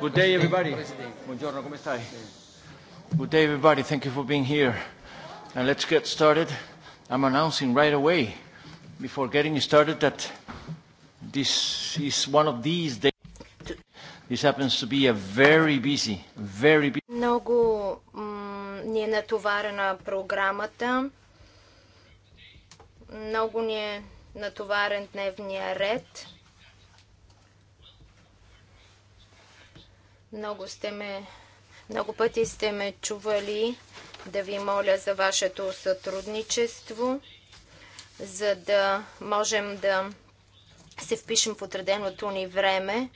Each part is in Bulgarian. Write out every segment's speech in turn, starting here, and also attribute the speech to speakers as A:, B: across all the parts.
A: Good day, everybody. Buongiorno, come stai? Good day, everybody. Thank you for being here. And let's get started. I'm announcing right away, before getting started, that this is
B: one of these days. This happens to be a very busy, very busy. Много ни е натоварена програмата. Много ни е натоварен дневния ред. Много ни е натоварен дневния ред. Много сте ме, много пъти сте ме чували да ви моля за вашето сътрудничество, за да можем да се впишем в отреденото ни време.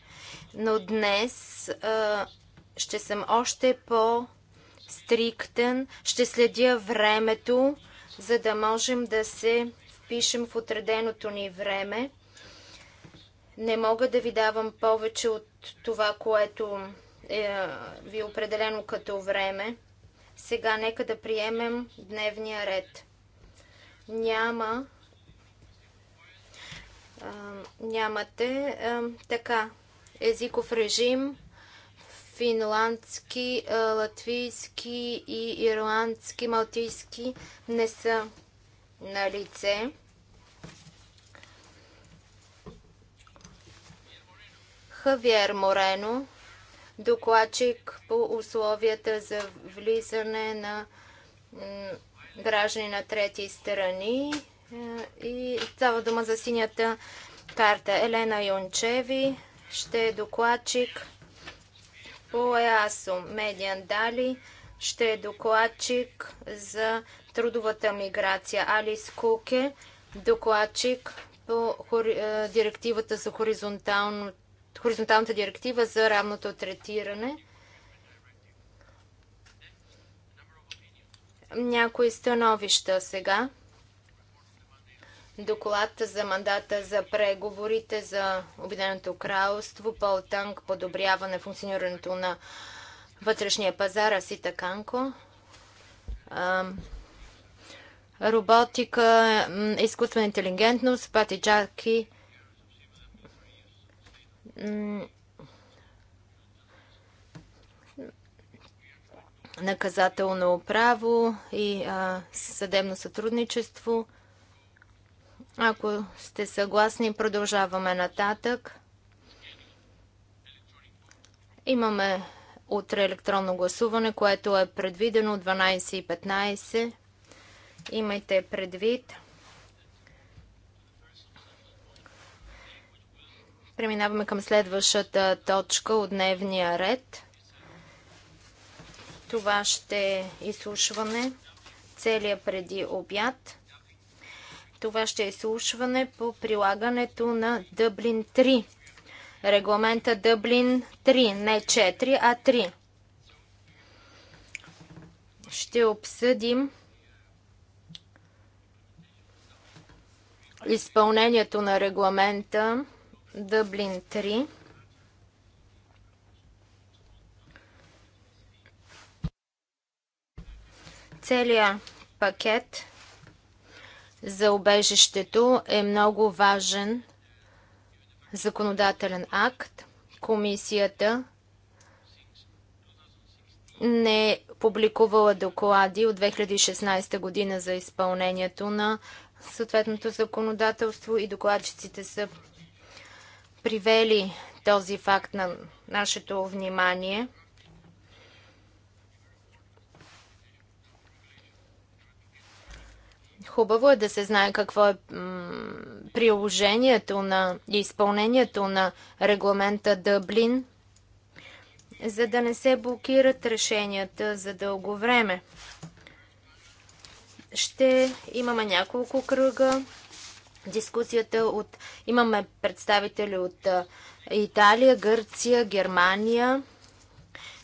B: Но днес а, ще съм още по-стриктен, ще следя времето, за да можем да се впишем в отреденото ни време. Не мога да ви давам повече от това, което е, ви е определено като време. Сега нека да приемем дневния ред. Няма. А, нямате. А, така. Езиков режим. Финландски, латвийски и ирландски, малтийски не са на лице. Хавиер Морено докладчик по условията за влизане на граждани на трети страни е, и става дума за синята карта. Елена Йончеви ще е докладчик по ЕАСО. Медиан Дали ще е докладчик за трудовата миграция. Алис Куке, докладчик по е, директивата за хоризонтално хоризонталната директива за равното третиране. Някои становища сега. Доклад за мандата за преговорите за Обединеното кралство, Пол тънк подобряване функционирането на вътрешния пазар, Асита Канко. Роботика, изкуствена интелигентност, Пати Джаки – наказателно право и съдебно сътрудничество. Ако сте съгласни, продължаваме нататък. Имаме утре електронно гласуване, което е предвидено 12.15. Имайте предвид. Преминаваме към следващата точка от дневния ред. Това ще е изслушване целия преди обяд. Това ще е изслушване по прилагането на Дъблин 3. Регламента Дъблин 3, не 4, а 3. Ще обсъдим изпълнението на регламента Дъблин 3. Целият пакет за обежището е много важен законодателен акт. Комисията не е публикувала доклади от 2016 година за изпълнението на съответното законодателство и докладчиците са привели този факт на нашето внимание. Хубаво е да се знае какво е приложението на изпълнението на регламента Дъблин, за да не се блокират решенията за дълго време. Ще имаме няколко кръга дискусията от... Имаме представители от Италия, Гърция, Германия.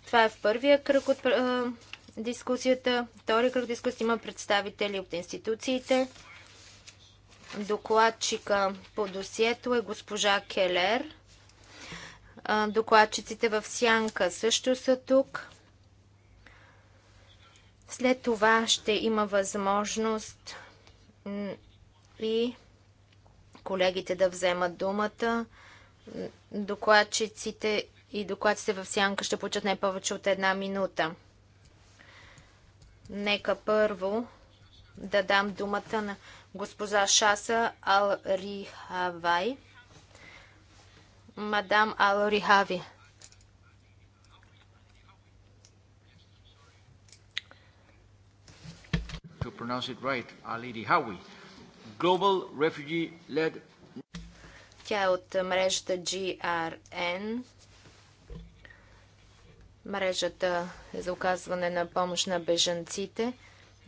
B: Това е в първия кръг от е, дискусията. Втори кръг дискусия има представители от институциите. Докладчика по досието е госпожа Келер. Докладчиците в Сянка също са тук. След това ще има възможност и колегите да вземат думата. Докладчиците и докладците в сянка ще получат не повече от една минута. Нека първо да дам думата на госпожа Шаса Алрихавай. Мадам Ал-Рихави.
A: To pronounce it right, Led...
B: Тя е от мрежата GRN. Мрежата е за оказване на помощ на бежанците.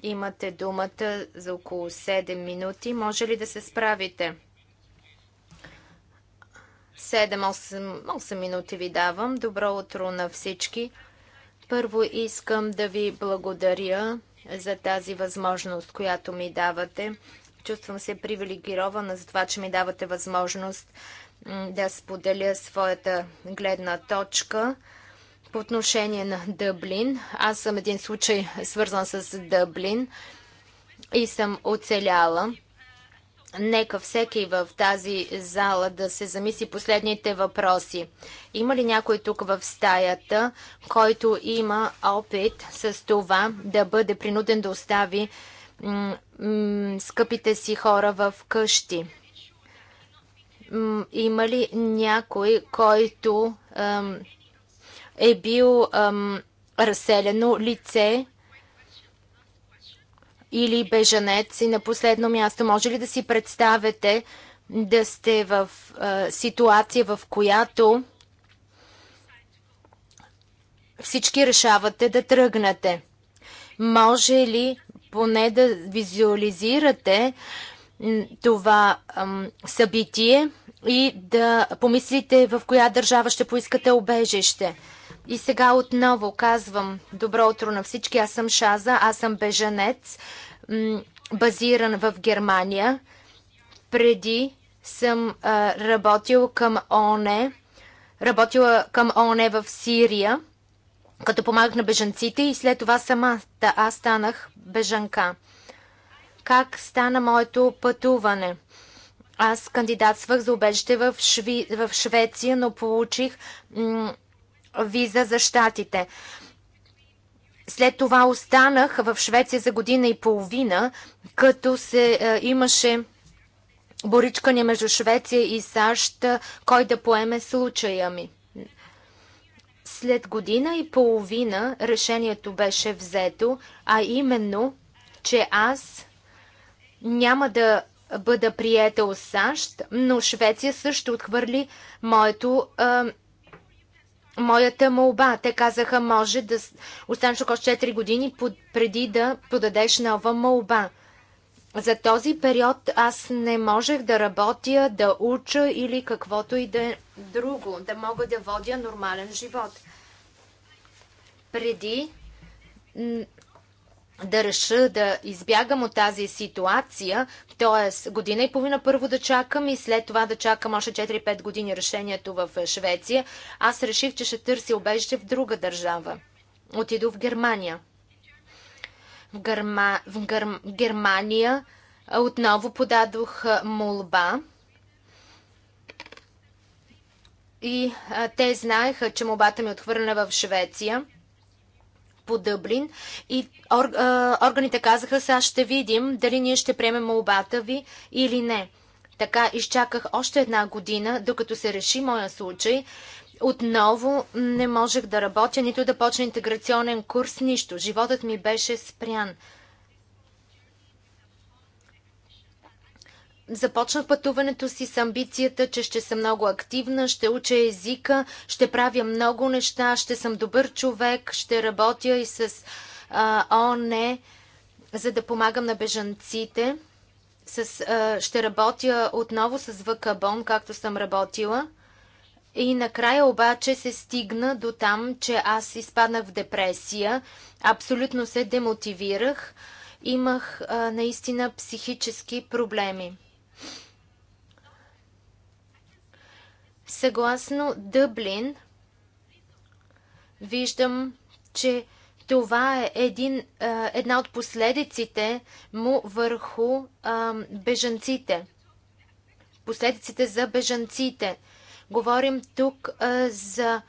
B: Имате думата за около 7 минути. Може ли да се справите? 7-8 минути ви давам. Добро утро на всички. Първо искам да ви благодаря за тази възможност, която ми давате Чувствам се привилегирована за това, че ми давате възможност да споделя своята гледна точка. По отношение на Дъблин, аз съм един случай свързан с Дъблин и съм оцеляла. Нека всеки в тази зала да се замисли последните въпроси. Има ли някой тук в стаята, който има опит с това да бъде принуден да остави скъпите си хора в къщи? Има ли някой, който е бил разселено лице или бежанец? И на последно място, може ли да си представете да сте в ситуация, в която всички решавате да тръгнете? Може ли поне да визуализирате това събитие и да помислите в коя държава ще поискате обежище. И сега отново казвам добро утро на всички. Аз съм Шаза, аз съм бежанец, базиран в Германия. Преди съм а, работил към ОНЕ, работила към ОНЕ в Сирия като помагах на бежанците и след това сама да аз станах бежанка. Как стана моето пътуване? Аз кандидатствах за убежище в, Шви... в Швеция, но получих виза за щатите. След това останах в Швеция за година и половина, като се е, имаше боричкане между Швеция и САЩ, кой да поеме случая ми. След година и половина решението беше взето, а именно, че аз няма да бъда приятел САЩ, но Швеция също отхвърли моето, а, моята молба. Те казаха, може да останеш около 4 години под, преди да подадеш нова молба. За този период аз не можех да работя, да уча или каквото и да е друго, да мога да водя нормален живот. Преди да реша да избягам от тази ситуация, т.е. година и половина първо да чакам и след това да чакам още 4-5 години решението в е, Швеция, аз реших, че ще търся обежище в друга държава. Отидох в Германия. В, Гърма... в Гър... Германия отново подадох молба и а, те знаеха, че мобата ми е отхвърлена в Швеция по Дъблин и ор, а, органите казаха, сега ще видим дали ние ще приемем мобата ви или не. Така изчаках още една година, докато се реши моя случай. Отново не можех да работя, нито да почна интеграционен курс, нищо. Животът ми беше спрян. Започнах пътуването си с амбицията, че ще съм много активна, ще уча езика, ще правя много неща, ще съм добър човек, ще работя и с а, ООН, за да помагам на бежанците. С, а, ще работя отново с ВКБОН, както съм работила. И накрая обаче се стигна до там, че аз изпаднах в депресия. Абсолютно се демотивирах. Имах а, наистина психически проблеми. Съгласно Дъблин, виждам, че това е един, една от последиците му върху бежанците. Последиците за бежанците. Говорим тук за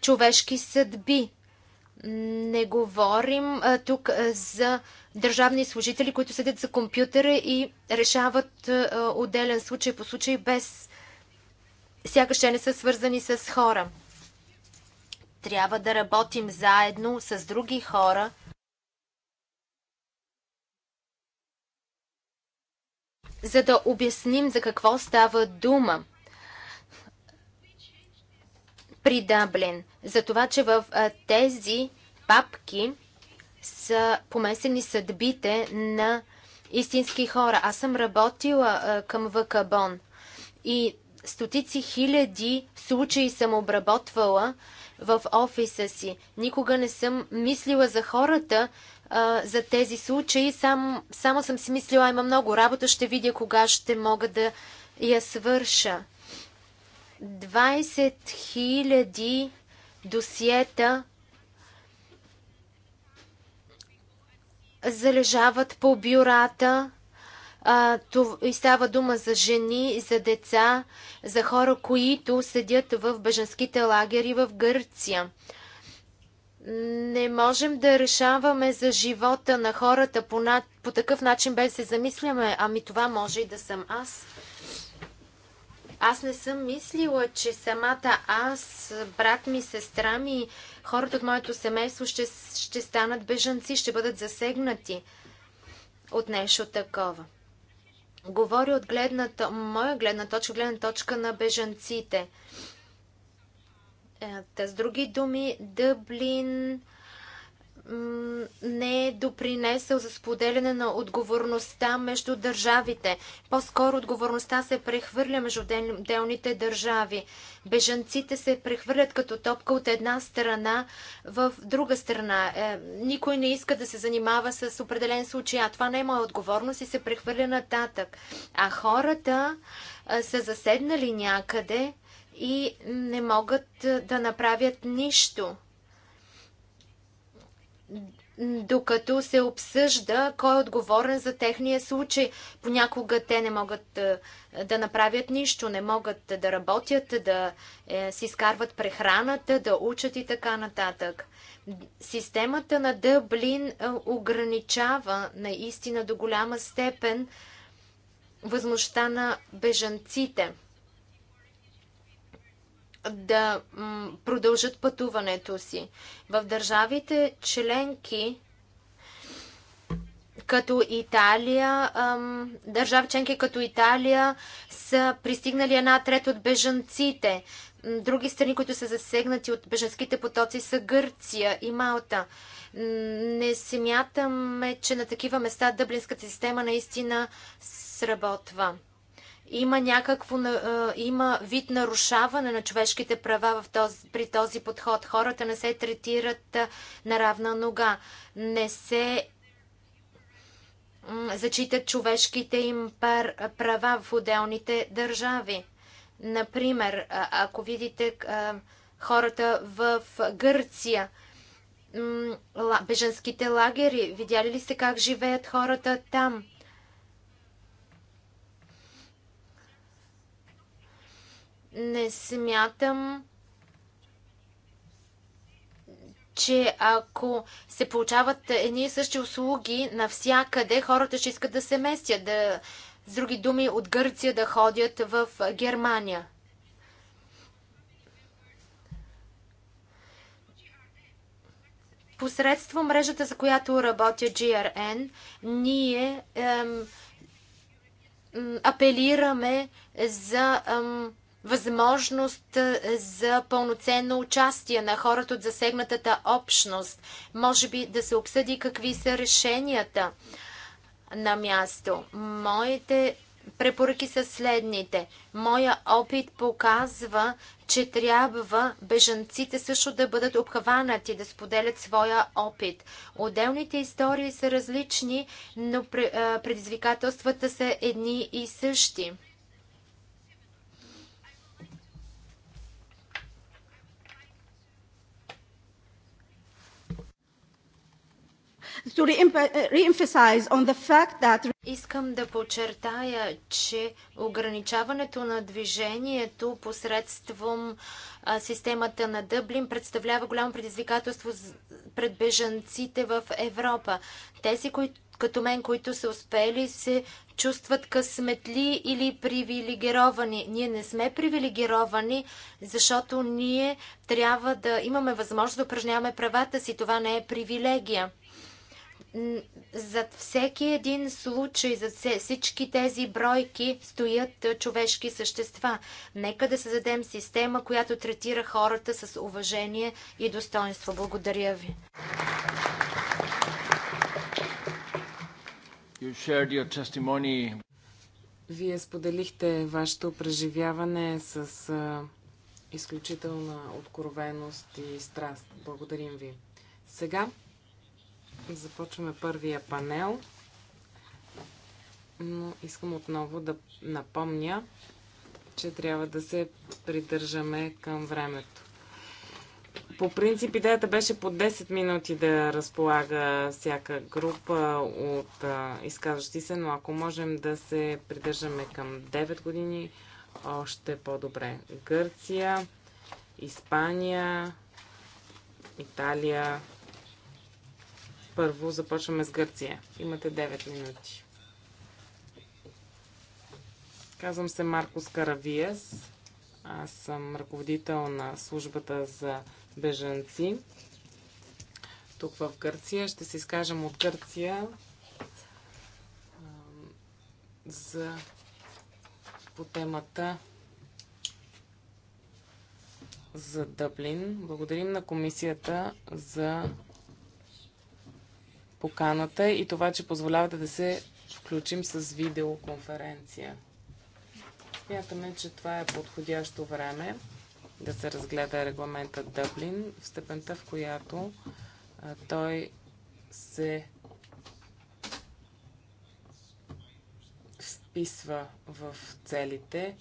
B: човешки съдби. Не говорим а, тук а, за държавни служители, които седят за компютъра и решават а, отделен случай по случай без сякаш не са свързани с хора. Трябва да работим заедно с други хора. за да обясним за какво става дума при Даблин. За това, че в тези папки са помесени съдбите на истински хора. Аз съм работила към Вакабон и стотици хиляди случаи съм обработвала в офиса си. Никога не съм мислила за хората, а, за тези случаи. Сам, само съм си мислила, има много работа, ще видя кога ще мога да я свърша. 20 000 досиета залежават по бюрата а, това, и става дума за жени, за деца, за хора, които седят в беженските лагери в Гърция. Не можем да решаваме за живота на хората по, на... по такъв начин, без се замисляме. Ами това може и да съм аз. Аз не съм мислила, че самата аз, брат ми, сестра ми, хората от моето семейство ще, ще станат бежанци, ще бъдат засегнати от нещо такова. Говоря от гледната, моя гледна точка, гледна точка на бежанците. Е, с други думи, Дъблин не е допринесъл за споделяне на отговорността между държавите. По-скоро отговорността се прехвърля между отделните държави. Бежанците се прехвърлят като топка от една страна в друга страна. Е, никой не иска да се занимава с определен случай, а това не е моя отговорност и се прехвърля нататък. А хората е, са заседнали някъде и не могат е, да направят нищо докато се обсъжда кой е отговорен за техния случай. Понякога те не могат е, да направят нищо, не могат да работят, да е, си изкарват прехраната, да учат и така нататък. Системата на Дъблин е, ограничава наистина до голяма степен възможността на бежанците – да продължат пътуването си. В държавите членки като Италия, държави членки като Италия са пристигнали една трет от бежанците. Други страни, които са засегнати от бежанските потоци са Гърция и Малта. Не смятаме, че на такива места дъблинската система наистина сработва има някакво има вид нарушаване на човешките права в този, при този подход. Хората не се третират на равна нога, не се зачитат човешките им права в отделните държави. Например, ако видите хората в Гърция, беженските лагери, видяли ли сте как живеят хората там? не смятам, че ако се получават едни и същи услуги навсякъде, хората ще искат да се местят, да, с други думи, от Гърция да ходят в Германия. Посредством мрежата, за която работя GRN, ние ем, апелираме за ем, възможност е, за пълноценно участие на хората от засегнатата общност. Може би да се обсъди какви са решенията на място. Моите препоръки са следните. Моя опит показва, че трябва бежанците също да бъдат обхванати, да споделят своя опит. Отделните истории са различни, но предизвикателствата са едни и същи. to uh, re-emphasize on the fact that... Искам да подчертая, че ограничаването на движението посредством системата на Дъблин представлява голямо предизвикателство пред бежанците в Европа. Тези, които като мен, които са успели, се чувстват късметли или привилегировани. Ние не сме привилегировани, защото ние трябва да имаме възможност да упражняваме правата си. Това не е привилегия. Зад всеки един случай, зад всички тези бройки стоят човешки същества. Нека да създадем система, която третира хората с уважение и достоинство. Благодаря ви.
C: Вие споделихте вашето преживяване с а, изключителна откровеност и страст. Благодарим ви. Сега Започваме първия панел. Но искам отново да напомня, че трябва да се придържаме към времето. По принцип идеята беше по 10 минути да разполага всяка група от а, изказващи се, но ако можем да се придържаме към 9 години, още по-добре. Гърция, Испания, Италия, първо започваме с Гърция. Имате 9 минути. Казвам се Маркос Каравиес. Аз съм ръководител на службата за бежанци тук в Гърция. Ще се изкажем от Гърция за по темата за Дъблин. Благодарим на комисията за поканата и това, че позволявате да се включим с видеоконференция. Смятаме, че това е подходящо време да се разгледа регламента Дъблин в степента, в която а, той се вписва в целите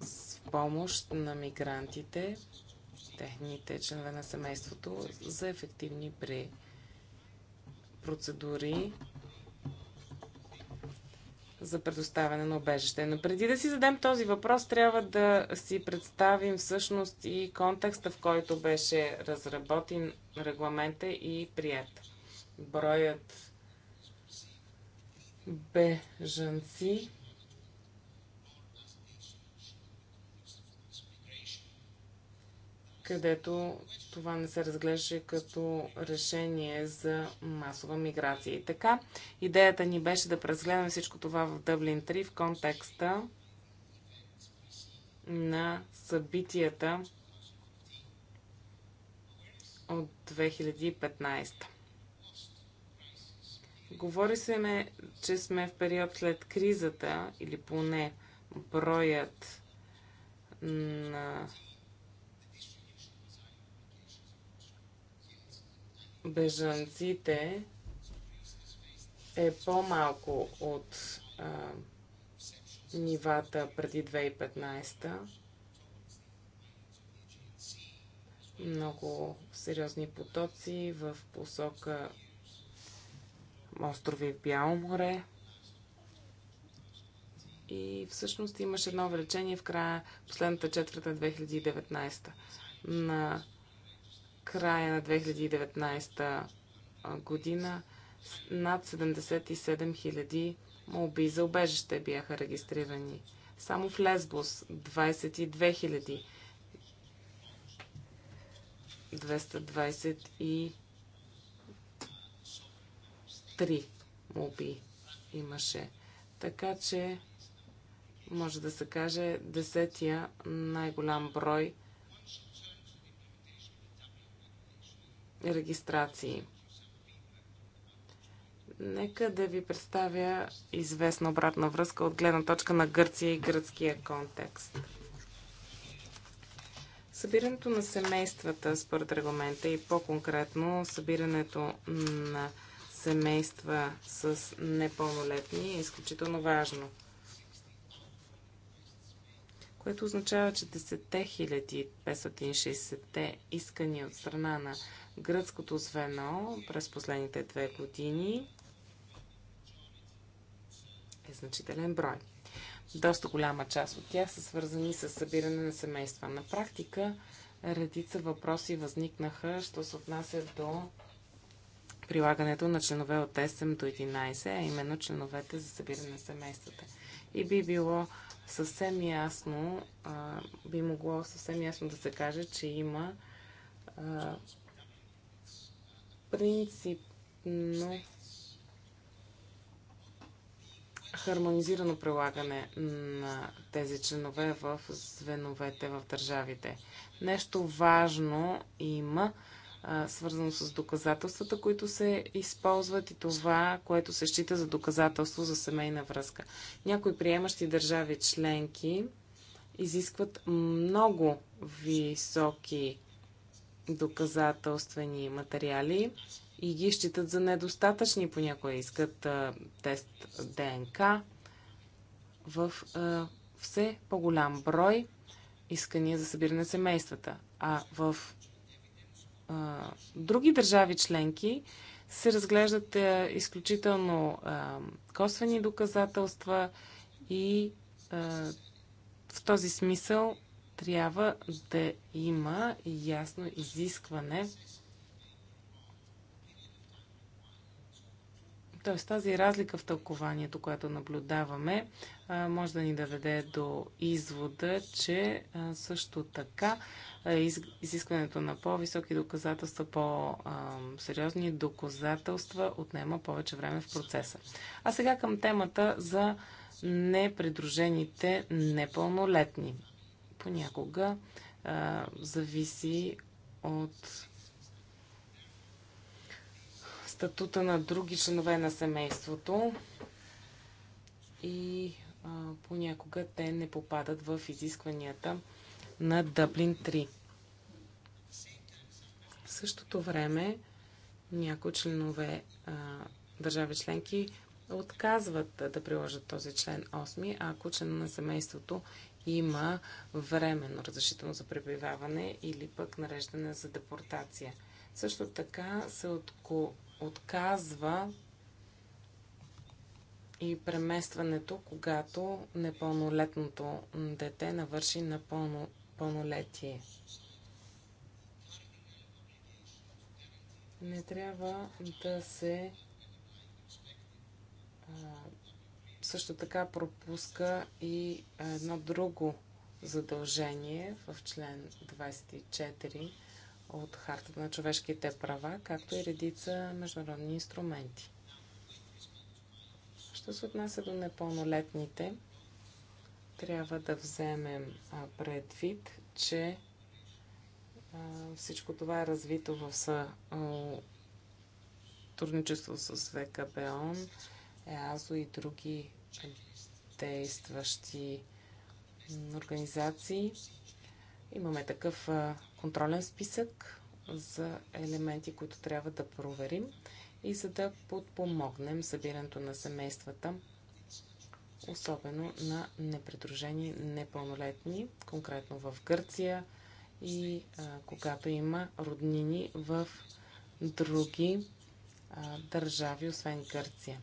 C: с помощ на мигрантите, техните членове на семейството за ефективни при процедури за предоставяне на обежище. Но преди да си задам този въпрос, трябва да си представим всъщност и контекста, в който беше разработен регламента и прият. Броят бежанци, където това не се разглеждаше като решение за масова миграция. И така, идеята ни беше да преразгледаме всичко това в Дъблин 3 в контекста на събитията от 2015. Говори се, ме, че сме в период след кризата, или поне броят на бежанците е по-малко от а, нивата преди 2015. Много сериозни потоци в посока острови в Бяло море. И всъщност имаше едно увеличение в края последната четвърта 2019 на края на 2019 година над 77 000 молби за убежище бяха регистрирани. Само в Лесбос 22 000. 223 молби имаше. Така че може да се каже десетия най-голям брой регистрации. Нека да ви представя известна обратна връзка от гледна точка на Гърция и гръцкия контекст. Събирането на семействата според регламента и по-конкретно събирането на семейства с непълнолетни е изключително важно – което означава, че 10 560 искани от страна на гръцкото звено през последните две години е значителен брой. Доста голяма част от тях са свързани с събиране на семейства. На практика редица въпроси възникнаха, що се отнася до прилагането на членове от 8 до 11, а именно членовете за събиране на семействата. И би било съвсем ясно, а, би могло съвсем ясно да се каже, че има а, принципно хармонизирано прилагане на тези членове в звеновете в държавите. Нещо важно има, свързано с доказателствата, които се използват и това, което се счита за доказателство за семейна връзка. Някои приемащи държави членки изискват много високи доказателствени материали и ги считат за недостатъчни. Понякога искат а, тест ДНК в а, все по-голям брой искания за събиране на семействата. А в други държави членки се разглеждат а, е, изключително а, косвени доказателства и а, в този смисъл трябва да има ясно изискване Тоест тази разлика в тълкованието, която наблюдаваме, може да ни доведе до извода, че също така изискването на по-високи доказателства, по-сериозни доказателства отнема повече време в процеса. А сега към темата за непридружените непълнолетни. Понякога зависи от статута на други членове на семейството и а, понякога те не попадат в изискванията на Дъблин 3. В същото време някои членове а, държави членки отказват да приложат този член 8, ако член на семейството има временно разрешително за пребиваване или пък нареждане за депортация. Също така се отко отказва и преместването, когато непълнолетното дете навърши на пълно, пълнолетие. Не трябва да се а, също така пропуска и едно друго задължение в член 24 от Хартата на човешките права, както и редица международни инструменти. Що се отнася до непълнолетните, трябва да вземем предвид, че всичко това е развито в сътрудничество с ВКБОН, ЕАЗО и други действащи организации. Имаме такъв контролен списък за елементи, които трябва да проверим и за да подпомогнем събирането на семействата, особено на непридружени непълнолетни, конкретно в Гърция и а, когато има роднини в други а, държави, освен Гърция.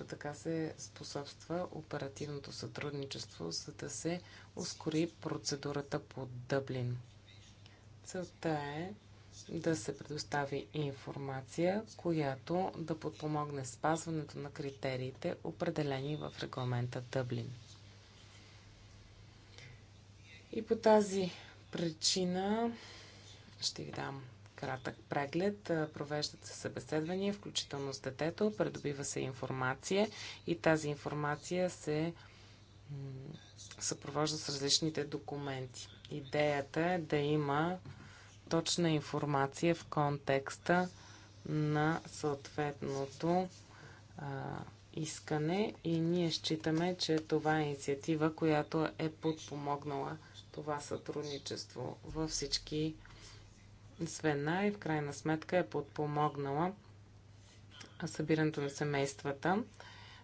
C: Също така се способства оперативното сътрудничество, за да се ускори процедурата по Дъблин. Целта е да се предостави информация, която да подпомогне спазването на критериите, определени в регламента Дъблин. И по тази причина ще ви дам кратък преглед. Провеждат се събеседвания, включително с детето, придобива се информация и тази информация се съпровожда с различните документи. Идеята е да има точна информация в контекста на съответното а, искане и ние считаме, че това е инициатива, която е подпомогнала това сътрудничество във всички звена и в крайна сметка е подпомогнала събирането на семействата.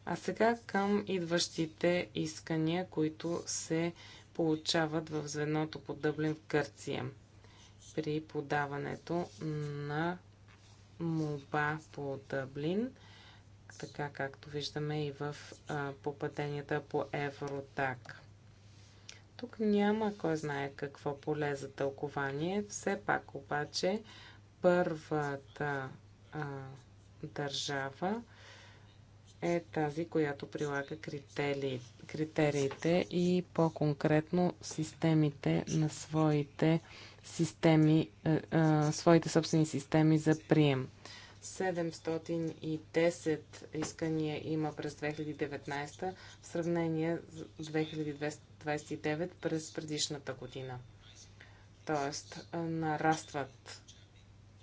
C: А сега към идващите искания, които се получават в звеното по Дъблин в Гърция при подаването на моба по Дъблин, така както виждаме и в попаденията по Евротак. Тук няма кой знае какво поле за тълкование. Все пак обаче първата а, държава е тази, която прилага критерии, критериите и по-конкретно системите на своите системи, а, е, а, е, своите собствени системи за прием. 710 искания има през 2019 в сравнение с 2229 през предишната година. Тоест, нарастват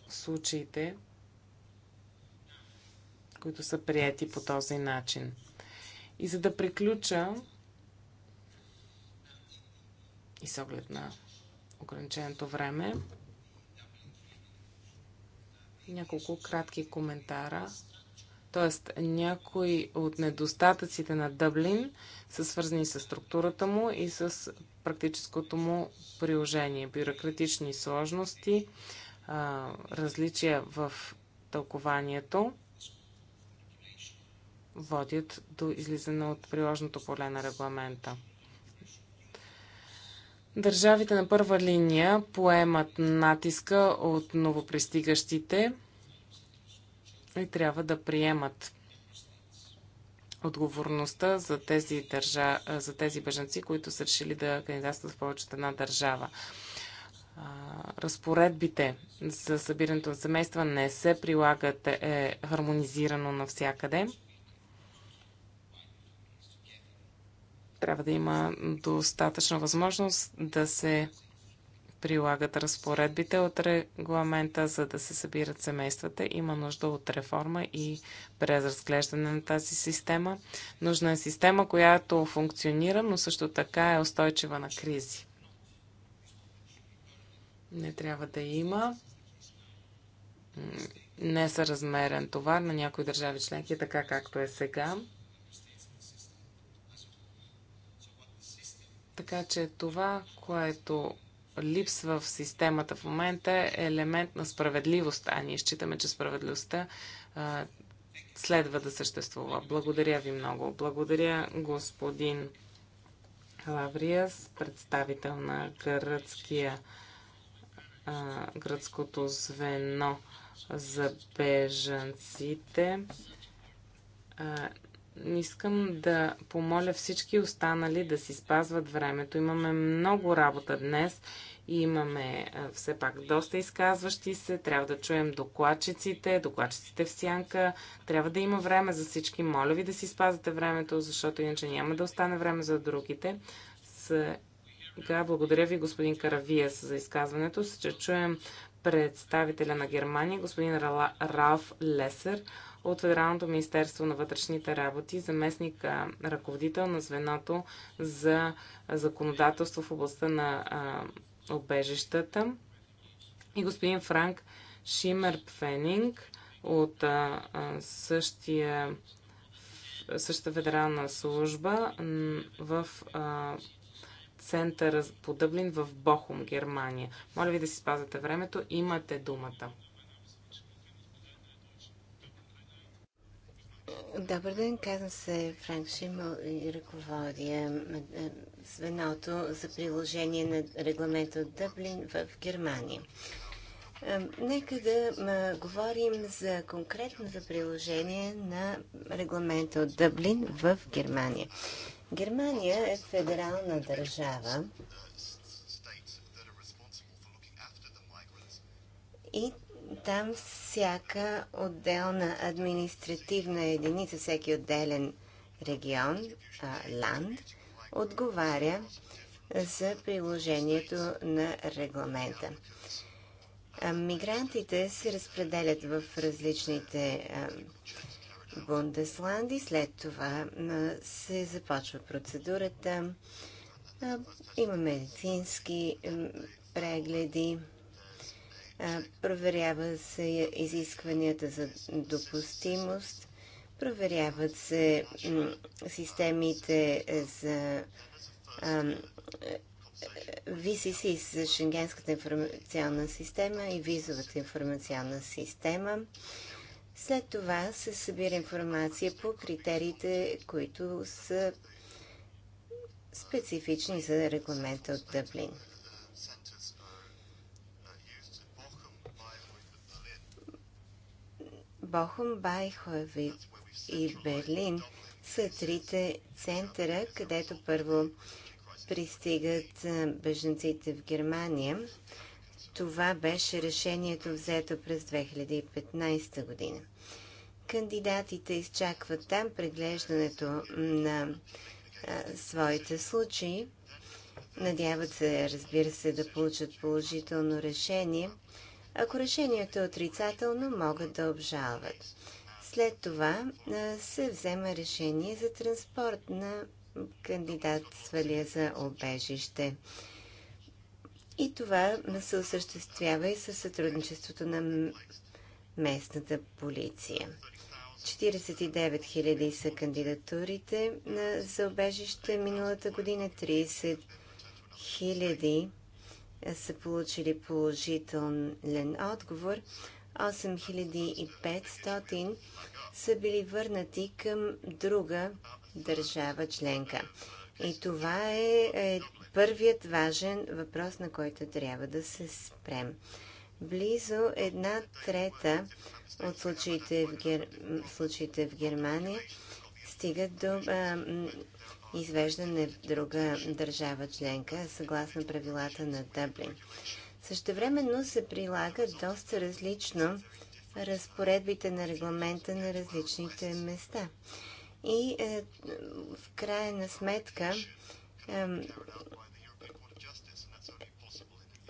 C: случаите, които са прияти по този начин. И за да приключа и с оглед на ограниченото време, няколко кратки коментара. Тоест, някои от недостатъците на Дъблин са свързани с структурата му и с практическото му приложение. Бюрократични сложности, различия в тълкованието водят до излизане от приложното поле на регламента. Държавите на първа линия поемат натиска от новопристигащите и трябва да приемат отговорността за тези, държа... за тези бежанци, които са решили да кандидатстват в повече една държава. Разпоредбите за събирането на семейства не се прилагат е, хармонизирано навсякъде. Трябва да има достатъчна възможност да се прилагат разпоредбите от регламента, за да се събират семействата. Има нужда от реформа и преразглеждане на тази система. Нужна е система, която функционира, но също така е устойчива на кризи. Не трябва да има несъразмерен товар на някои държави членки, така както е сега. Така че това, което липсва в системата в момента е елемент на справедливост, а ние считаме, че справедливостта а, следва да съществува. Благодаря ви много. Благодаря господин Лавриас, представител на гръцкия, а, гръцкото звено за бежанците. А, искам да помоля всички останали да си спазват времето. Имаме много работа днес и имаме все пак доста изказващи се. Трябва да чуем докладчиците, докладчиците в сянка. Трябва да има време за всички. Моля ви да си спазвате времето, защото иначе няма да остане време за другите. Сега благодаря ви, господин Каравиес, за изказването. Ще чуем представителя на Германия, господин Ралф Лесер от Федералното Министерство на вътрешните работи, заместник ръководител на звеното за законодателство в областта на обежищата и господин Франк Шимер Пфенинг от същия същата федерална служба в центъра по Дъблин в Бохум, Германия. Моля ви да си спазвате времето. Имате думата.
A: Добър ден, казвам се Франк Шимъл и ръководя звеното за приложение на регламента от Дъблин в Германия. Нека да говорим за конкретното приложение на регламента от Дъблин в Германия. Германия е федерална държава и там всяка отделна административна единица, всеки отделен регион, ланд, отговаря за приложението на регламента. Мигрантите се разпределят в различните бундесланди, след това се започва процедурата, има медицински прегледи, проверява се изискванията за допустимост, проверяват се системите за VCC за Шенгенската информационна система и визовата информационна система. След това се събира информация по критериите, които са специфични за регламента от Дъблин. Бохум, Байховик и Берлин са трите центъра, където първо пристигат беженците в Германия. Това беше решението взето през 2015 година. Кандидатите изчакват там преглеждането на а, своите случаи. Надяват се, разбира се, да получат положително решение – ако решението е отрицателно, могат да обжалват. След това се взема решение за транспорт на кандидат свалия за обежище. И това се осъществява и със сътрудничеството на местната полиция. 49 000 са кандидатурите за обежище миналата година, 30 000 са получили положителен отговор. 8500 са били върнати към друга държава членка. И това е, е първият важен въпрос, на който трябва да се спрем. Близо една трета от случаите в, Гер... случаите в Германия стигат до а, извеждане в друга държава членка, съгласно правилата на Дъблин. Същевременно се прилагат доста различно разпоредбите на регламента на различните места. И е, в крайна сметка е,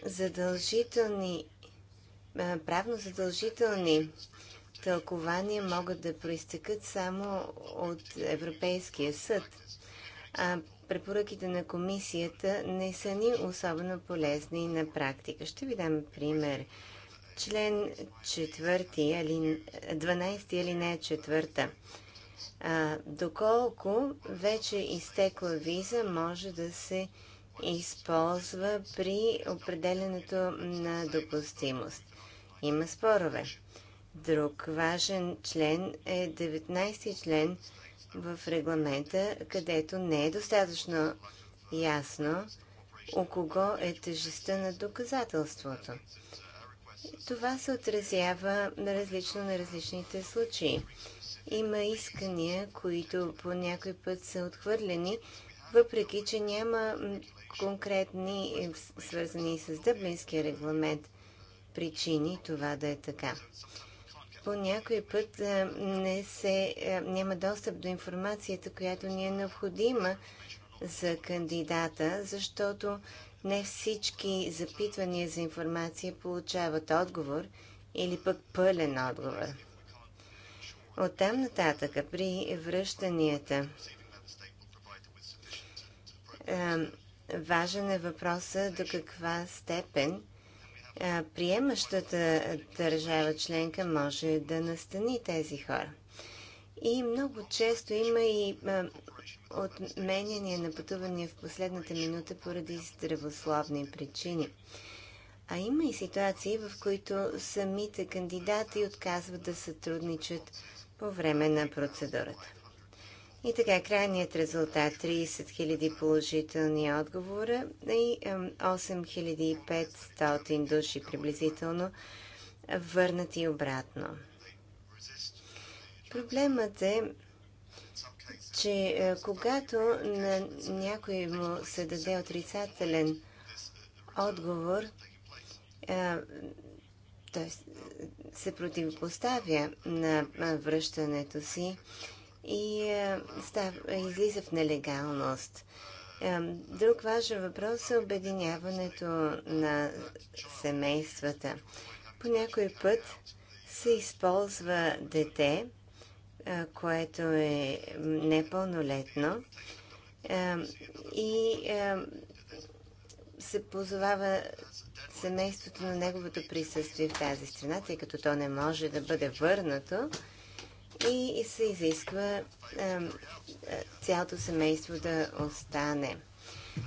A: задължителни, е, правно задължителни тълкования могат да проистекат само от Европейския съд – а препоръките на комисията не са ни особено полезни на практика. Ще ви дам пример. Член 4, али... 12 алинея 4. А, доколко вече изтекла виза може да се използва при определенето на допустимост. Има спорове. Друг важен член е 19 член в регламента, където не е достатъчно ясно у кого е тежестта на доказателството. Това се отразява на различно на различните случаи. Има искания, които по някой път са отхвърлени, въпреки че няма конкретни, свързани с Дъблинския регламент, причини това да е така по някой път е, не се, е, няма достъп до информацията, която ни е необходима за кандидата, защото не всички запитвания за информация получават отговор или пък пълен отговор. От там нататък при връщанията е, важен е въпросът до каква степен приемащата държава членка може да настани тези хора. И много често има и а, отменяния на пътувания в последната минута поради здравословни причини. А има и ситуации, в които самите кандидати отказват да сътрудничат по време на процедурата. И така, крайният резултат 30 е 000 положителни отговора и 8500 души приблизително върнати обратно. Проблемът е, че е, когато на някой му се даде отрицателен отговор, т.е. се противопоставя на е, връщането си и е, става, излиза в нелегалност. Е, друг важен въпрос е обединяването на семействата. По някой път се използва дете, е, което е непълнолетно и се позовава семейството на неговото присъствие в тази страна, тъй като то не може да бъде върнато и се изисква цялото семейство да остане.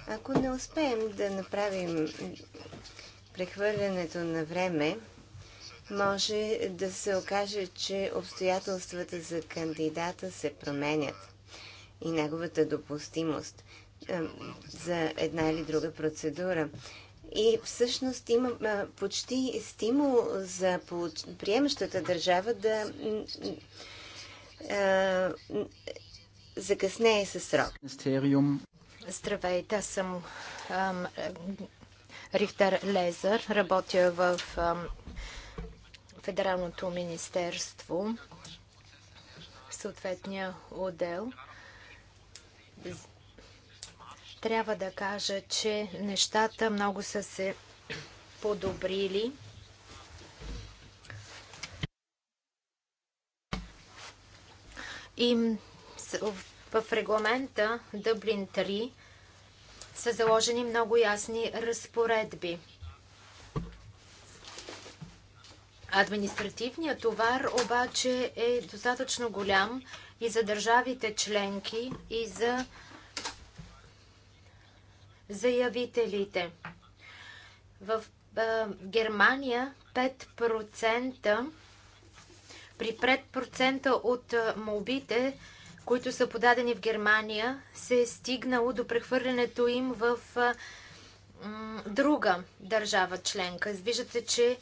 A: Ако не успеем да направим прехвърлянето на време, може да се окаже, че обстоятелствата за кандидата се променят и неговата допустимост за една или друга процедура. И всъщност има почти стимул за приемащата държава да е, закъснее със срок.
B: Здравейте, аз съм ам, Рихтер Лезър, работя в ам, Федералното министерство, съответния отдел. Трябва да кажа, че нещата много са се подобрили И в регламента Дъблин 3 са заложени много ясни разпоредби. Административният товар обаче е достатъчно голям и за държавите членки, и за заявителите. В Германия 5% при 5% от молбите, които са подадени в Германия, се е стигнало до прехвърлянето им в друга държава членка. Виждате, че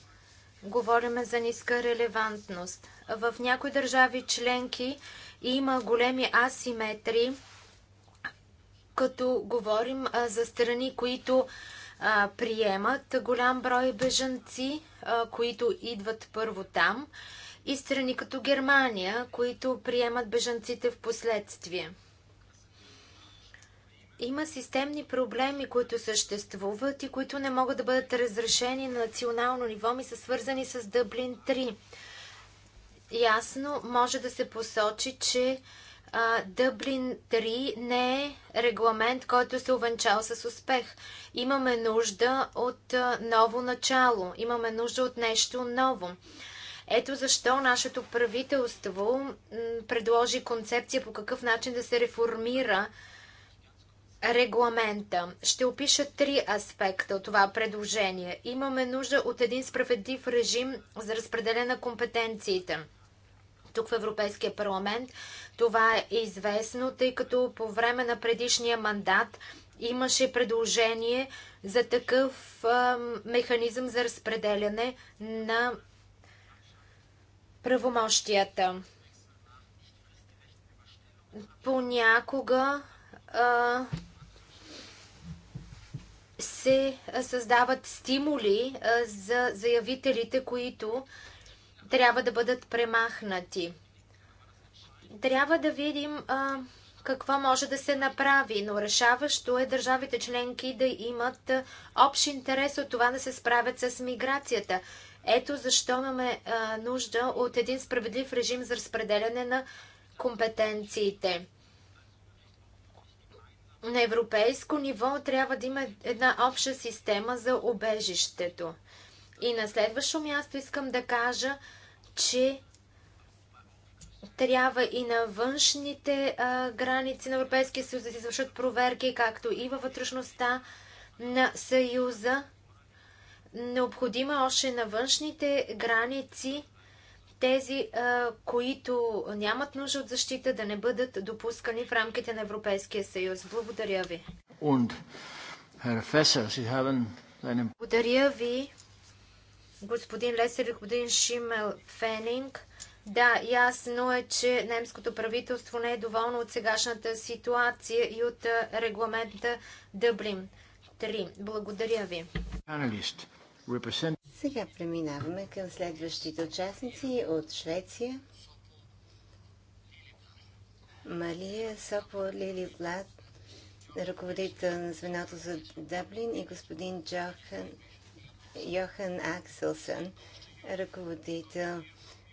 B: говорим за ниска релевантност. В някои държави членки има големи асиметрии, като говорим за страни, които приемат голям брой бежанци, които идват първо там и страни като Германия, които приемат бежанците в последствие. Има системни проблеми, които съществуват и които не могат да бъдат разрешени на национално ниво и са свързани с Дъблин 3. Ясно може да се посочи, че Дъблин 3 не е регламент, който се увенчал с успех. Имаме нужда от ново начало, имаме нужда от нещо ново. Ето защо нашето правителство предложи концепция по какъв начин да се реформира регламента. Ще опиша три аспекта от това предложение. Имаме нужда от един справедлив режим за разпределение на компетенциите. Тук в Европейския парламент това е известно, тъй като по време на предишния мандат имаше предложение за такъв механизъм за разпределяне на правомощията. Понякога а, се създават стимули а, за заявителите, които трябва да бъдат премахнати. Трябва да видим а, какво може да се направи, но решаващо е държавите членки да имат общ интерес от това да се справят с миграцията. Ето защо имаме нужда от един справедлив режим за разпределяне на компетенциите. На европейско ниво трябва да има една обща система за обежището. И на следващо място искам да кажа, че трябва и на външните а, граници на Европейския съюз да се извършат проверки, както и във вътрешността на Съюза необходима още на външните граници тези, които нямат нужда от защита, да не бъдат допускани в рамките на Европейския съюз. Благодаря ви. Благодаря ви, господин Лесер и господин Шимел Фенинг. Да, ясно е, че немското правителство не е доволно от сегашната ситуация и от регламента Дъблин 3. Благодаря ви. Аналист.
A: Сега преминаваме към следващите участници от Швеция. Мария Сопо Лили Влад, ръководител на звеното за Дъблин и господин Джохан, Йохан Акселсън, ръководител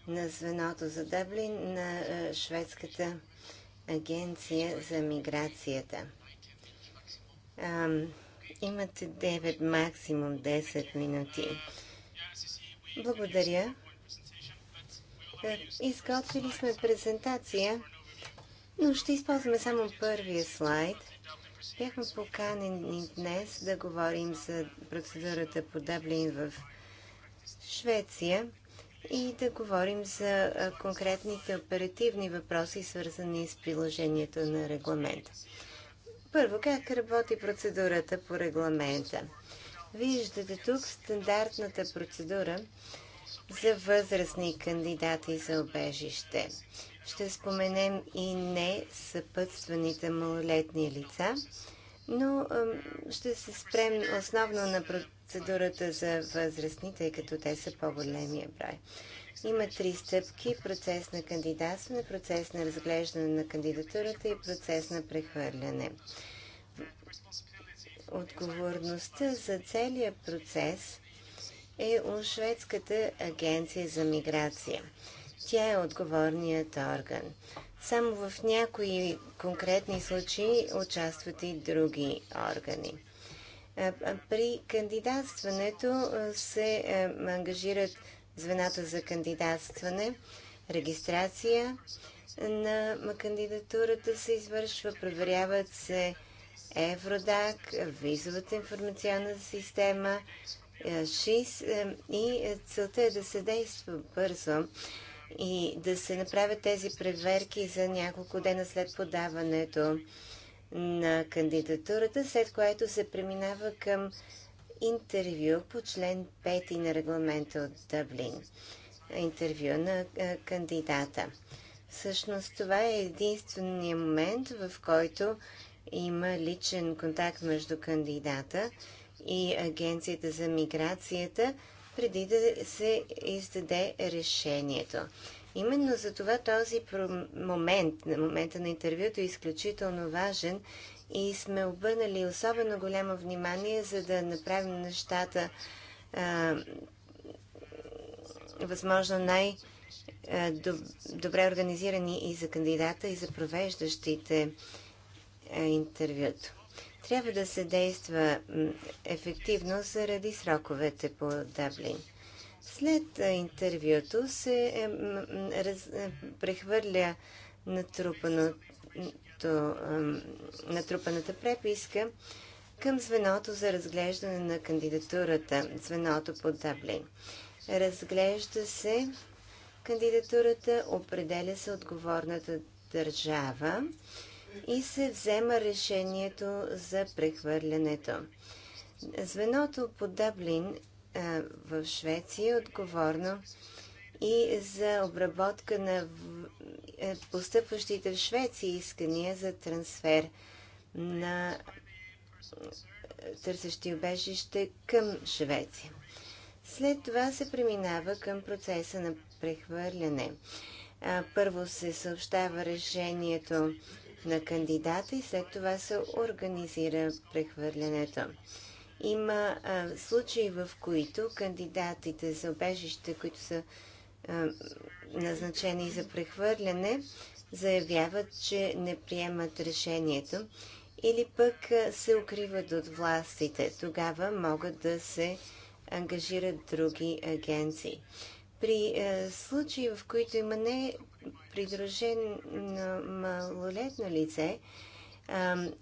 A: на звеното за Дъблин на е, Шведската агенция за миграцията. Имате 9, максимум 10 минути. Благодаря. Е, изготвили сме презентация, но ще използваме само първия слайд. Бяхме поканени днес да говорим за процедурата по Даблин в Швеция и да говорим за конкретните оперативни въпроси, свързани с приложението на регламента. Първо, как работи процедурата по регламента? Виждате тук стандартната процедура за възрастни кандидати за обежище. Ще споменем и не съпътстваните малолетни лица, но ще се спрем основно на процедурата за възрастни, тъй като те са по-големия брой. Има три стъпки – процес на кандидатстване, процес на разглеждане на кандидатурата и процес на прехвърляне. Отговорността за целия процес е у Шведската агенция за миграция. Тя е отговорният орган. Само в някои конкретни случаи участват и други органи. При кандидатстването се ангажират звената за кандидатстване, регистрация на кандидатурата се извършва, проверяват се Евродак, визовата информационна система, е, ШИС е, и целта е да се действа бързо и да се направят тези предверки за няколко дена след подаването на кандидатурата, след което се преминава към интервю по член 5 на регламента от Дъблин. Интервю на кандидата. Всъщност това е единствения момент, в който има личен контакт между кандидата и Агенцията за миграцията, преди да се издаде решението. Именно за това този момент, на момента на интервюто е изключително важен и сме обърнали особено голямо внимание, за да направим нещата а, възможно най- добре организирани и за кандидата, и за провеждащите интервюто. Трябва да се действа ефективно заради сроковете по Даблин. След интервюто се прехвърля натрупано от натрупаната преписка към звеното за разглеждане на кандидатурата, звеното по Даблин. Разглежда се кандидатурата, определя се отговорната държава и се взема решението за прехвърлянето. Звеното по Даблин в Швеция е отговорно и за обработка на е, постъпващите в Швеция искания за трансфер на е, търсещи обежище към Швеция. След това се преминава към процеса на прехвърляне. Първо се съобщава решението на кандидата и след това се организира прехвърлянето. Има случаи, в които кандидатите за обежище, които са назначени за прехвърляне, заявяват, че не приемат решението или пък се укриват от властите. Тогава могат да се ангажират други агенции. При случаи, в които има не придружено малолетно лице,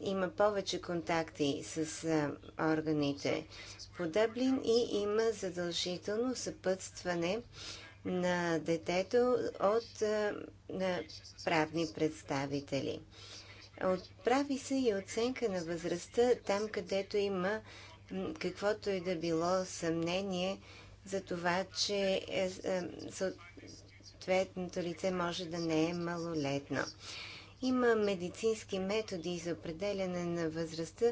A: има повече контакти с органите по Дъблин и има задължително съпътстване на детето от е, на правни представители. Отправи се и оценка на възрастта там, където има каквото и да било съмнение за това, че е, е, съответното лице може да не е малолетно. Има медицински методи за определяне на възрастта,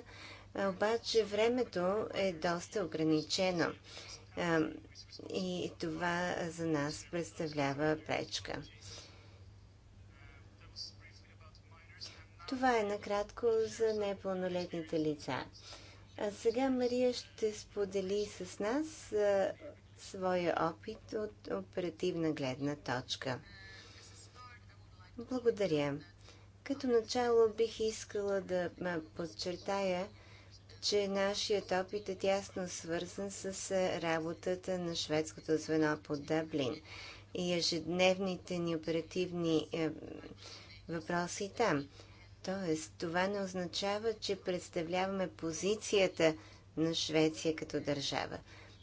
A: обаче времето е доста ограничено. И това за нас представлява пречка. Това е накратко за непълнолетните лица. А сега Мария ще сподели с нас а, своя опит от оперативна гледна точка. Благодаря. Като начало бих искала да подчертая, че нашият опит е тясно свързан с работата на шведското звено по Даблин и ежедневните ни оперативни е, въпроси там. Тоест, това не означава, че представляваме позицията на Швеция като държава.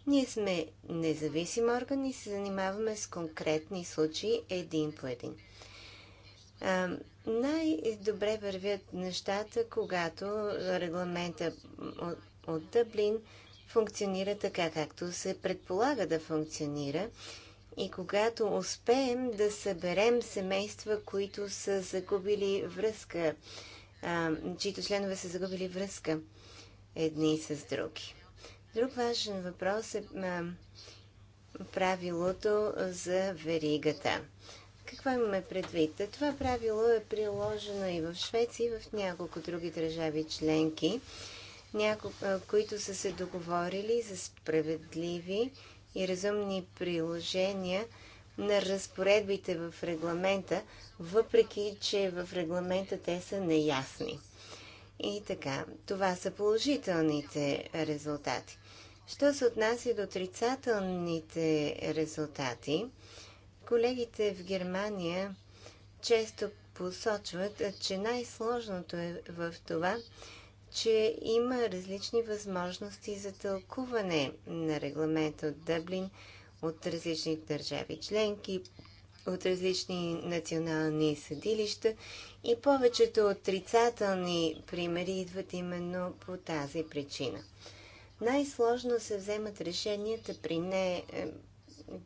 A: Ние сме независим орган и се занимаваме с конкретни случаи един по един. Най-добре вървят нещата, когато регламента от, от Дъблин функционира така, както се предполага да функционира. И когато успеем да съберем семейства, които са загубили връзка, а, чието членове са загубили връзка едни с други. Друг важен въпрос е а, правилото за веригата. Какво имаме предвид? Това правило е приложено и в Швеция, и в няколко други държави членки, няко... които са се договорили за справедливи и разумни приложения на разпоредбите в регламента, въпреки че в регламента те са неясни. И така, това са положителните резултати. Що се отнася до отрицателните резултати – Колегите в Германия често посочват, че най-сложното е в това, че има различни възможности за тълкуване на регламента от Дъблин от различни държави членки, от различни национални съдилища и повечето отрицателни примери идват именно по тази причина. Най-сложно се вземат решенията при не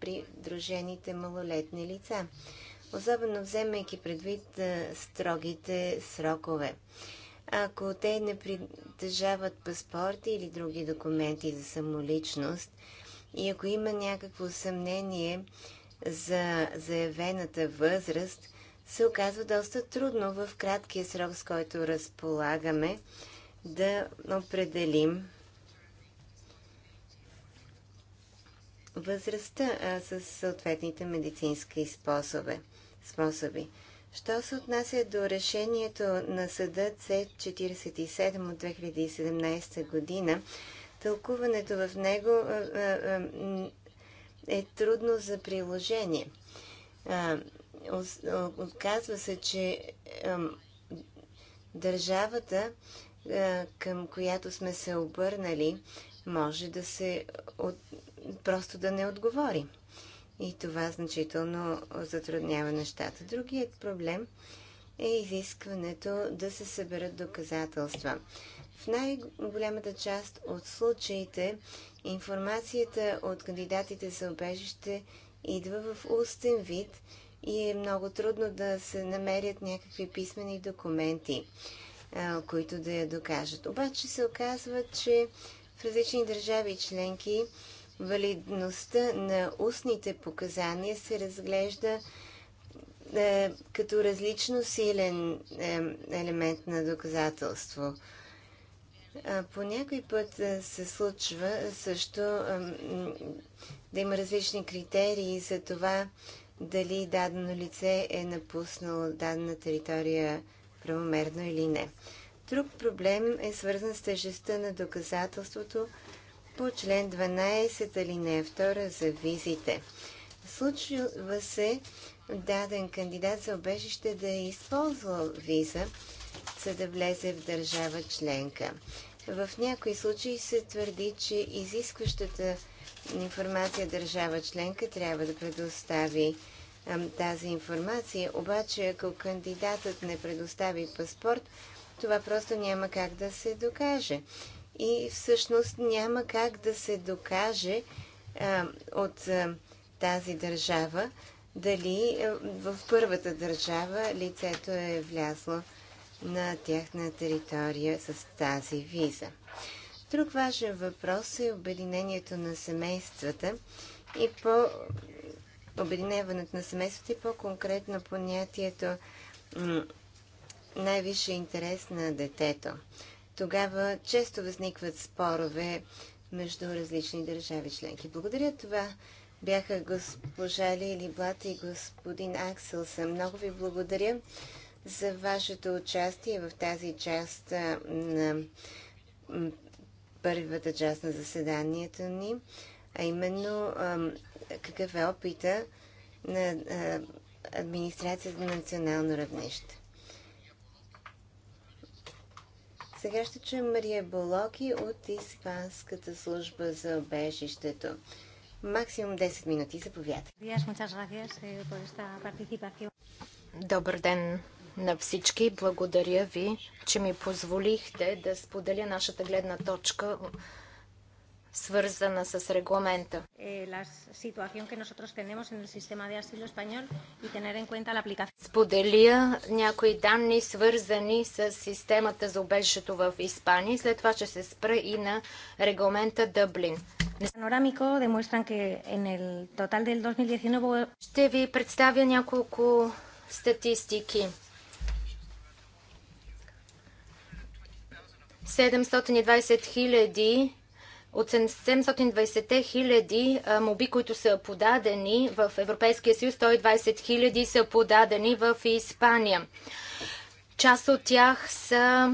A: при дружените малолетни лица. Особено вземайки предвид строгите срокове. Ако те не притежават паспорти или други документи за самоличност и ако има някакво съмнение за заявената възраст, се оказва доста трудно в краткия срок, с който разполагаме, да определим възрастта, а с съответните медицински способи. способи. Що се отнася до решението на съда C47 от 2017 година, тълкуването в него е трудно за приложение. Отказва се, че държавата, към която сме се обърнали, може да се просто да не отговори. И това значително затруднява нещата. Другият проблем е изискването да се съберат доказателства. В най-голямата част от случаите информацията от кандидатите за обежище идва в устен вид и е много трудно да се намерят някакви писмени документи, които да я докажат. Обаче се оказва, че в различни държави членки валидността на устните показания се разглежда е, като различно силен е, елемент на доказателство. А, по някой път е, се случва също е, да има различни критерии за това дали дадено лице е напуснало дадена територия правомерно или не. Друг проблем е свързан с тежестта на доказателството, по член 12 алинея 2 за визите. Случва се даден кандидат за обежище да е използвал виза, за да влезе в държава членка. В някои случаи се твърди, че изискващата информация държава членка трябва да предостави тази информация, обаче ако кандидатът не предостави паспорт, това просто няма как да се докаже и всъщност няма как да се докаже а, от а, тази държава дали в първата държава лицето е влязло на тяхна територия с тази виза. Друг важен въпрос е обединението на семействата и по обединяването на семействата и по-конкретно понятието най-висше интерес на детето тогава често възникват спорове между различни държави членки. Благодаря това бяха госпожа Лили Блат и господин Съм Много ви благодаря за вашето участие в тази част на първата част на заседанието ни, а именно какъв е опита на администрацията на национално равнище. Сега ще чуем Мария Болоки от Испанската служба за обежището. Максимум
B: 10 минути, заповядайте. Eh, Добър ден на всички. Благодаря ви, че ми позволихте да споделя нашата гледна точка свързана с регламента. Е, Споделя някои данни, свързани с системата за убежището в Испания. След това ще се спра и на регламента Дъблин. Ще ви представя няколко статистики. 720 хиляди от 720 хиляди моби, които са подадени в Европейския съюз, 120 хиляди са подадени в Испания. Част от тях са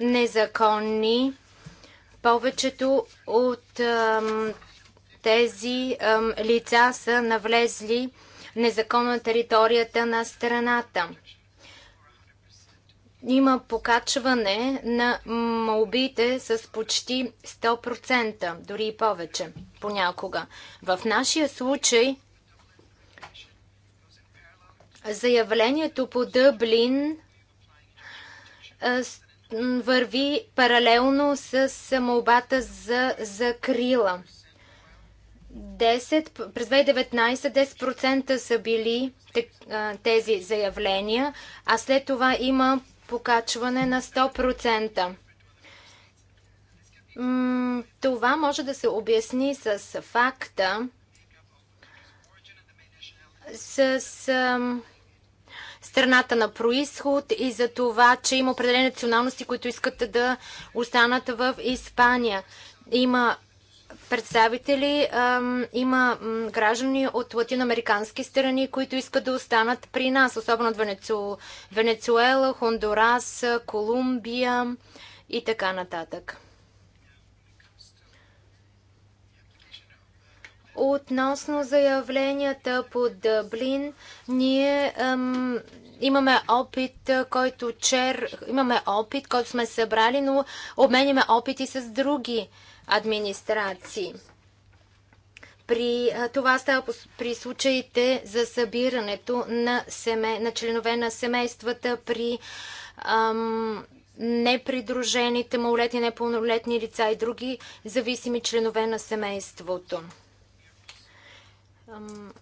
B: незаконни. Повечето от тези лица са навлезли незаконно на територията на страната има покачване на молбите с почти 100%, дори и повече понякога. В нашия случай заявлението по Дъблин върви паралелно с молбата за закрила. 10, през 2019 10% са били тези заявления, а след това има покачване на 100%. Това може да се обясни с факта, с страната на происход и за това, че има определени националности, които искат да останат в Испания. Има представители. Има граждани от латиноамерикански страни, които искат да останат при нас, особено от Венецуела, Хондурас, Колумбия и така нататък. Относно заявленията по Дъблин, ние ем, имаме опит, който чер, имаме опит, който сме събрали, но обменяме опити с други администрации. При това става при случаите за събирането на, семе, на членове на семействата при ам, непридружените малолетни, непълнолетни лица и други зависими членове на семейството. Ам,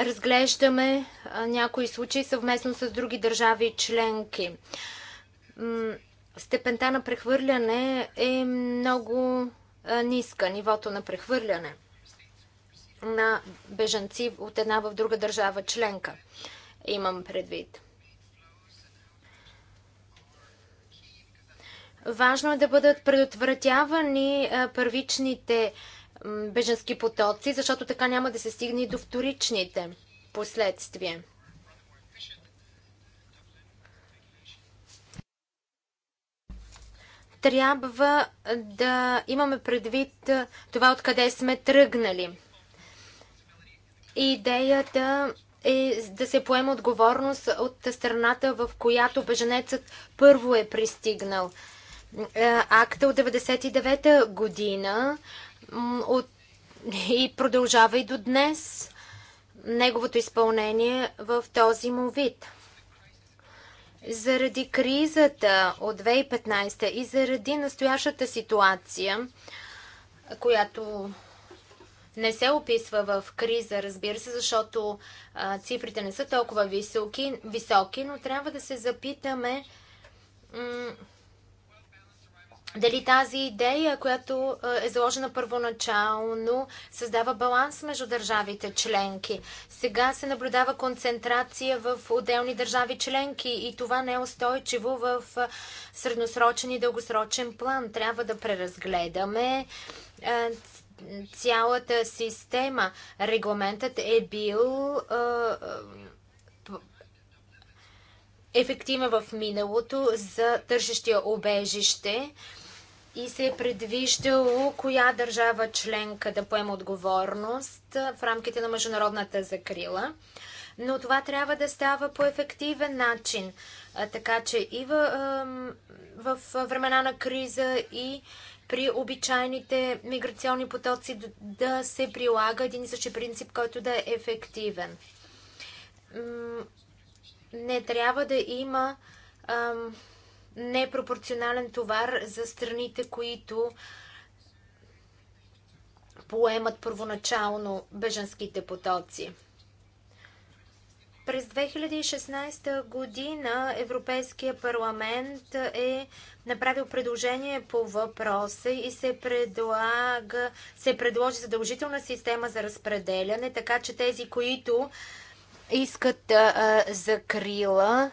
B: разглеждаме а, някои случаи съвместно с други държави членки. Ам, степента на прехвърляне е много ниска, нивото на прехвърляне на бежанци от една в друга държава членка. Имам предвид. Важно е да бъдат предотвратявани първичните бежански потоци, защото така няма да се стигне и до вторичните последствия. трябва да имаме предвид това откъде сме тръгнали. Идеята е да се поема отговорност от страната, в която беженецът първо е пристигнал. Е, акта от 99-та година от... и продължава и до днес неговото изпълнение в този му вид. Заради кризата от 2015 и заради настоящата ситуация, която не се описва в криза, разбира се, защото а, цифрите не са толкова високи, високи, но трябва да се запитаме дали тази идея, която е заложена първоначално, създава баланс между държавите членки. Сега се наблюдава концентрация в отделни държави членки и това не е устойчиво в средносрочен и дългосрочен план. Трябва да преразгледаме цялата система. Регламентът е бил ефективен в миналото за тържещия обежище и се е предвиждало коя държава членка да поема отговорност в рамките на международната закрила. Но това трябва да става по ефективен начин, така че и в, в времена на криза, и при обичайните миграционни потоци да се прилага един и същи принцип, който да е ефективен. Не трябва да има непропорционален товар за страните, които поемат първоначално бежанските потоци. През 2016 година Европейския парламент е направил предложение по въпроса и се, предлага, се предложи задължителна система за разпределяне, така че тези, които искат а, закрила,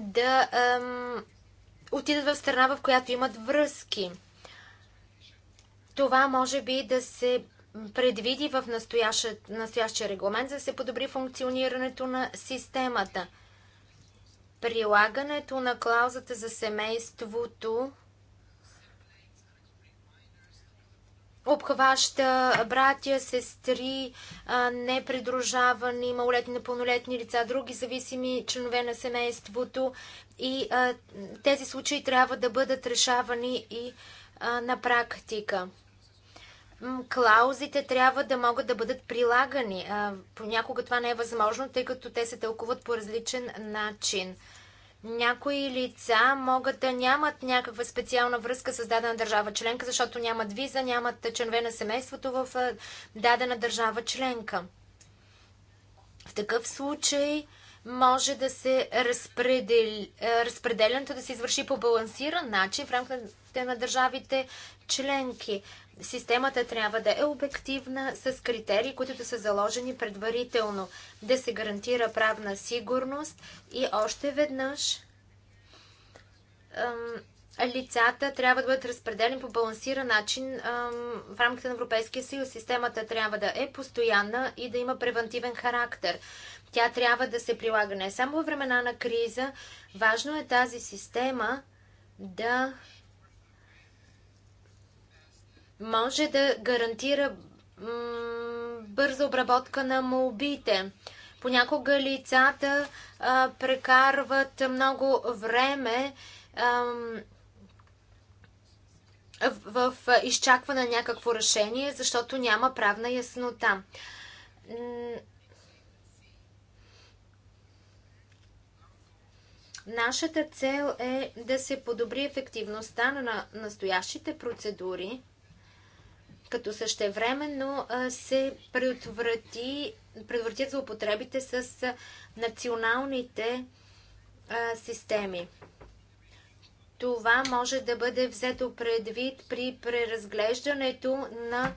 B: да ем, отидат в страна, в която имат връзки. Това може би да се предвиди в настоящия, настоящия регламент, за да се подобри функционирането на системата. Прилагането на клаузата за семейството обхваща братя, сестри, непридружавани, малолетни, непълнолетни лица, други зависими членове на семейството. И тези случаи трябва да бъдат решавани и на практика. Клаузите трябва да могат да бъдат прилагани. понякога това не е възможно, тъй като те се тълкуват по различен начин. Някои лица могат да нямат някаква специална връзка с дадена държава членка, защото нямат виза, нямат членове на семейството в дадена държава членка. В такъв случай може да се разпредели, разпределянето да се извърши по балансиран начин в рамките на държавите членки. Системата трябва да е обективна с критерии, които да са заложени предварително, да се гарантира правна сигурност и още веднъж лицата трябва да бъдат разпределени по балансиран начин в рамките на Европейския съюз. Системата трябва да е постоянна и да има превентивен характер. Тя трябва да се прилага не само във времена на криза. Важно е тази система да може да гарантира бърза обработка на молбите. Понякога лицата а, прекарват много време а, в, в изчакване на някакво решение, защото няма правна яснота. Нашата цел е да се подобри ефективността на настоящите процедури като същевременно се предотврати, предотвратят злоупотребите с националните системи. Това може да бъде взето предвид при преразглеждането на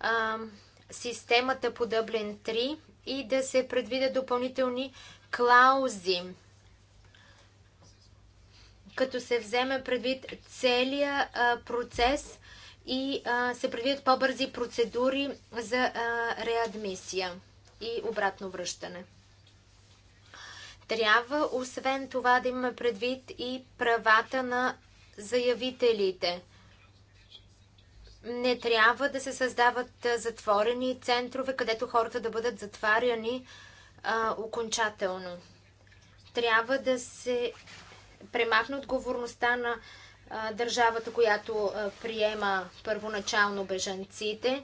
B: а, системата по Дъблин 3 и да се предвидят допълнителни клаузи, като се вземе предвид целият процес и а, се предвидят по-бързи процедури за а, реадмисия и обратно връщане. Трябва, освен това, да имаме предвид и правата на заявителите. Не трябва да се създават затворени центрове, където хората да бъдат затваряни а, окончателно. Трябва да се премахне отговорността на държавата, която приема първоначално бежанците.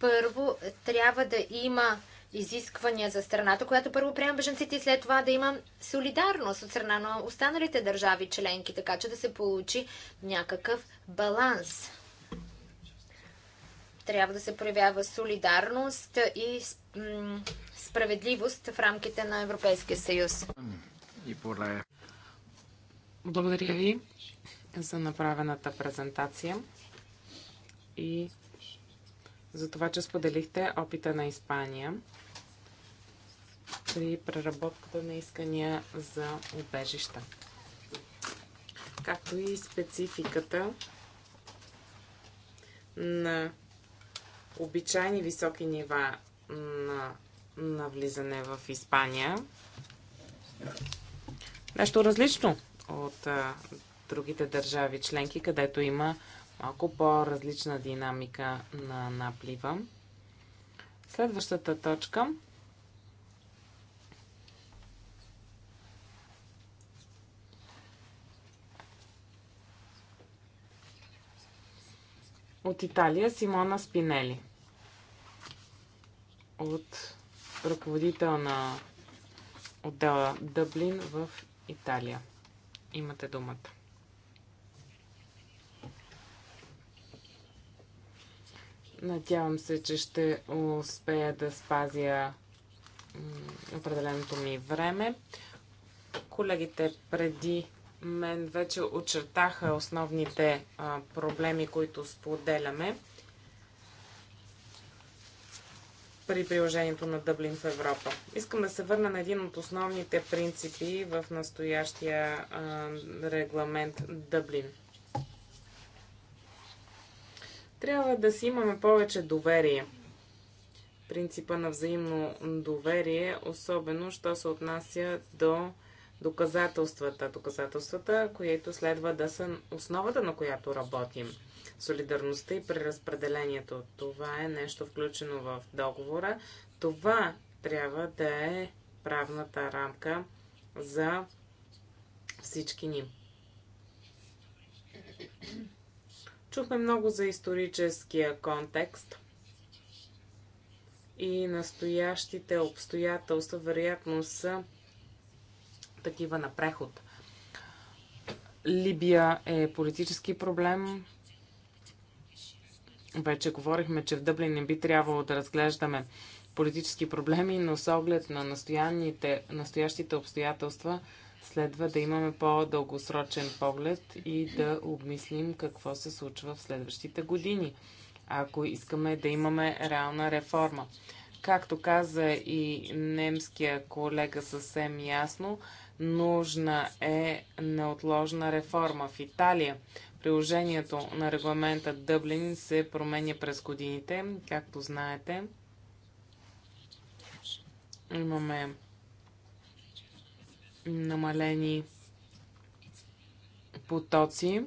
B: Първо трябва да има изисквания за страната, която първо приема бежанците и след това да има солидарност от страна на останалите държави членки, така че да се получи някакъв баланс. Трябва да се проявява солидарност и справедливост в рамките на Европейския съюз.
C: Благодаря ви за направената презентация и за това, че споделихте опита на Испания при преработката на искания за убежища. Както и спецификата на обичайни високи нива на, навлизане влизане в Испания. Нещо различно от а, другите държави членки, където има малко по-различна динамика на наплива. Следващата точка от Италия Симона Спинели. От ръководител на отдела Дъблин в Италия. Имате думата. Надявам се, че ще успея да спазя определеното ми време. Колегите преди мен вече очертаха основните проблеми, които споделяме при приложението на Дъблин в Европа. Искам да се върна на един от основните принципи в настоящия регламент Дъблин – трябва да си имаме повече доверие. Принципа на взаимно доверие, особено, що се отнася до доказателствата. Доказателствата, които следва да са основата, на която работим. Солидарността и преразпределението. Това е нещо включено в договора. Това трябва да е правната рамка за всички ни. Чухме много за историческия контекст и настоящите обстоятелства вероятно са такива на преход. Либия е политически проблем. Вече говорихме, че в Дъблин не би трябвало да разглеждаме политически проблеми, но с оглед на настоящите обстоятелства, Следва да имаме по-дългосрочен поглед и да обмислим какво се случва в следващите години, ако искаме да имаме реална реформа. Както каза и немския колега съвсем ясно, нужна е неотложна реформа в Италия. Приложението на регламента Дъблин се променя през годините, както знаете. Имаме намалени потоци.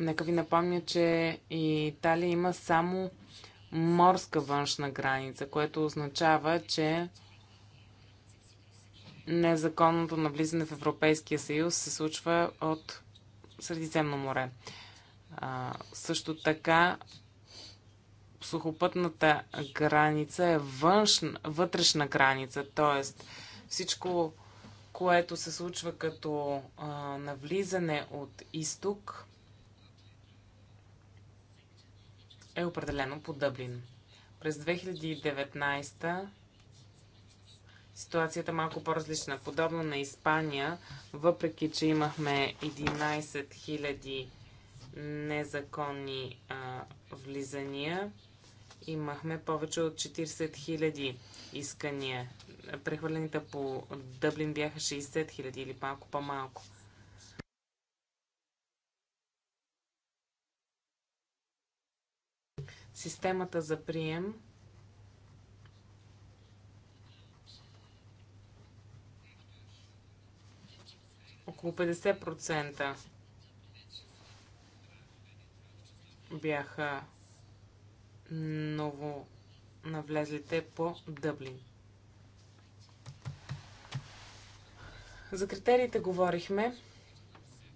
C: Нека ви напомня, че Италия има само морска външна граница, което означава, че незаконното навлизане в Европейския съюз се случва от Средиземно море. А, също така сухопътната граница е външна, вътрешна граница, т.е. всичко, което се случва като а, навлизане от изток, е определено по Дъблин. През 2019 ситуацията е малко по-различна. Подобно на Испания, въпреки че имахме 11 000 незаконни а, влизания, имахме повече от 40 000 искания. Прехвърлените по Дъблин бяха 60 000 или малко по-малко. Системата за прием около 50% бяха ново навлезлите по Дъблин. За критериите говорихме.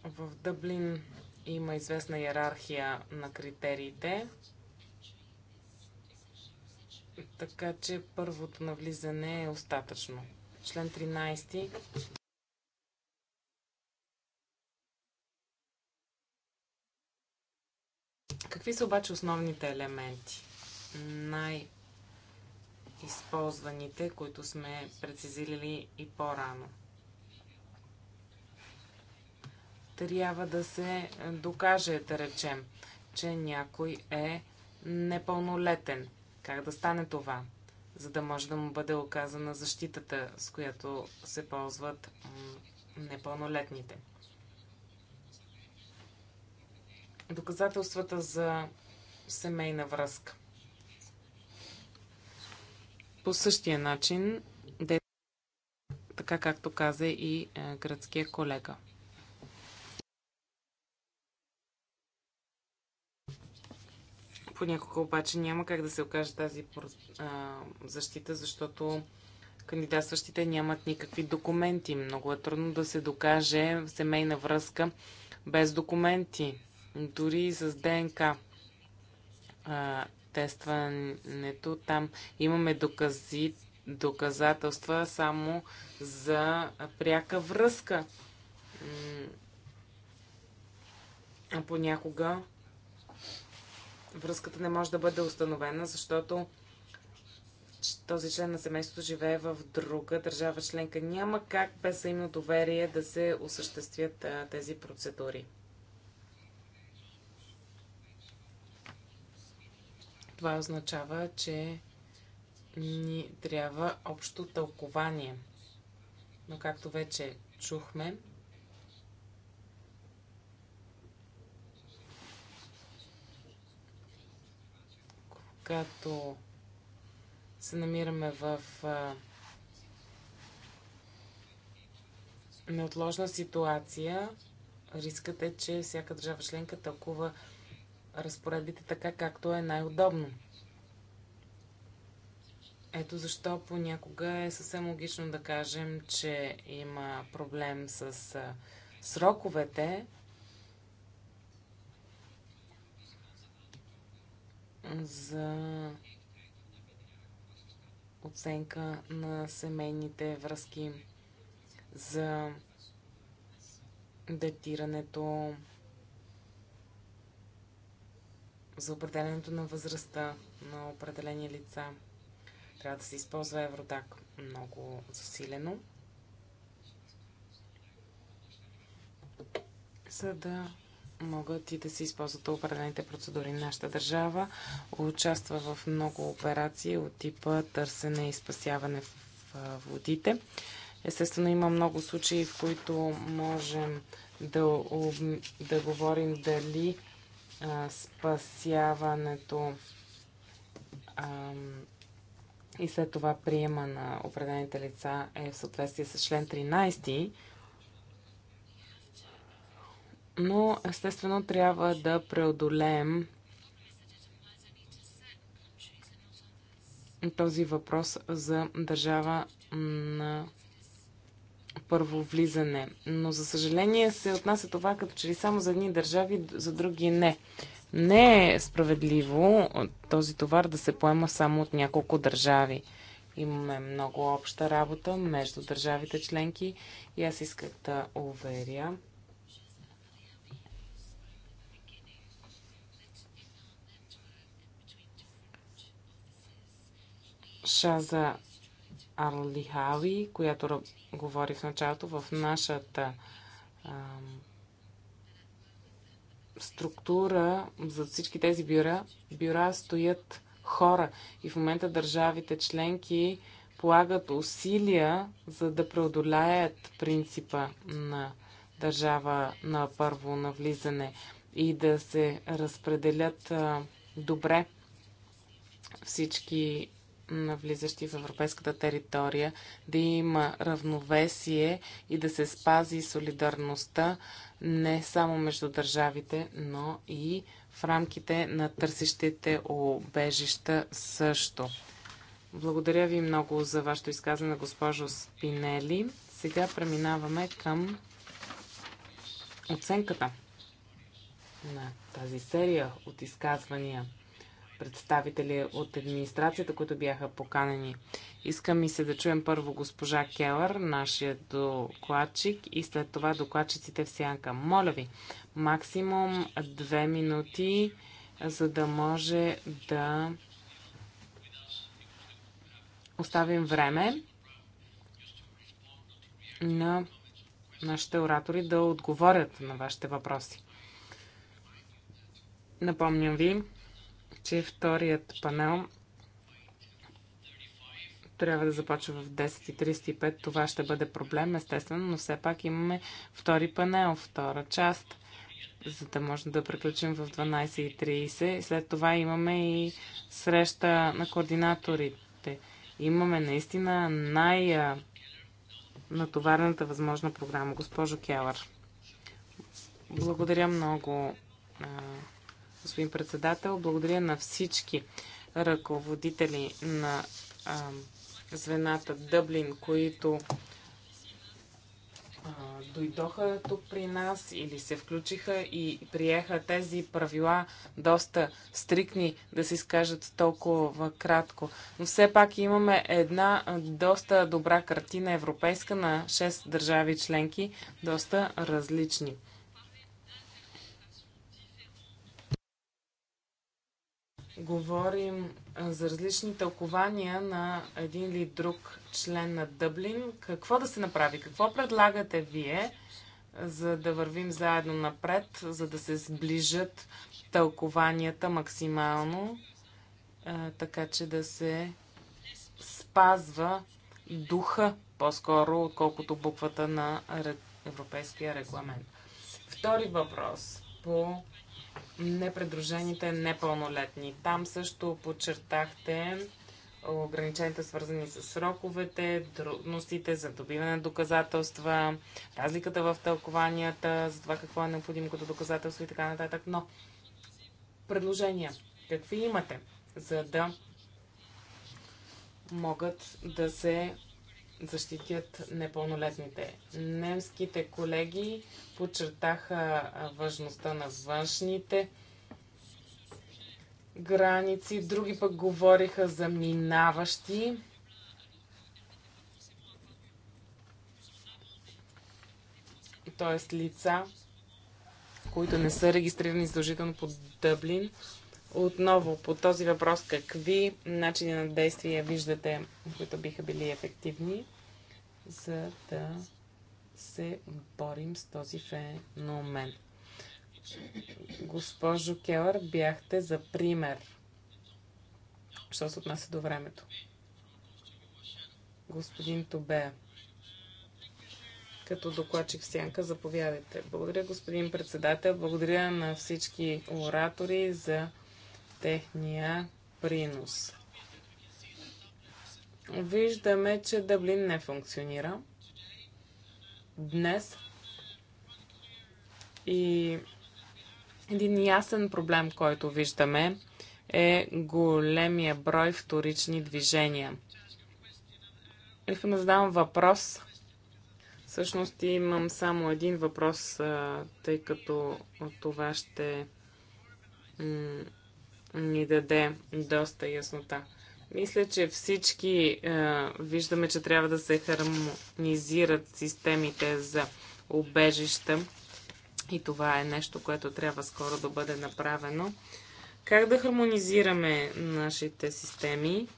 C: В Дъблин има известна иерархия на критериите. Така че първото навлизане е остатъчно. Член 13 Какви са обаче основните елементи? Най- използваните, които сме прецизирали и по-рано. Трябва да се докаже, да речем, че някой е непълнолетен. Как да стане това? За да може да му бъде оказана защитата, с която се ползват непълнолетните. доказателствата за семейна връзка. По същия начин, така както каза и е, гръцкия колега. Понякога обаче няма как да се окаже тази защита, защото кандидатстващите нямат никакви документи. Много е трудно да се докаже семейна връзка без документи дори и с ДНК а, тестването. Там имаме докази, доказателства само за пряка връзка. А понякога връзката не може да бъде установена, защото този член на семейството живее в друга държава членка. Няма как без взаимно доверие да се осъществят тези процедури. Това означава, че ни трябва общо тълкование. Но както вече чухме, когато се намираме в неотложна ситуация, рискът е, че всяка държава членка тълкува Разпоредите така, както е най-удобно. Ето защо понякога е съвсем логично да кажем, че има проблем с сроковете, за оценка на семейните връзки, за датирането за определенето на възрастта на определени лица. Трябва да се използва Евродак много засилено, за да могат и да се използват определените процедури. Нашата държава участва в много операции от типа търсене и спасяване в водите. Естествено, има много случаи, в които можем да, да говорим дали спасяването а, и след това приема на определените лица е в съответствие с член 13. Но естествено трябва да преодолеем този въпрос за държава на първо влизане. Но, за съжаление, се отнася това като че ли само за едни държави, за други не. Не е справедливо този товар да се поема само от няколко държави. Имаме много обща работа между държавите членки и аз исках да уверя Шаза Арлихави, която говори в началото в нашата структура за всички тези бюра, бюра стоят хора и в момента държавите членки полагат усилия за да преодолеят принципа на държава на първо навлизане и да се разпределят а, добре всички навлизащи в европейската територия, да има равновесие и да се спази солидарността не само между държавите, но и в рамките на търсещите обежища също. Благодаря ви много за вашето изказване, госпожо Спинели. Сега преминаваме към оценката на тази серия от изказвания – представители от администрацията, които бяха поканени. Искам и се да чуем първо госпожа Келър, нашия докладчик, и след това докладчиците в сянка. Моля ви, максимум две минути, за да може да оставим време на нашите оратори да отговорят на вашите въпроси. Напомням ви, че вторият панел трябва да започва в 10.35. Това ще бъде проблем, естествено, но все пак имаме втори панел, втора част, за да можем да приключим в 12.30. След това имаме и среща на координаторите. Имаме наистина най- натоварената възможна програма. Госпожо Келър, благодаря много господин председател. Благодаря на всички ръководители на а, звената Дъблин, които а, дойдоха тук при нас или се включиха и приеха тези правила доста стрикни да се изкажат толкова кратко. Но все пак имаме една доста добра картина европейска на 6 държави членки, доста различни. говорим за различни тълкования на един или друг член на Дъблин. Какво да се направи? Какво предлагате вие, за да вървим заедно напред, за да се сближат тълкованията максимално, така че да се спазва духа по-скоро, отколкото буквата на Европейския регламент. Втори въпрос по непредружените непълнолетни. Там също подчертахте ограниченията свързани с сроковете, трудностите за добиване на доказателства, разликата в тълкованията, за това какво е необходимо като доказателство и така нататък. Но предложения, какви имате, за да могат да се защитят непълнолетните. Немските колеги подчертаха важността на външните граници, други пък говориха за минаващи. т.е. лица, които не са регистрирани задължително по Дъблин, отново по този въпрос какви начини на действие виждате, които биха били ефективни, за да се борим с този феномен. Госпожо Келър, бяхте за пример, що се отнася до времето. Господин Тобе, като докладчик в сянка, заповядайте. Благодаря, господин председател. Благодаря на всички оратори за техния принос. Виждаме, че Дъблин не функционира днес. И един ясен проблем, който виждаме, е големия брой вторични движения. Искам да задам въпрос. Всъщност имам само един въпрос, тъй като от това ще ни даде доста яснота. Мисля, че всички е, виждаме, че трябва да се хармонизират системите за убежища и това е нещо, което трябва скоро да бъде направено. Как да хармонизираме нашите системи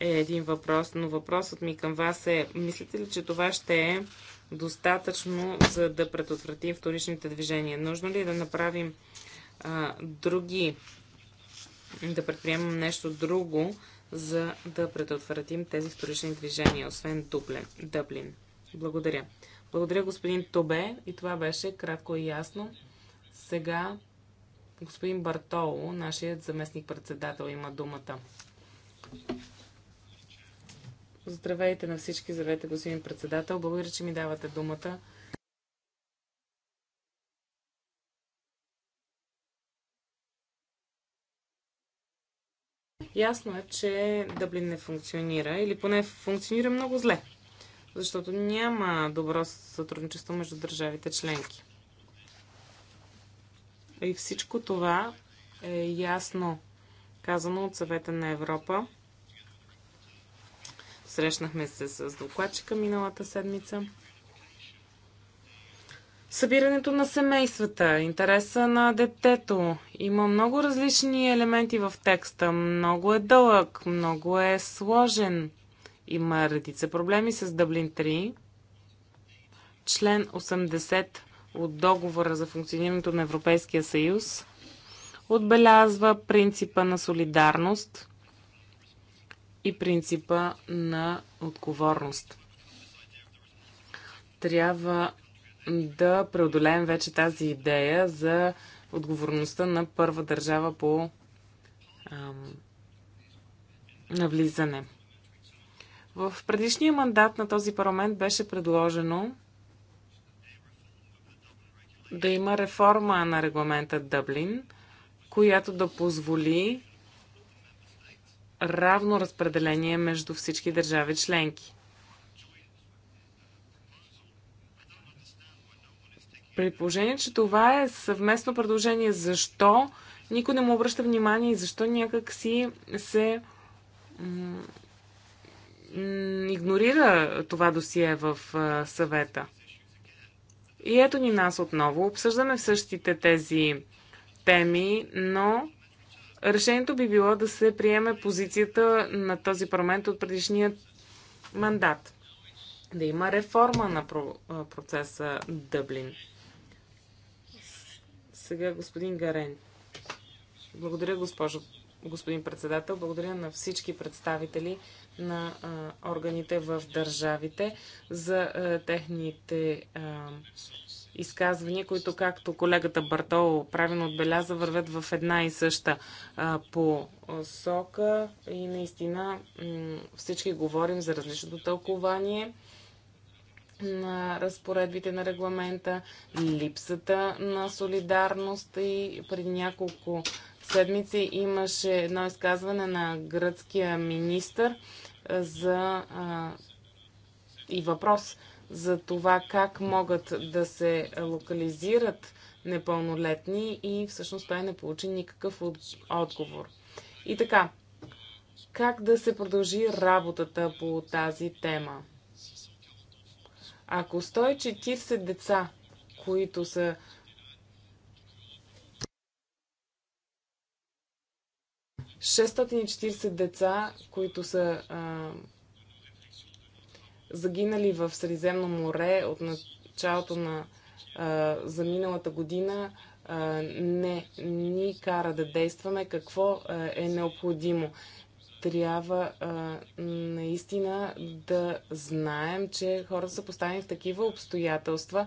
C: е един въпрос, но въпросът ми към вас е, мислите ли, че това ще е достатъчно, за да предотвратим вторичните движения? Нужно ли е да направим а, други да предприемем нещо друго, за да предотвратим тези вторични движения, освен Дублин. Дъблин. Благодаря. Благодаря, господин Тобе. И това беше кратко и ясно. Сега господин Бартоло, нашият заместник-председател, има думата. Здравейте на всички, здравейте господин председател. Благодаря, че ми давате думата. Ясно е, че Дъблин не функционира или поне функционира много зле, защото няма добро сътрудничество между държавите членки. И всичко това е ясно казано от съвета на Европа. Срещнахме се с докладчика миналата седмица събирането на семействата, интереса на детето. Има много различни елементи в текста. Много е дълъг, много е сложен. Има редица проблеми с Дъблин 3. Член 80 от договора за функционирането на Европейския съюз отбелязва принципа на солидарност и принципа на отговорност. Трябва да преодолеем вече тази идея за отговорността на първа държава по ам, навлизане. В предишния мандат на този парламент беше предложено да има реформа на регламента Дъблин, която да позволи равно разпределение между всички държави членки. При положение, че това е съвместно предложение, защо никой не му обръща внимание и защо някак си се игнорира това досие в съвета. И ето ни нас отново. Обсъждаме същите тези теми, но решението би било да се приеме позицията на този парламент от предишния мандат. Да има реформа на процеса Дъблин. Сега господин Гарен. Благодаря, госпожо, господин председател. Благодаря на всички представители на а, органите в държавите за а, техните а, изказвания, които, както колегата Бартол правилно отбеляза, вървят в една и съща а, по сока и наистина всички говорим за различното тълкование на разпоредбите на регламента, липсата на солидарност и преди няколко седмици имаше едно изказване на гръцкия министр за и въпрос за това как могат да се локализират непълнолетни и всъщност той не получи никакъв отговор. И така, как да се продължи работата по тази тема? Ако 140 деца, които са ...640 деца, които са а, загинали в Средиземно море от началото на а, за миналата година, а, не ни кара да действаме какво а, е необходимо трябва а, наистина да знаем, че хората са поставени в такива обстоятелства,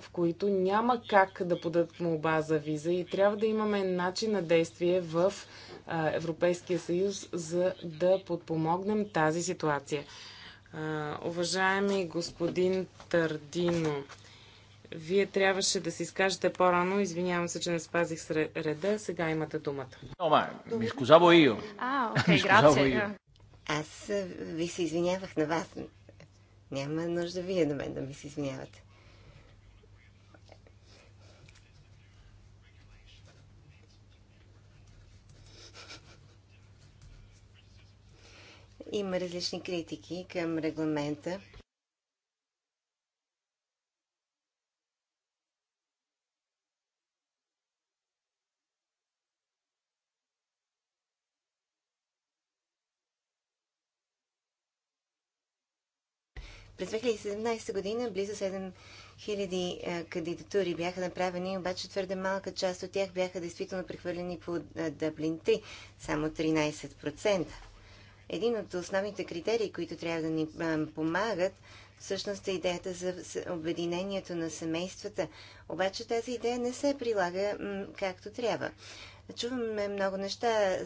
C: в които няма как да подадат молба за виза и трябва да имаме начин на действие в а, Европейския съюз, за да подпомогнем тази ситуация. А, уважаеми господин Тардино, вие трябваше да се изкажете по-рано. Извинявам се, че не спазих реда. Сега имате думата. Ома, ми скузаво и А, окей, грация. Аз ви се извинявах на вас.
A: Няма нужда вие на мен да ми се извинявате. Има различни критики към регламента – През 2017 година близо 7000 е, кандидатури бяха направени, обаче твърде малка част от тях бяха действително прехвърлени по е, Дъблин 3, само 13%. Един от основните критерии, които трябва да ни е, помагат, всъщност е идеята за обединението на семействата. Обаче тази идея не се прилага както трябва. Чуваме много неща.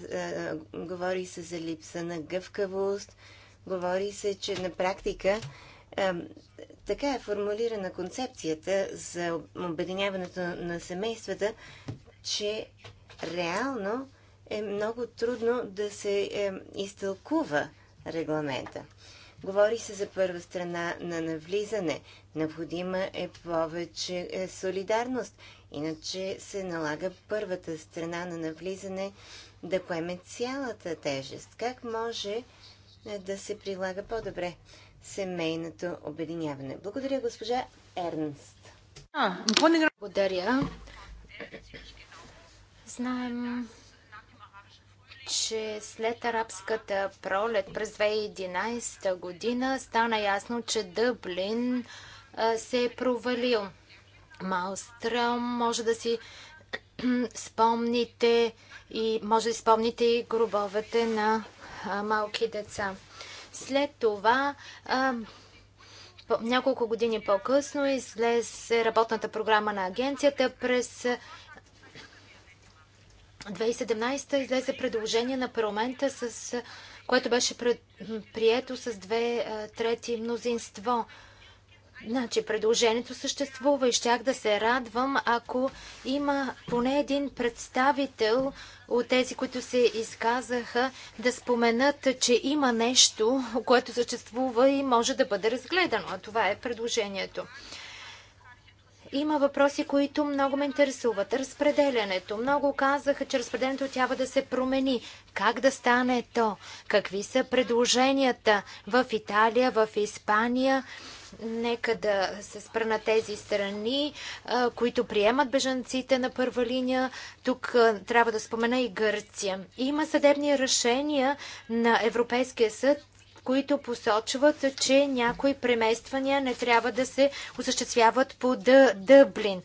A: Говори се за липса на гъвкавост, говори се, че на практика така е формулирана концепцията за обединяването на семействата, че реално е много трудно да се е, изтълкува регламента. Говори се за първа страна на навлизане. Необходима е повече е, солидарност. Иначе се налага първата страна на навлизане да поеме цялата тежест. Как може е, да се прилага по-добре? семейното обединяване. Благодаря, госпожа Ернст.
B: А, благодаря. Знаем, че след арабската пролет през 2011 година стана ясно, че Дъблин се е провалил. Малстръм може да си спомните и може да спомните и гробовете на малки деца. След това няколко години по-късно излезе работната програма на агенцията през 2017 излезе предложение на парламента, с, което беше прието с две трети мнозинство. Значи, предложението съществува и щях да се радвам, ако има поне един представител от тези, които се изказаха, да споменат, че има нещо, което съществува и може да бъде разгледано. А това е предложението. Има въпроси, които много ме интересуват. Разпределянето. Много казаха, че разпределението трябва да се промени. Как да стане то? Какви са предложенията в Италия, в Испания? Нека да се спра на тези страни, които приемат бежанците на първа линия. Тук трябва да спомена и Гърция. Има съдебни решения на Европейския съд, които посочват, че някои премествания не трябва да се осъществяват по Дъблин.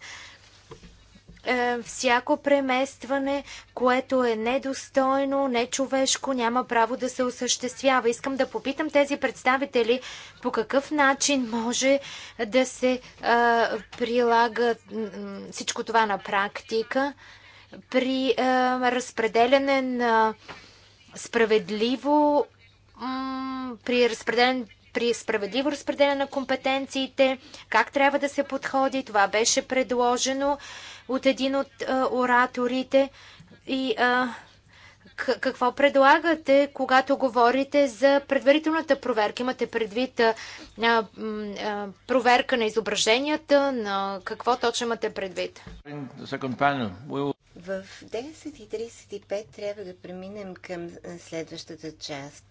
B: Е, всяко преместване, което е недостойно, нечовешко, няма право да се осъществява. Искам да попитам тези представители по какъв начин може да се а, е, прилага всичко това на практика при а, е, разпределяне на справедливо при разпределен при справедливо разпределение на компетенциите, как трябва да се подходи. Това беше предложено от един от а, ораторите. И а, какво предлагате, когато говорите за предварителната проверка? Имате предвид а, а, проверка на изображенията, на какво точно имате предвид? В
A: 10.35 трябва да преминем към следващата част.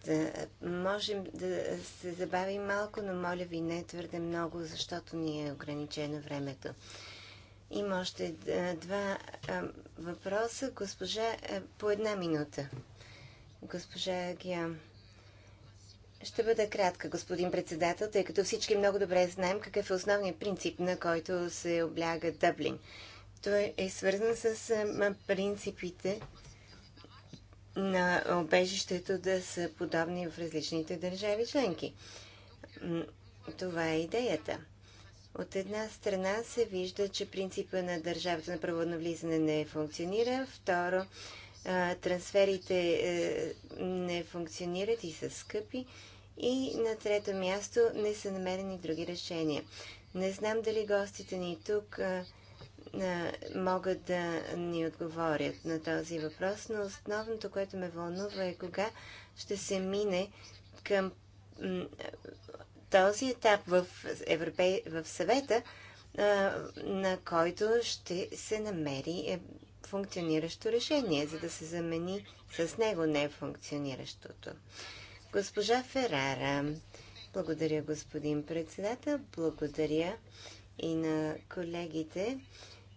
A: Можем да се забавим малко, но моля ви не твърде много, защото ни е ограничено времето. Има още два въпроса. Госпожа, по една минута. Госпожа Гиа. Ще бъда кратка, господин председател, тъй като всички много добре знаем какъв е основният принцип, на който се обляга Дъблин – той е свързан с е, принципите на обежището да са подобни в различните държави членки. Това е идеята. От една страна се вижда, че принципа на държавата на праводно влизане не функционира. Второ, трансферите е, не функционират и са скъпи. И на трето място не са намерени други решения. Не знам дали гостите ни тук могат да ни отговорят на този въпрос, но основното, което ме вълнува е кога ще се мине към този етап в, Европе... в съвета, на който ще се намери е, функциониращо решение, за да се замени с него нефункциониращото. Госпожа Ферара, благодаря господин председател, благодаря и на колегите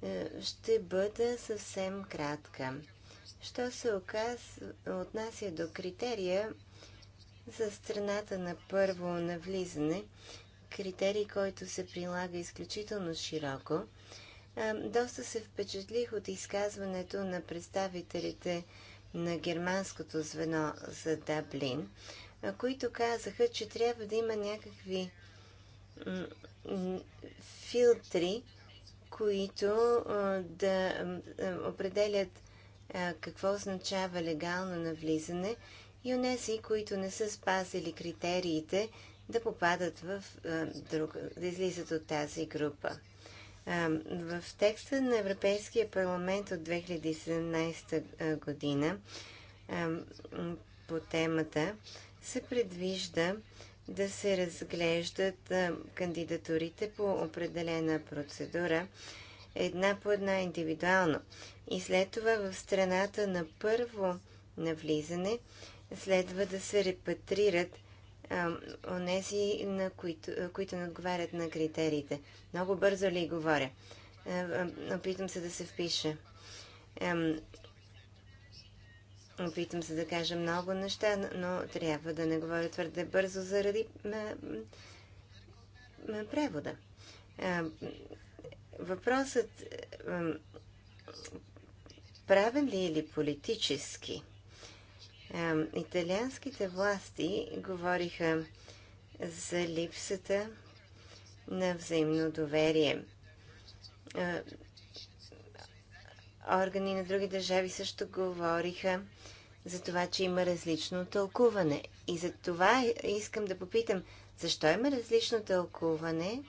A: е, ще бъда съвсем кратка. Що се отнася до критерия за страната на първо навлизане, критерий, който се прилага изключително широко, е, доста се впечатлих от изказването на представителите на германското звено за Даблин, е, които казаха, че трябва да има някакви филтри, които да определят какво означава легално навлизане и онези, които не са спазили критериите, да попадат в друг, да излизат от тази група. В текста на Европейския парламент от 2017 година по темата се предвижда да се разглеждат кандидатурите по определена процедура, една по една индивидуално. И след това в страната на първо навлизане следва да се репатрират онези, на които, които не отговарят на критериите. Много бързо ли говоря? Опитам се да се впиша. Опитам се да кажа много неща, но трябва да не говоря твърде бързо заради превода. Въпросът правен ли е или политически? Италианските власти говориха за липсата на взаимно доверие органи на други държави също говориха за това, че има различно тълкуване. И за това искам да попитам, защо има различно тълкуване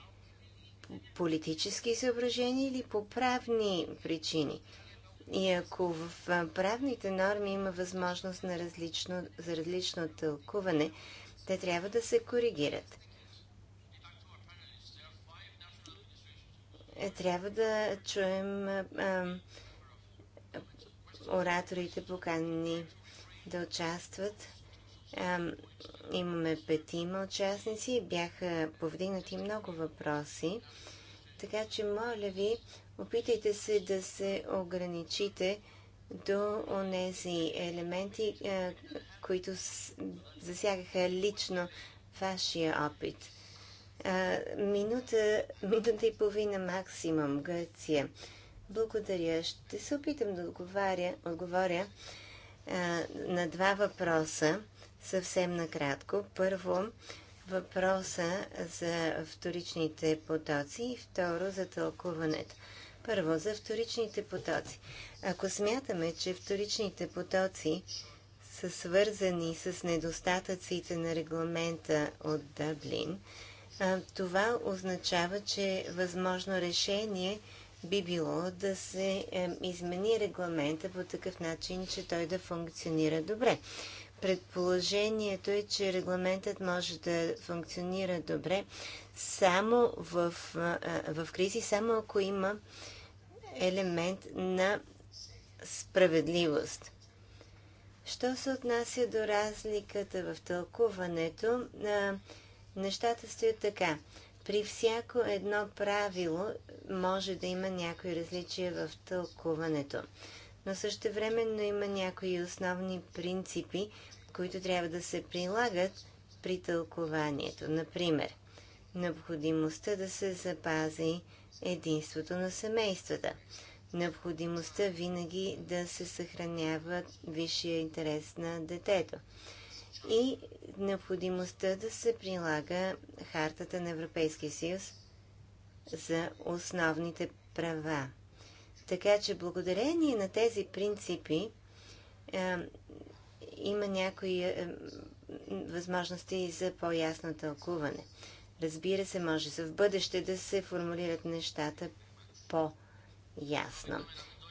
A: политически съображения или по правни причини? И ако в правните норми има възможност на различно, за различно тълкуване, те трябва да се коригират. Е, трябва да чуем а, ораторите поканени да участват. Имаме петима участници и бяха повдигнати много въпроси. Така че, моля ви, опитайте се да се ограничите до онези елементи, които засягаха лично вашия опит. Минута, минута и половина максимум Гърция. Благодаря. Ще се опитам да отговаря, отговоря а, на два въпроса съвсем накратко. Първо, въпроса за вторичните потоци и второ за тълкуването. Първо, за вторичните потоци. Ако смятаме, че вторичните потоци са свързани с недостатъците на регламента от Дъблин, това означава, че е възможно решение – би било да се измени регламента по такъв начин, че той да функционира добре. Предположението е, че регламентът може да функционира добре само в, в кризи, само ако има елемент на справедливост. Що се отнася до разликата в тълкуването, нещата стоят така. При всяко едно правило може да има някои различия в тълкуването, но също времено има някои основни принципи, които трябва да се прилагат при тълкованието. Например, необходимостта да се запази единството на семействата, необходимостта винаги да се съхранява висшия интерес на детето, и необходимостта да се прилага хартата на Европейския съюз за основните права. Така че благодарение на тези принципи е, има някои е, възможности за по-ясно тълкуване. Разбира се, може за в бъдеще да се формулират нещата по-ясно.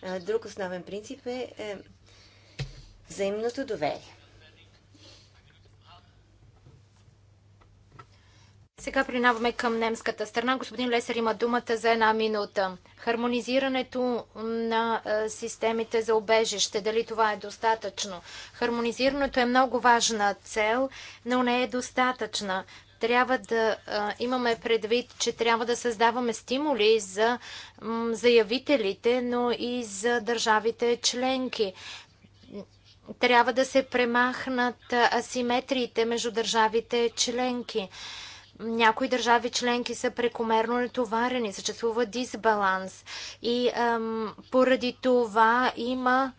A: Е, друг основен принцип е, е взаимното доверие.
B: Сега принаваме към немската страна. Господин Лесер има думата за една минута. Хармонизирането на системите за обежище, дали това е достатъчно? Хармонизирането е много важна цел, но не е достатъчна. Трябва да имаме предвид, че трябва да създаваме стимули за заявителите, но и за държавите членки трябва да се премахнат асиметриите между държавите членки. Някои държави членки са прекомерно натоварени, съществува дисбаланс и ам, поради това има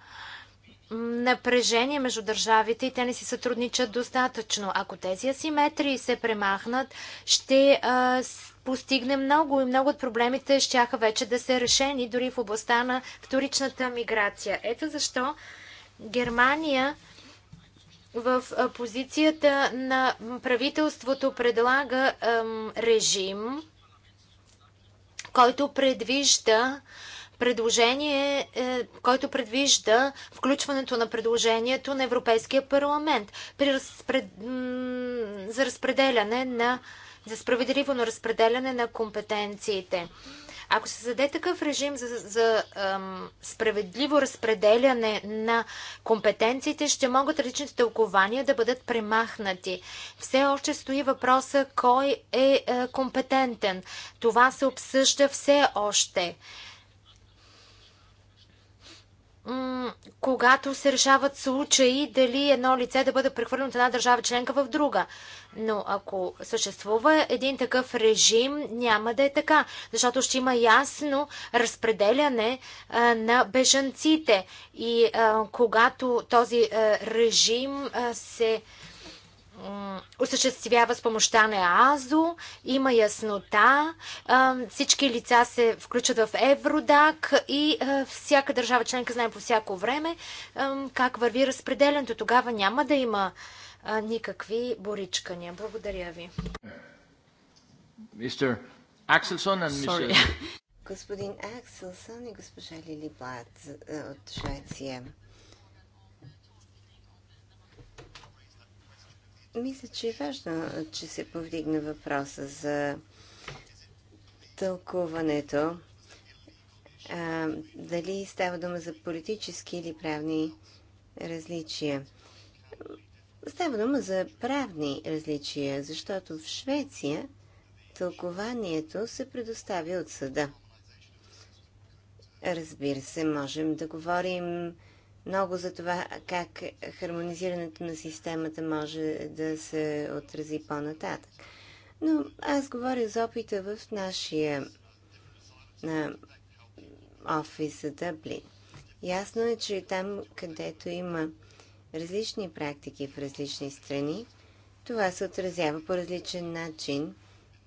B: напрежение между държавите и те не си сътрудничат достатъчно. Ако тези асиметрии се премахнат, ще а, постигне много и много от проблемите ще вече да се решени дори в областта на вторичната миграция. Ето защо Германия в позицията на правителството предлага режим, който предвижда предложение, е, който предвижда включването на предложението на Европейския парламент при разпред... за разпределяне на за справедливо разпределяне на компетенциите. Ако се заде такъв режим за, за ам, справедливо разпределяне на компетенциите, ще могат различните тълкования да бъдат премахнати. Все още стои въпроса кой е, е компетентен. Това се обсъжда все още когато се решават случаи дали едно лице да бъде прехвърлено от една държава членка в друга. Но ако съществува един такъв режим, няма да е така, защото ще има ясно разпределяне а, на бежанците. И а, когато този а, режим се осъществява с помощта на АЗО, има яснота, всички лица се включат в Евродак и всяка държава членка знае по всяко време как върви разпределенето. Тогава няма да има никакви боричкания. Благодаря ви. Мистер
A: Акселсон и Господин Акселсон и госпожа Лили Блад от Швеция. Мисля, че е важно, че се повдигна въпроса за тълкуването. А, дали става дума за политически или правни различия? Става дума за правни различия, защото в Швеция тълкованието се предоставя от съда. Разбира се, можем да говорим много за това как хармонизирането на системата може да се отрази по-нататък. Но аз говоря за опита в нашия на офис за Дъблин. Ясно е, че там, където има различни практики в различни страни, това се отразява по различен начин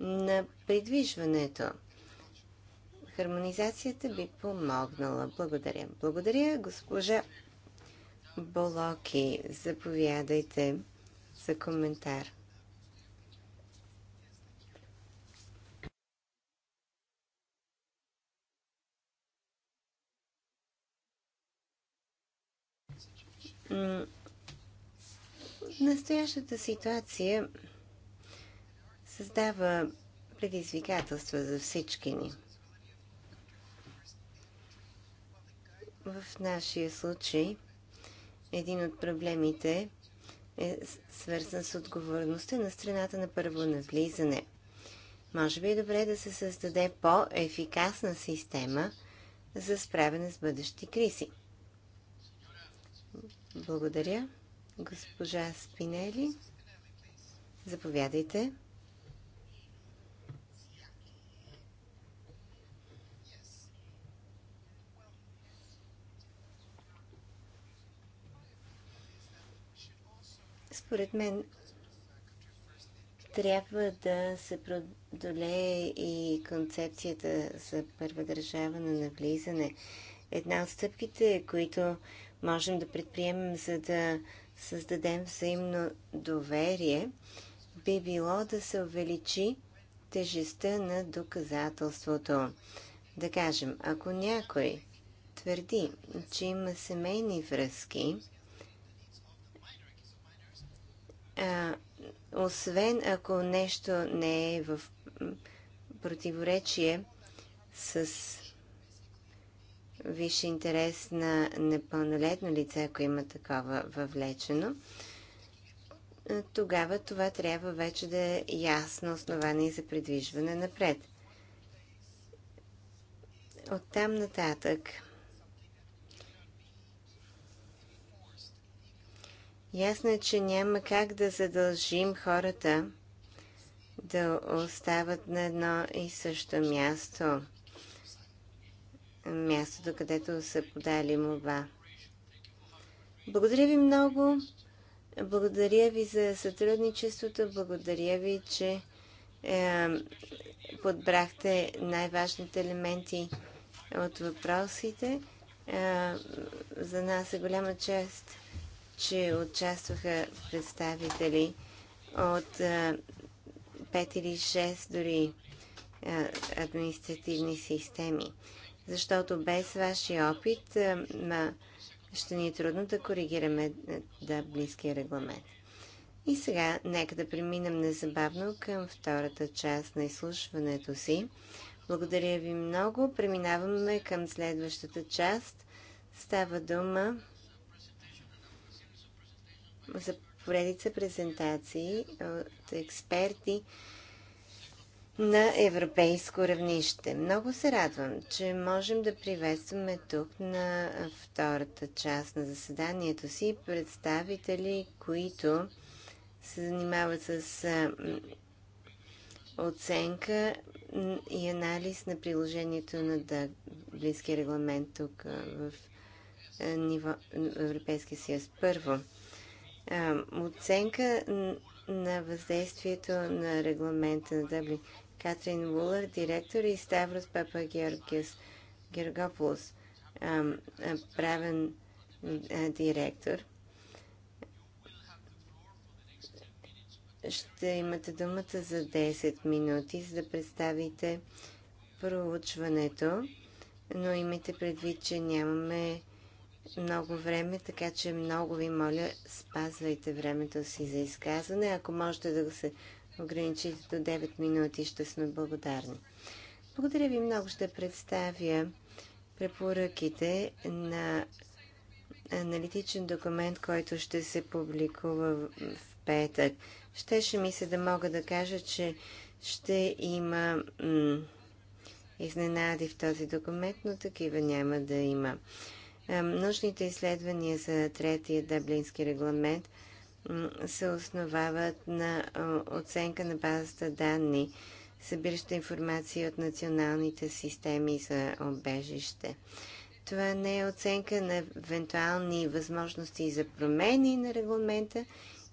A: на придвижването. Хармонизацията би помогнала. Благодаря. Благодаря, госпожа Болоки. Заповядайте за коментар. Настоящата ситуация създава предизвикателства за всички ни. В нашия случай един от проблемите е свързан с отговорността на страната на първо навлизане. Може би е добре да се създаде по-ефикасна система за справяне с бъдещи кризи. Благодаря. Госпожа Спинели, заповядайте. Според мен трябва да се продолее и концепцията за първа държава на навлизане. Една от стъпките, които можем да предприемем, за да създадем взаимно доверие, би било да се увеличи тежестта на доказателството. Да кажем, ако някой твърди, че има семейни връзки, а, освен ако нещо не е в противоречие с висше интерес на непълнолетно лице, ако има такова въвлечено, тогава това трябва вече да е ясно основание за придвижване напред. Оттам нататък – Ясно е, че няма как да задължим хората да остават на едно и също място. Мястото, където са подали мова. Благодаря ви много. Благодаря ви за сътрудничеството. Благодаря ви, че е, подбрахте най-важните елементи от въпросите. Е, за нас е голяма чест че участваха представители от а, 5 или 6 дори а, административни системи. Защото без вашия опит а, ма, ще ни е трудно да коригираме да близкия регламент. И сега нека да преминем незабавно към втората част на изслушването си. Благодаря ви много. Преминаваме към следващата част. Става дума за поредица презентации от експерти на европейско равнище. Много се радвам, че можем да приветстваме тук на втората част на заседанието си представители, които се занимават с оценка и анализ на приложението на Дъблинския регламент тук в ниво Европейския съюз. Първо, оценка на въздействието на регламента на Дъблин. Катрин Вулър, директор и Ставрос Папа Георгиус Гергополос, правен директор. Ще имате думата за 10 минути, за да представите проучването, но имайте предвид, че нямаме много време, така че много ви моля, спазвайте времето си за изказване. Ако можете да го се ограничите до 9 минути, ще сме благодарни. Благодаря ви много. Ще представя препоръките на аналитичен документ, който ще се публикува в петък. Щеше ми се да мога да кажа, че ще има изненади в този документ, но такива няма да има. Е, нужните изследвания за третия Дъблински регламент се основават на оценка на базата данни, събираща информация от националните системи за обежище. Това не е оценка на евентуални възможности за промени на регламента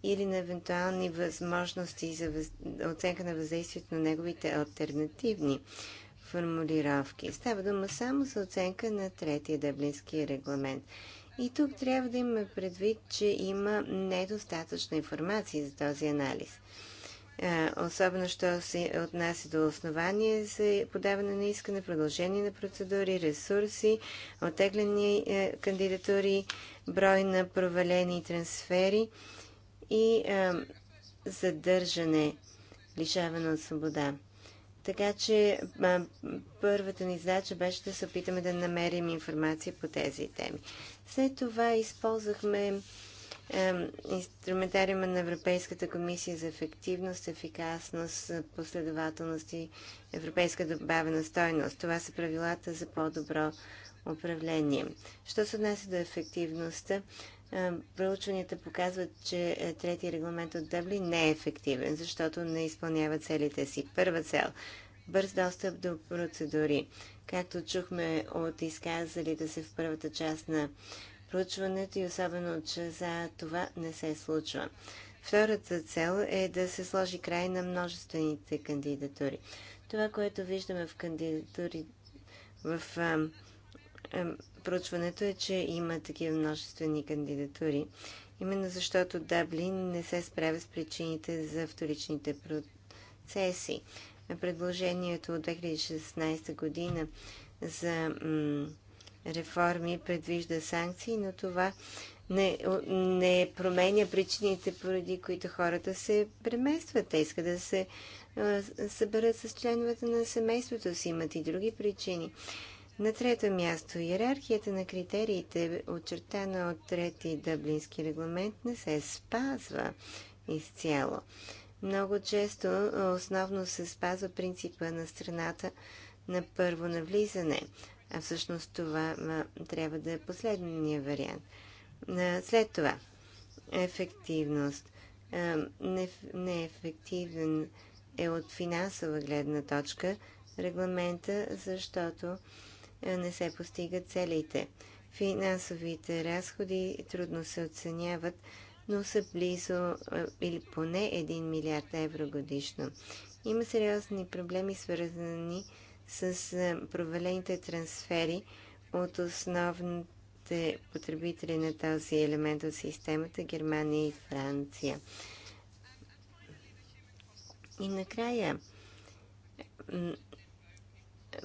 A: или на евентуални възможности за въз... оценка на въздействието на неговите альтернативни формулировки. Става дума само за оценка на третия дъблински регламент. И тук трябва да имаме предвид, че има недостатъчна информация за този анализ. Особено, що се отнася до основания за подаване на искане, продължение на процедури, ресурси, отеглени е, кандидатури, брой на провалени трансфери и е, задържане, лишаване от свобода. Така че а, първата ни задача беше да се опитаме да намерим информация по тези теми. След това използвахме а, инструментариума на Европейската комисия за ефективност, ефикасност, последователност и европейска добавена стойност. Това са правилата за по-добро управление. Що се отнася до ефективността, е, проучванията показват, че е, третия регламент от Дъбли не е ефективен, защото не изпълнява целите си. Първа цел – бърз достъп до процедури. Както чухме от изказалите се в първата част на проучването и особено, че за това не се случва. Втората цел е да се сложи край на множествените кандидатури. Това, което виждаме в кандидатури в проучването е, че има такива множествени кандидатури, именно защото Даблин не се справя с причините за вторичните процеси. Предложението от 2016 година за реформи предвижда санкции, но това не, не променя причините, поради които хората се преместват. Те искат да се съберат с членовете на семейството си, имат и други причини. На трето място, иерархията на критериите, очертана от трети дъблински регламент, не се спазва изцяло. Много често основно се спазва принципа на страната на първо навлизане, а всъщност това ма, трябва да е последния вариант. След това, ефективност. Неефективен е от финансова гледна точка регламента, защото не се постигат целите. Финансовите разходи трудно се оценяват, но са близо или поне 1 милиард евро годишно. Има сериозни проблеми, свързани с провалените трансфери от основните потребители на този елемент от системата Германия и Франция. И накрая,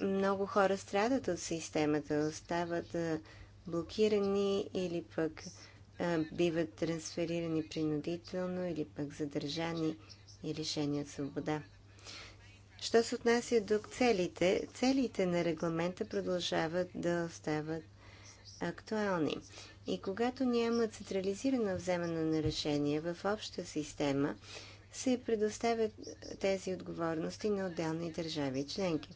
A: много хора страдат от системата, остават блокирани или пък биват трансферирани принудително или пък задържани и лишени от свобода. Що се отнася до целите, целите на регламента продължават да остават актуални. И когато няма централизирано вземане на решение в обща система, се предоставят тези отговорности на отделни държави членки.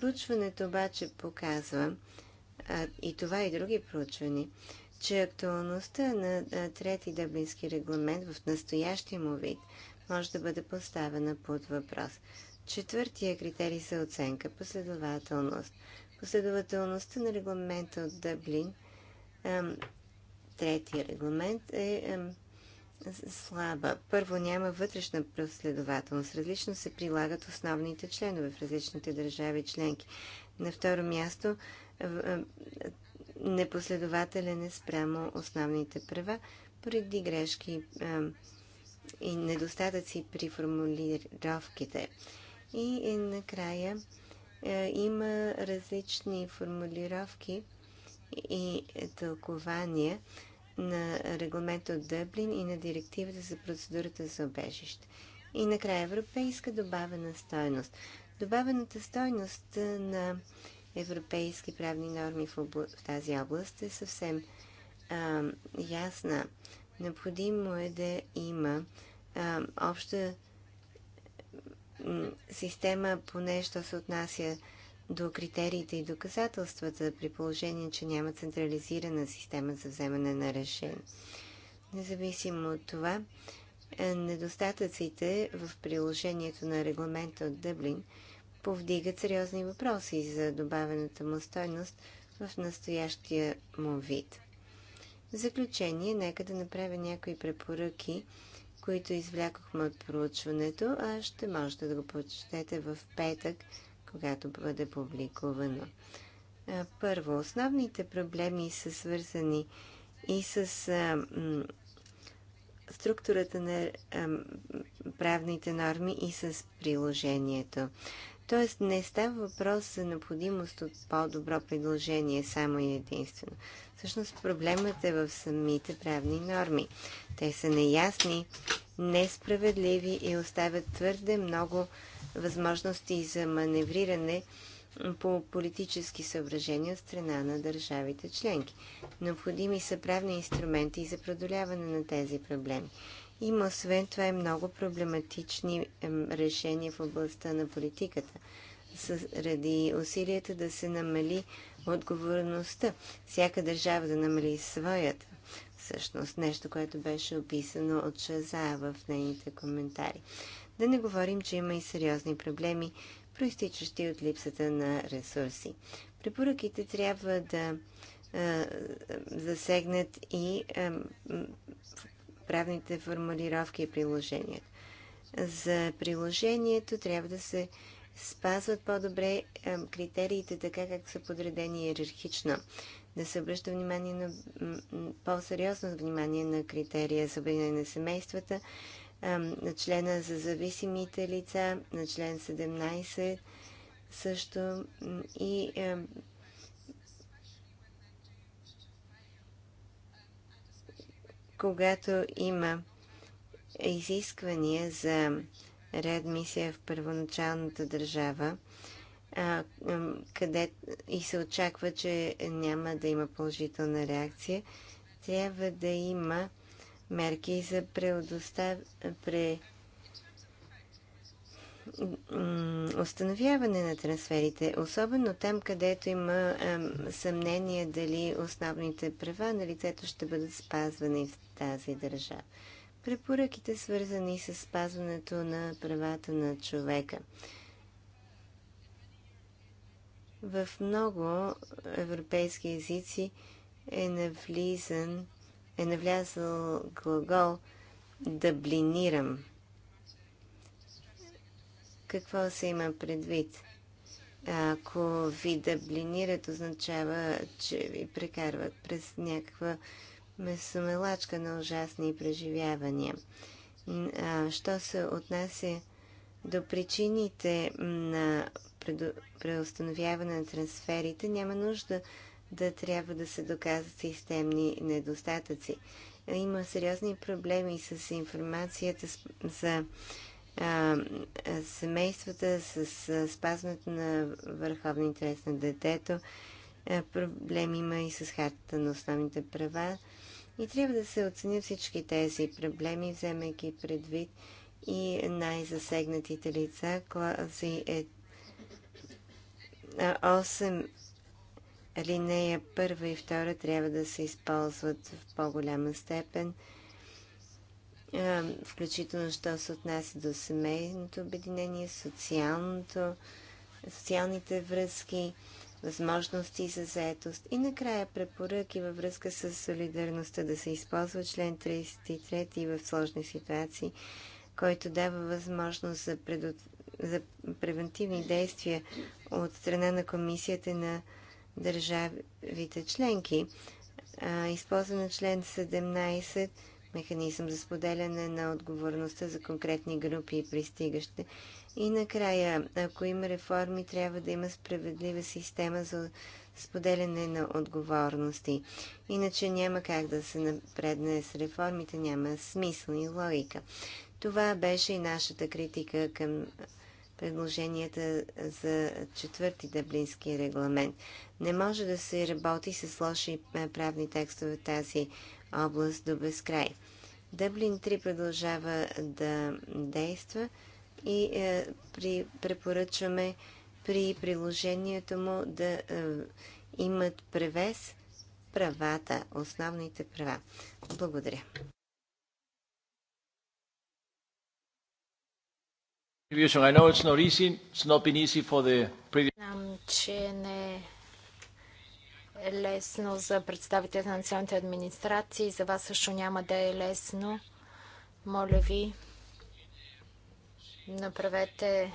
A: Проучването обаче показва, а, и това и други проучвани, че актуалността на трети дъблински регламент в настоящия му вид може да бъде поставена под въпрос. Четвъртия критерий за оценка – последователност. Последователността на регламента от Дъблин, третия регламент, е слаба. Първо, няма вътрешна проследователност. Различно се прилагат основните членове в различните държави членки. На второ място, непоследователен е спрямо основните права, поради грешки и недостатъци при формулировките. И накрая има различни формулировки и тълкования, на регламента от Дъблин и на директивата за процедурата за обежище. И накрая европейска добавена стойност. Добавената стойност на европейски правни норми в, обл... в тази област е съвсем а, ясна. Необходимо е да има а, обща система, поне що се отнася до критериите и доказателствата, при положение, че няма централизирана система за вземане на решение. Независимо от това, е, недостатъците в приложението на регламента от Дъблин повдигат сериозни въпроси за добавената му стойност в настоящия му вид. В заключение, нека да направя някои препоръки, които извлякохме от проучването, а ще можете да го прочетете в петък когато бъде публикувано. Първо, основните проблеми са свързани и с а, структурата на а, правните норми и с приложението. Тоест не става въпрос за необходимост от по-добро предложение само и единствено. Всъщност проблемът е в самите правни норми. Те са неясни, несправедливи и оставят твърде много възможности за маневриране по политически съображения от страна на държавите членки. Необходими са правни инструменти за преодоляване на тези проблеми. Има освен това и много проблематични решения в областта на политиката, заради усилията да се намали отговорността. Всяка държава да намали своята. Всъщност нещо, което беше описано от Шаза в нейните коментари. Да не говорим, че има и сериозни проблеми, проистичащи от липсата на ресурси. Препоръките трябва да а, засегнат и а, правните формулировки и приложения. За приложението трябва да се спазват по-добре критериите, така как са подредени иерархично. Да се обръща внимание на по-сериозно внимание на критерия за на семействата на члена за зависимите лица, на член 17 също и е, когато има изисквания за реадмисия в първоначалната държава, а, къде и се очаква, че няма да има положителна реакция, трябва да има мерки за предостав... пре... установяване на трансферите, особено там, където има съмнение дали основните права на лицето ще бъдат спазвани в тази държава. Препоръките, свързани с спазването на правата на човека. В много европейски езици е навлизан е навлязъл глагол блинирам. Какво се има предвид? Ако ви блинират, означава, че ви прекарват през някаква месомелачка на ужасни преживявания. Що се отнася до причините на преустановяване на трансферите, няма нужда да трябва да се доказват системни недостатъци. Има сериозни проблеми с информацията за а, семействата, с а, спазването на върховния интерес на детето. А, проблем има и с хартата на основните права. И трябва да се оценят всички тези проблеми, вземайки предвид и най-засегнатите лица, клази е 8 алинея първа и втора трябва да се използват в по-голяма степен, включително, що се отнася до семейното обединение, социалното, социалните връзки, възможности за заетост и накрая препоръки във връзка с солидарността да се използва член 33 в сложни ситуации, който дава възможност за, предот... за превентивни действия от страна на комисията на държавите членки. Използване на член 17 механизъм за споделяне на отговорността за конкретни групи и пристигащи. И накрая, ако има реформи, трябва да има справедлива система за споделяне на отговорности. Иначе няма как да се напредне с реформите, няма смисъл и логика. Това беше и нашата критика към предложенията за четвърти дъблински регламент. Не може да се работи с лоши е, правни текстове в тази област до безкрай. Дъблин 3 продължава да действа и е, при, препоръчваме при приложението му да е, имат превес правата, основните права. Благодаря. Знам,
B: че не е лесно за представителите на националните администрации. За вас също няма да е лесно. Моля ви, направете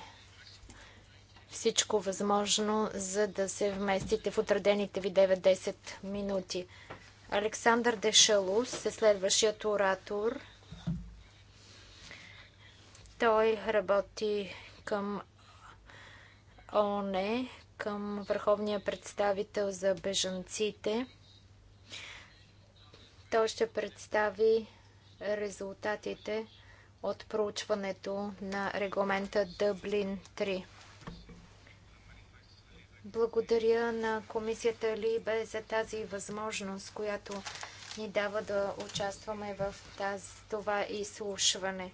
B: всичко възможно, за да се вместите в отредените ви 9-10 минути. Александър Дешалус е следващият оратор – той работи към ОНЕ, към Върховния представител за бежанците. Той ще представи резултатите от проучването на регламента Дъблин 3. Благодаря на комисията Либе за тази възможност, която ни дава да участваме в тази, това изслушване.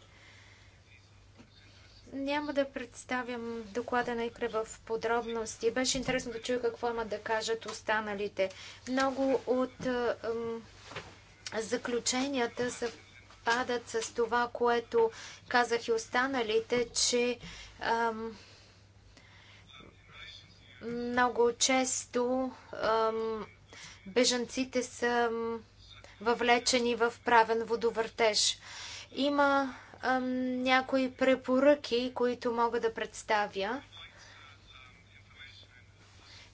B: Няма да представям доклада на ИКРЕ в подробности. Беше интересно да чуя какво имат да кажат останалите. Много от ем, заключенията съвпадат с това, което казах и останалите, че ем, много често ем, бежанците са въвлечени в правен водовъртеж. Има някои препоръки, които мога да представя.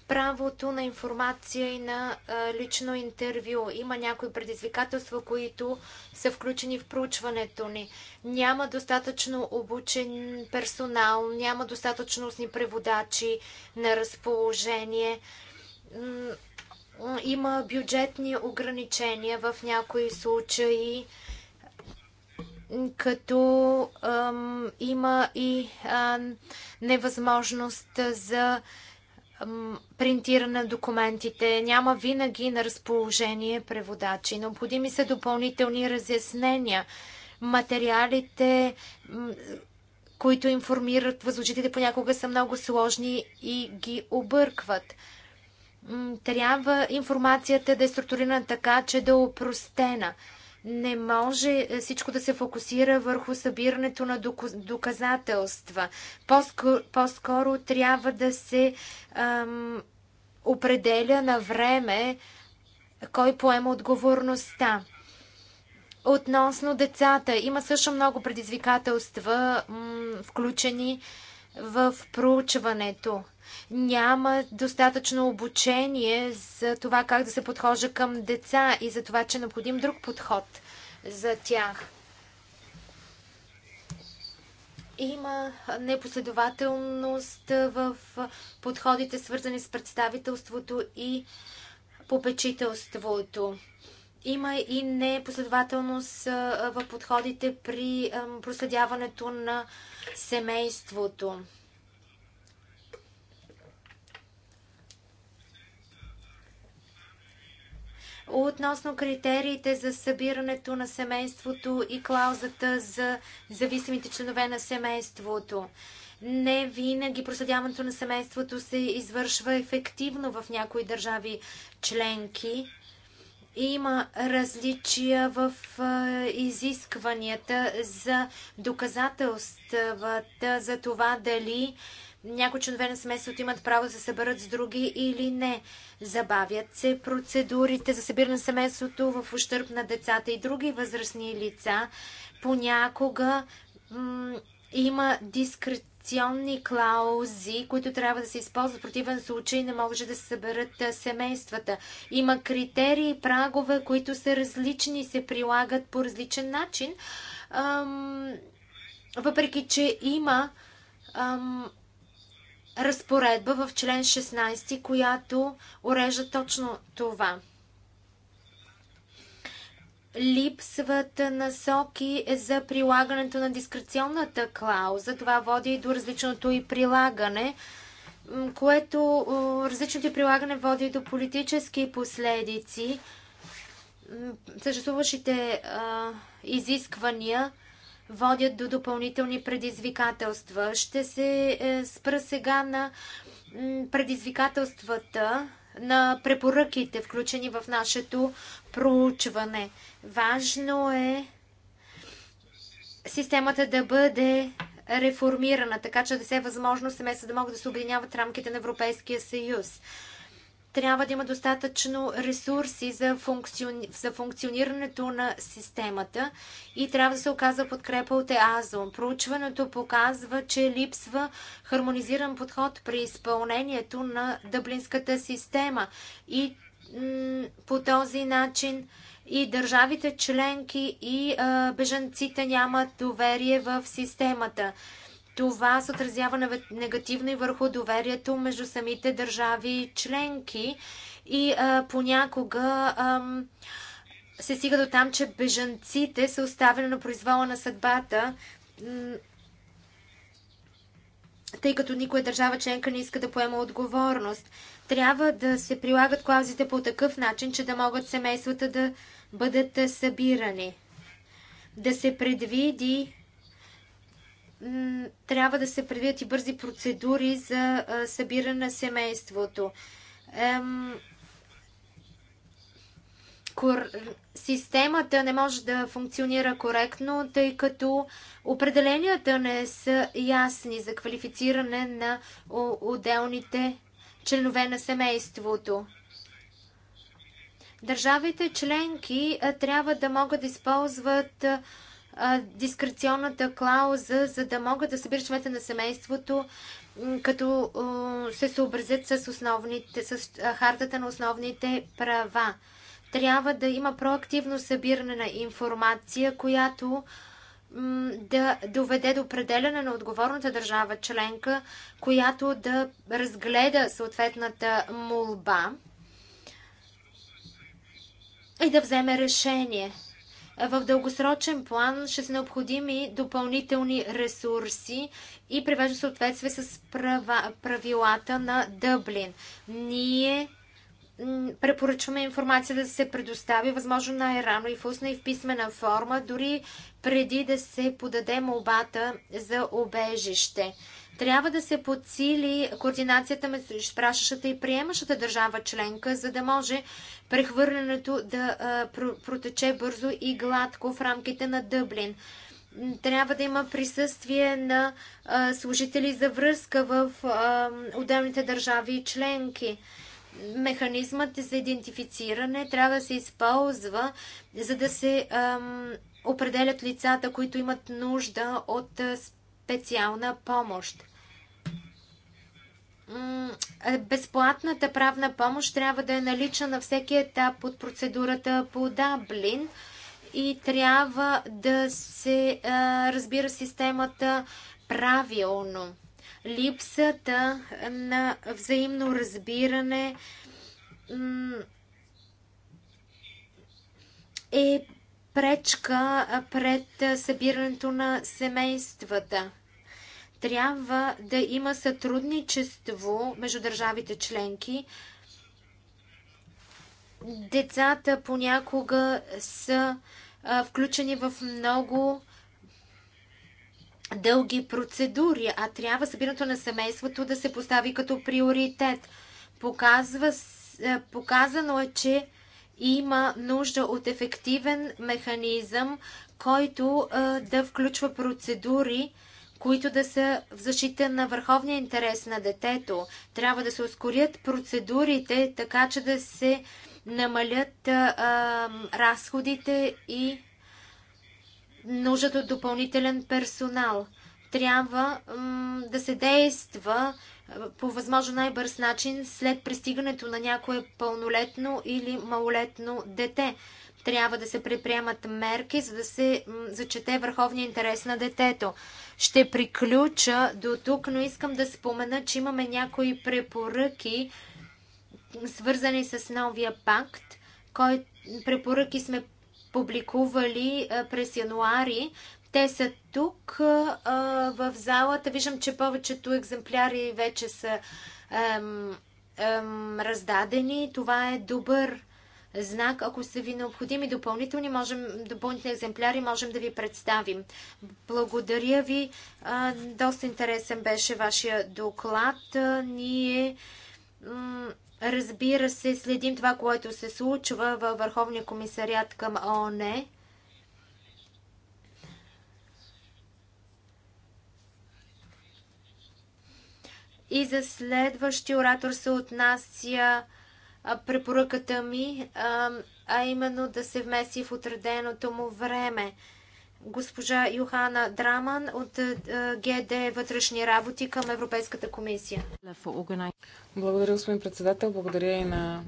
B: Правото на информация и на лично интервю. Има някои предизвикателства, които са включени в проучването ни. Няма достатъчно обучен персонал, няма достатъчно устни преводачи на разположение. Има бюджетни ограничения в някои случаи като ам, има и ам, невъзможност за ам, принтиране на документите. Няма винаги на разположение преводачи. Необходими са допълнителни разяснения. Материалите, ам, които информират възложителите, понякога са много сложни и ги объркват трябва информацията да е структурирана така, че да е упростена. Не може е, всичко да се фокусира върху събирането на доказателства. По-скоро, по-скоро трябва да се ам, определя на време кой поема отговорността. Относно децата, има също много предизвикателства, включени в проучването. Няма достатъчно обучение за това как да се подхожа към деца и за това, че е необходим друг подход за тях. Има непоследователност в подходите, свързани с представителството и попечителството. Има и непоследователност в подходите при проследяването на семейството. Относно критериите за събирането на семейството и клаузата за зависимите членове на семейството. Не винаги проследяването на семейството се извършва ефективно в някои държави членки. Има различия в изискванията за доказателствата, за това дали някои членове на семейството имат право да се съберат с други или не. Забавят се процедурите за събиране на семейството в ущърп на децата и други възрастни лица. Понякога има дискрет конфискационни клаузи, които трябва да се използват. В противен случай не може да се съберат семействата. Има критерии и прагове, които са различни и се прилагат по различен начин. Ам, въпреки, че има ам, разпоредба в член 16, която урежда точно това липсват насоки за прилагането на дискреционната клауза. Това води и до различното и прилагане, което различното и прилагане води и до политически последици. Съществуващите а, изисквания водят до допълнителни предизвикателства. Ще се е, спра сега на предизвикателствата на препоръките, включени в нашето проучване. Важно е системата да бъде реформирана, така че да се е възможно семейства да могат да се объединяват рамките на Европейския съюз. Трябва да има достатъчно ресурси за, функциони... за функционирането на системата и трябва да се оказва подкрепа от ЕАЗО. Проучването показва, че липсва хармонизиран подход при изпълнението на дъблинската система и по този начин и държавите членки и а, бежанците нямат доверие в системата. Това се отразява негативно и върху доверието между самите държави членки и а, понякога а, се стига до там, че бежанците са оставени на произвола на съдбата, тъй като никоя държава членка не иска да поема отговорност. Трябва да се прилагат клаузите по такъв начин, че да могат семействата да бъдат събирани. Да се предвиди трябва да се предвидят и бързи процедури за събиране на семейството. Системата не може да функционира коректно, тъй като определенията не са ясни за квалифициране на отделните членове на семейството. Държавите членки трябва да могат да използват дискреционната клауза, за да могат да събират членовете на семейството, като се съобразят с, основните, с хартата на основните права. Трябва да има проактивно събиране на информация, която да доведе до определене на отговорната държава членка, която да разгледа съответната молба и да вземе решение. В дългосрочен план ще са необходими допълнителни ресурси и привежда съответствие с права, правилата на Дъблин. Ние препоръчваме информация да се предостави възможно най-рано и в устна и в писмена форма, дори преди да се подаде молбата за обежище. Трябва да се подсили координацията между изпращащата и приемащата държава членка, за да може прехвърлянето да протече бързо и гладко в рамките на Дъблин трябва да има присъствие на а, служители за връзка в а, отделните държави и членки. Механизмът за идентифициране трябва да се използва, за да се определят лицата, които имат нужда от а, специална помощ. Е, безплатната правна помощ трябва да е налична на всеки етап от процедурата по Даблин и трябва да се е, разбира системата правилно. Липсата на взаимно разбиране е пречка пред събирането на семействата. Трябва да има сътрудничество между държавите членки. Децата понякога са включени в много дълги процедури, а трябва събирането на семейството да се постави като приоритет. Показва, показано е, че има нужда от ефективен механизъм, който а, да включва процедури, които да са в защита на върховния интерес на детето. Трябва да се ускорят процедурите, така че да се намалят а, а, разходите и нуждата от допълнителен персонал. Трябва да се действа по възможно най-бърз начин след пристигането на някое пълнолетно или малолетно дете. Трябва да се предприемат мерки, за да се зачете върховния интерес на детето. Ще приключа до тук, но искам да спомена, че имаме някои препоръки, свързани с новия пакт, кой препоръки сме публикували през януари, те са тук в залата. Виждам, че повечето екземпляри вече са раздадени. Това е добър знак. Ако са ви необходими допълнителни, можем, допълнителни екземпляри, можем да ви представим. Благодаря ви. доста интересен беше вашия доклад. ние. Разбира се, следим това, което се случва във Върховния комисариат към ОНЕ. И за следващия оратор се отнася препоръката ми, а именно да се вмеси в отреденото му време. Госпожа Йохана Драман от ГД Вътрешни работи към Европейската комисия.
C: Благодаря, господин председател. Благодаря и на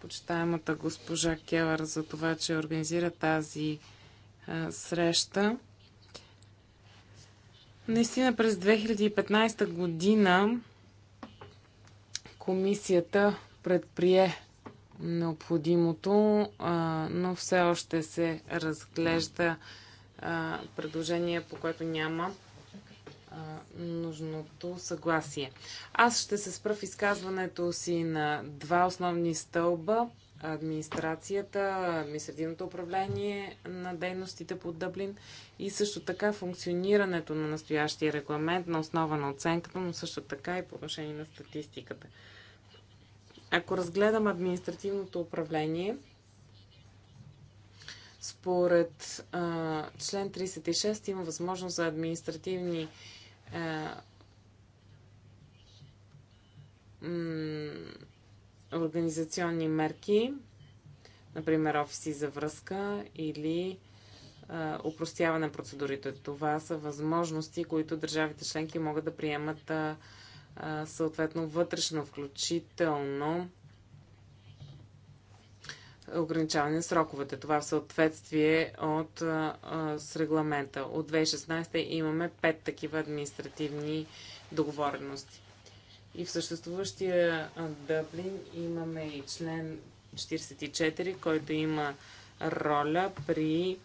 C: почитаемата госпожа Келър за това, че организира тази среща. Наистина през 2015 година комисията предприе необходимото, но все още се разглежда предложение, по което няма нужното съгласие. Аз ще се спра в изказването си на два основни стълба администрацията, административното управление на дейностите по Дъблин и също така функционирането на настоящия регламент на основа на оценката, но също така и по отношение на статистиката. Ако разгледам административното управление, според а, член 36 има възможност за административни а, организационни мерки, например офиси за връзка или а, упростяване на процедурите. Това са възможности, които държавите членки могат да приемат а, съответно вътрешно, включително ограничаване на сроковете. Това е в съответствие от, а, с регламента. От 2016 имаме пет такива административни договорености. И в съществуващия Дъблин имаме и член 44, който има роля при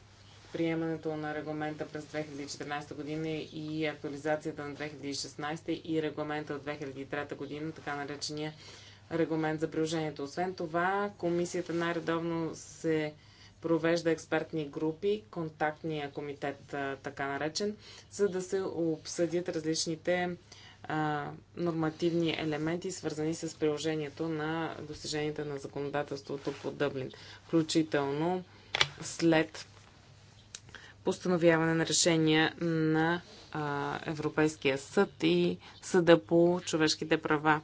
C: приемането на регламента през 2014 година и актуализацията на 2016 и регламента от 2003 година, така наречения регламент за приложението. Освен това, комисията най-редовно се провежда експертни групи, контактния комитет така наречен, за да се обсъдят различните нормативни елементи, свързани с приложението на достиженията на законодателството по Дъблин, включително след постановяване на решения на а, Европейския съд и Съда по човешките права.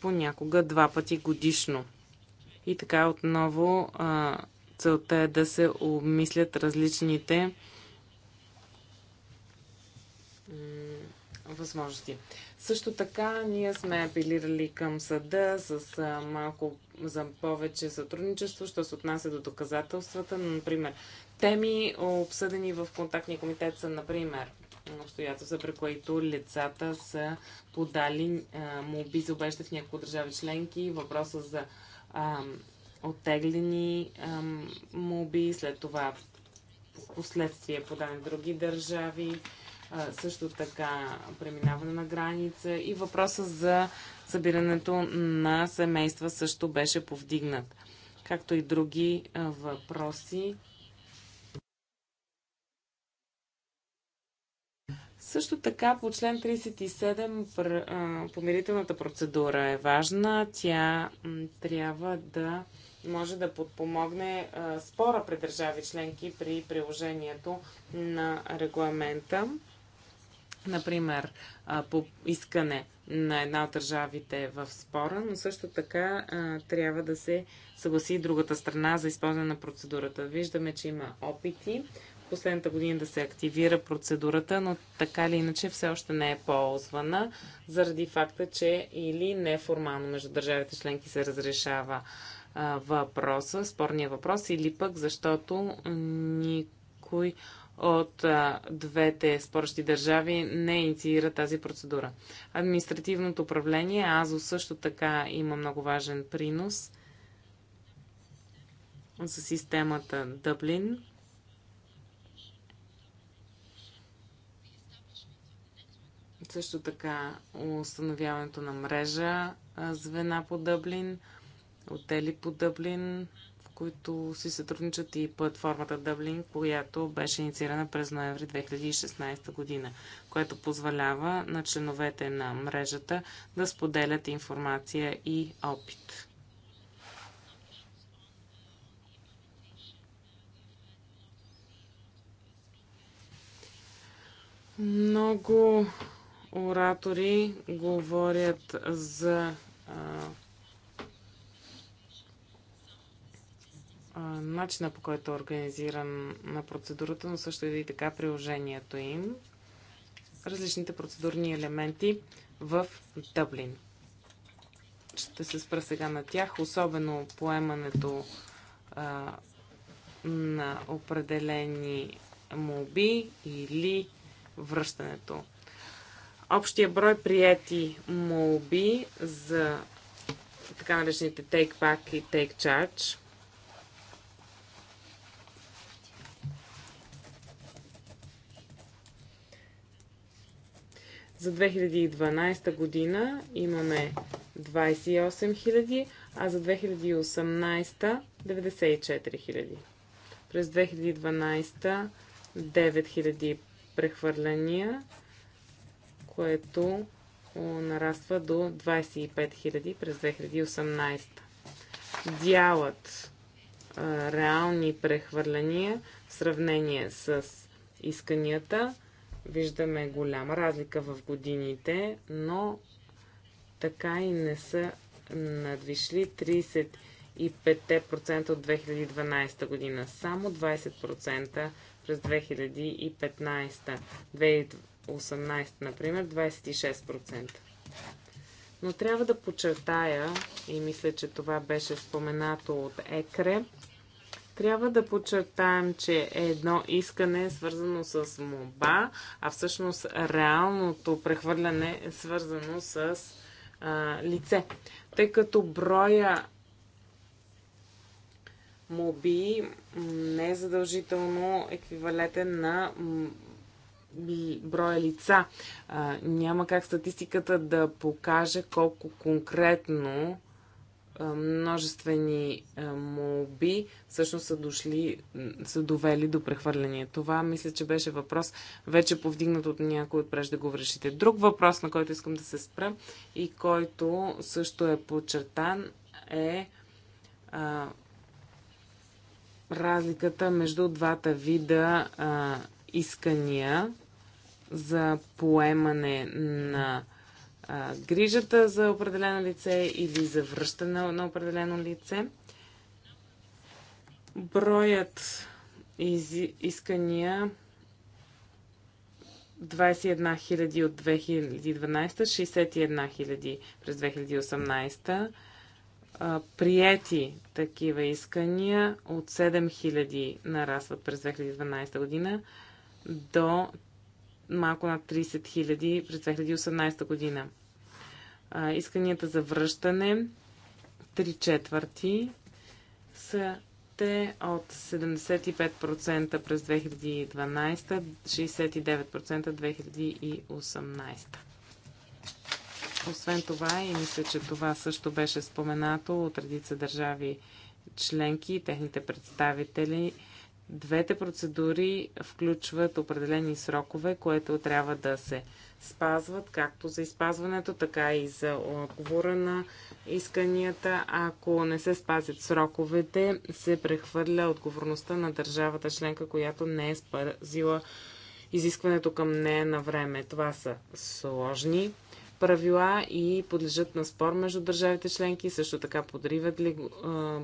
C: Понякога два пъти годишно. И така отново а, целта е да се обмислят различните възможности. Също така, ние сме апелирали към съда с а, малко за повече сътрудничество, що се отнася до доказателствата. Например, теми, обсъдени в контактния комитет са, например, обстоятелства, при които лицата са подали а, молби за обеща в някои държави членки, въпроса за а, оттеглени а, молби, след това последствия подани в други държави, също така преминаване на граница и въпроса за събирането на семейства също беше повдигнат, както и други въпроси. Също така по член 37 помирителната процедура е важна. Тя трябва да може да подпомогне спора пред държави членки при приложението на регламента например, по искане на една от държавите в спора, но също така трябва да се съгласи и другата страна за използване на процедурата. Виждаме, че има опити в последната година да се активира процедурата, но така или иначе все още не е ползвана, заради факта, че или неформално между държавите членки се разрешава въпроса, спорния въпрос, или пък защото никой от двете спорщи държави не инициира тази процедура. Административното управление, АЗО също така има много важен принос за системата Дъблин. Също така установяването на мрежа звена по Дъблин, отели по Дъблин, които си сътрудничат и платформата Dublin, която беше инициирана през ноември 2016 година, което позволява на членовете на мрежата да споделят информация и опит. Много оратори говорят за а, начина по който е организиран на процедурата, но също и така приложението им, различните процедурни елементи в Дъблин. Ще се спра сега на тях, особено поемането а, на определени молби или връщането. Общия брой прияти молби за така наречените take back и take charge За 2012 година имаме 28 000, а за 2018 94 000. През 2012 9000 прехвърляния, което нараства до 25 000 през 2018. Дялът реални прехвърляния в сравнение с исканията Виждаме голяма разлика в годините, но така и не са надвишли 35% от 2012 година. Само 20% през 2015. 2018, например, 26%. Но трябва да подчертая, и мисля, че това беше споменато от ЕКРЕ, трябва да подчертаем, че е едно искане е свързано с моба, а всъщност реалното прехвърляне е свързано с а, лице. Тъй като броя моби не е задължително еквивалентен на броя лица. А, няма как статистиката да покаже колко конкретно множествени молби всъщност са дошли, са довели до прехвърляне. Това мисля, че беше въпрос вече повдигнат от някой от преждеговорящите. Друг въпрос, на който искам да се спра и който също е подчертан е а, разликата между двата вида а, искания за поемане на а, грижата за определено лице или за връщане на определено лице. Броят из, искания 21 000 от 2012, 61 000 през 2018 приети такива искания от 7000 нарастват през 2012 година до малко над 30 000 през 2018 година а, исканията за връщане, три четвърти са те от 75% през 2012, 69% 2018. Освен това, и мисля, че това също беше споменато от редица държави членки и техните представители, двете процедури включват определени срокове, което трябва да се спазват, както за изпазването, така и за отговора на исканията. Ако не се спазят сроковете, се прехвърля отговорността на държавата членка, която не е спазила изискването към нея на време. Това са сложни правила и подлежат на спор между държавите членки, също така подриват ли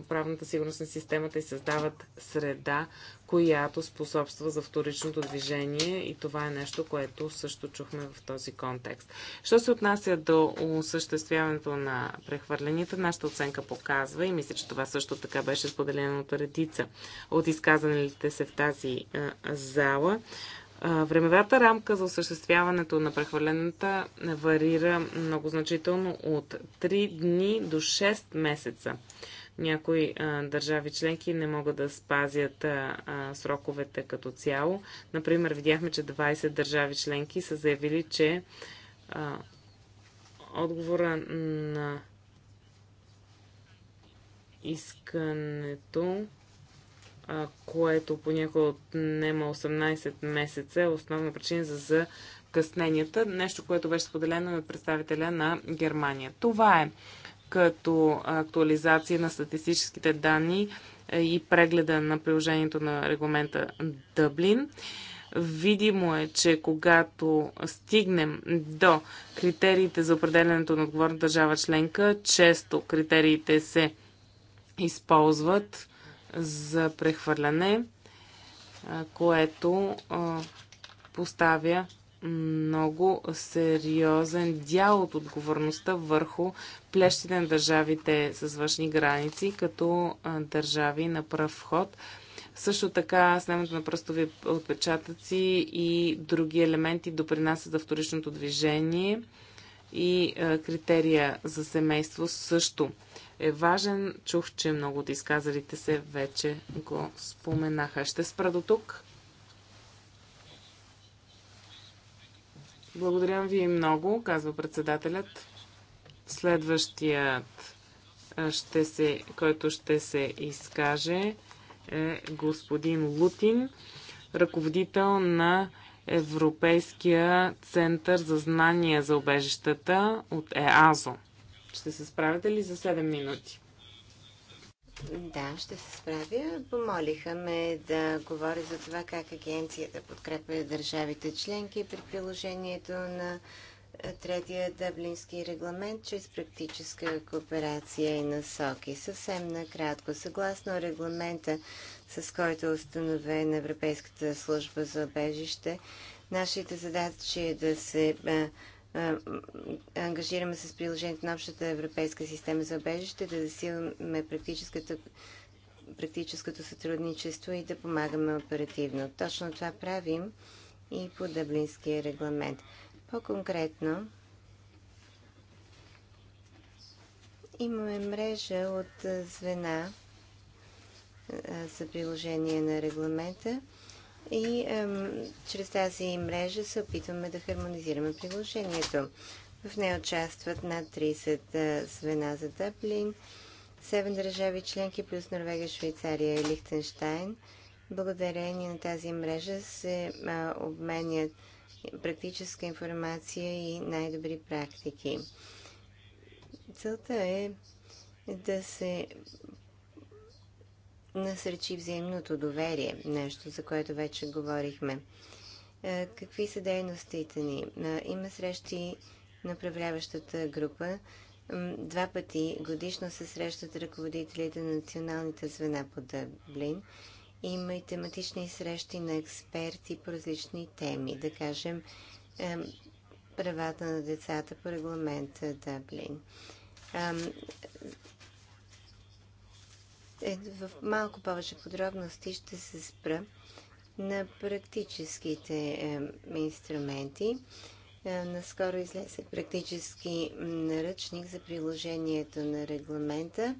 C: правната сигурност на системата и създават среда, която способства за вторичното движение и това е нещо, което също чухме в този контекст. Що се отнася до осъществяването на прехвърленията, нашата оценка показва и мисля, че това също така беше споделено от редица от изказаните се в тази зала, Времевата рамка за осъществяването на прехвърлената варира много значително от 3 дни до 6 месеца. Някои държави членки не могат да спазят сроковете като цяло. Например, видяхме, че 20 държави членки са заявили, че отговора на искането което понякога отнема 18 месеца, е основна причина за закъсненията, нещо, което беше споделено от представителя на Германия. Това е като актуализация на статистическите данни и прегледа на приложението на регламента Дъблин. Видимо е, че когато стигнем до критериите за определенето на отговорна държава членка, често критериите се използват за прехвърляне, което поставя много сериозен дял от отговорността върху плещите на държавите с външни граници, като държави на пръв ход. Също така, снемането на пръстови отпечатъци и други елементи допринасят за вторичното движение и критерия за семейство също е важен. Чух, че много от изказалите се вече го споменаха. Ще спра до тук. Благодаря ви много, казва председателят. Следващият, ще се, който ще се изкаже, е господин Лутин, ръководител на Европейския център за знания за обежищата от ЕАЗО. Ще се справите ли за 7 минути? Да, ще се
A: справя. Помолиха ме да говоря за това как агенцията подкрепя държавите членки при приложението на е, третия дъблински регламент чрез практическа кооперация и насоки. Съвсем накратко, съгласно регламента, с който е установена Европейската служба за обежище, нашите задачи е да се е, е, ангажираме с приложението на общата европейска система за обежище, да засилваме практическата практическото сътрудничество и да помагаме оперативно. Точно това правим и по Дъблинския регламент. По-конкретно, имаме мрежа от звена за приложение на регламента – и е, чрез тази мрежа се опитваме да хармонизираме приложението. В нея участват над 30 е, звена за Дъблин, 7 държави членки плюс Норвегия, Швейцария и Лихтенштайн. Благодарение на тази мрежа се а, е, обменят практическа информация и най-добри практики. Целта е да се насречи взаимното доверие, нещо за което вече говорихме. Е, какви са дейностите ни? Е, има срещи на направляващата група. Два пъти годишно се срещат ръководителите на националните звена по Дъблин. Има и тематични срещи на експерти по различни теми, да кажем е, правата на децата по регламент Дъблин е, в малко повече подробности ще се спра на практическите е, инструменти. Е, наскоро излезе практически наръчник за приложението на регламента,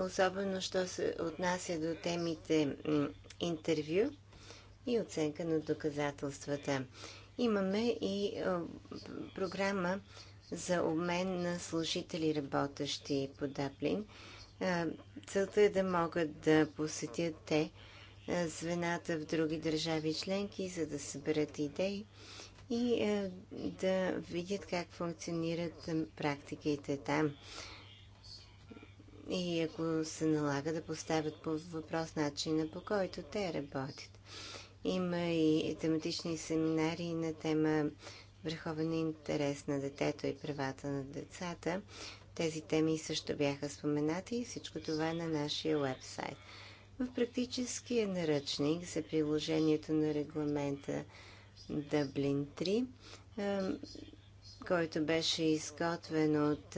A: особено що се отнася до темите интервю и оценка на доказателствата. Имаме и програма за обмен на служители, работещи по Даплин. Е, целта е да могат да посетят те е, звената в други държави членки, за да съберат идеи и е, да видят как функционират практиките там. И ако се налага да поставят по въпрос начина по който те работят. Има и тематични семинари на тема Върховен интерес на детето и правата на децата тези теми също бяха споменати и всичко това е на нашия вебсайт. В практическия наръчник за приложението на регламента Дъблин 3, който беше изготвен от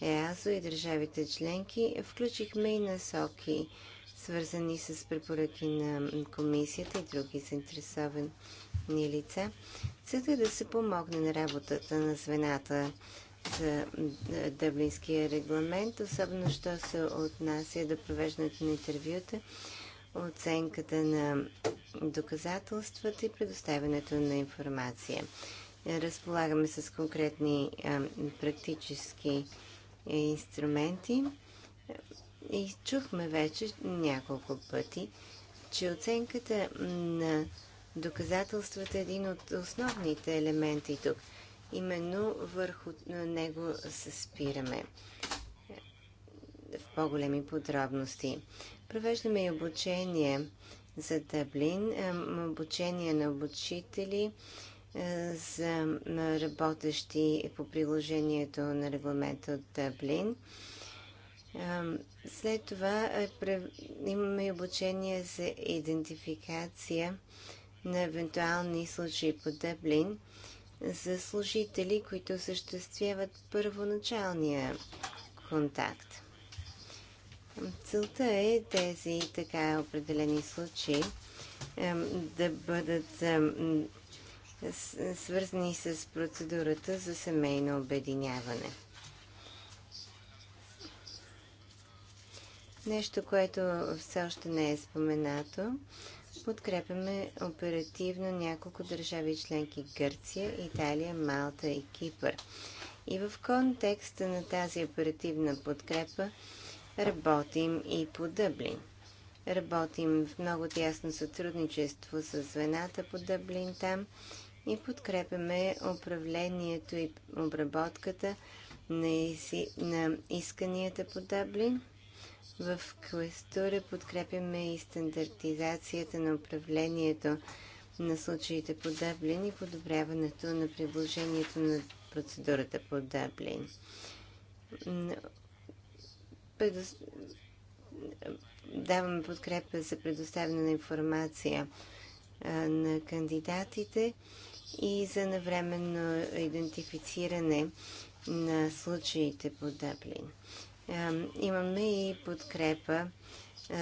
A: ЕАЗО и държавите членки, включихме и насоки, свързани с препоръки на комисията и други заинтересовани лица, за да се помогне на работата на звената е, Дъблинския регламент, особено що се отнася до провеждането на интервюта, оценката на доказателствата и предоставянето на информация. Разполагаме с конкретни е, практически е, инструменти и чухме вече няколко пъти, че оценката на доказателствата е един от основните елементи тук – именно върху него се спираме в по-големи подробности. Провеждаме и обучение за Дъблин, обучение на обучители е, за работещи по приложението на регламента от Дъблин. След това е, имаме и обучение за идентификация на евентуални случаи по Дъблин за служители, които осъществяват първоначалния контакт. Целта е тези така определени случаи да бъдат свързани с процедурата за семейно обединяване. Нещо, което все още не е споменато, подкрепяме оперативно няколко държави членки Гърция, Италия, Малта и Кипър. И в контекста на тази оперативна подкрепа работим и по Дъблин. Работим в много тясно сътрудничество с звената по Дъблин там и подкрепяме управлението и обработката на, на исканията по Дъблин – в Квестура подкрепяме и стандартизацията на управлението на случаите по Даблин и подобряването на приложението на процедурата по Даблин. Даваме подкрепа за предоставяне на информация на кандидатите и за навременно идентифициране на случаите по Даблин. Имаме и подкрепа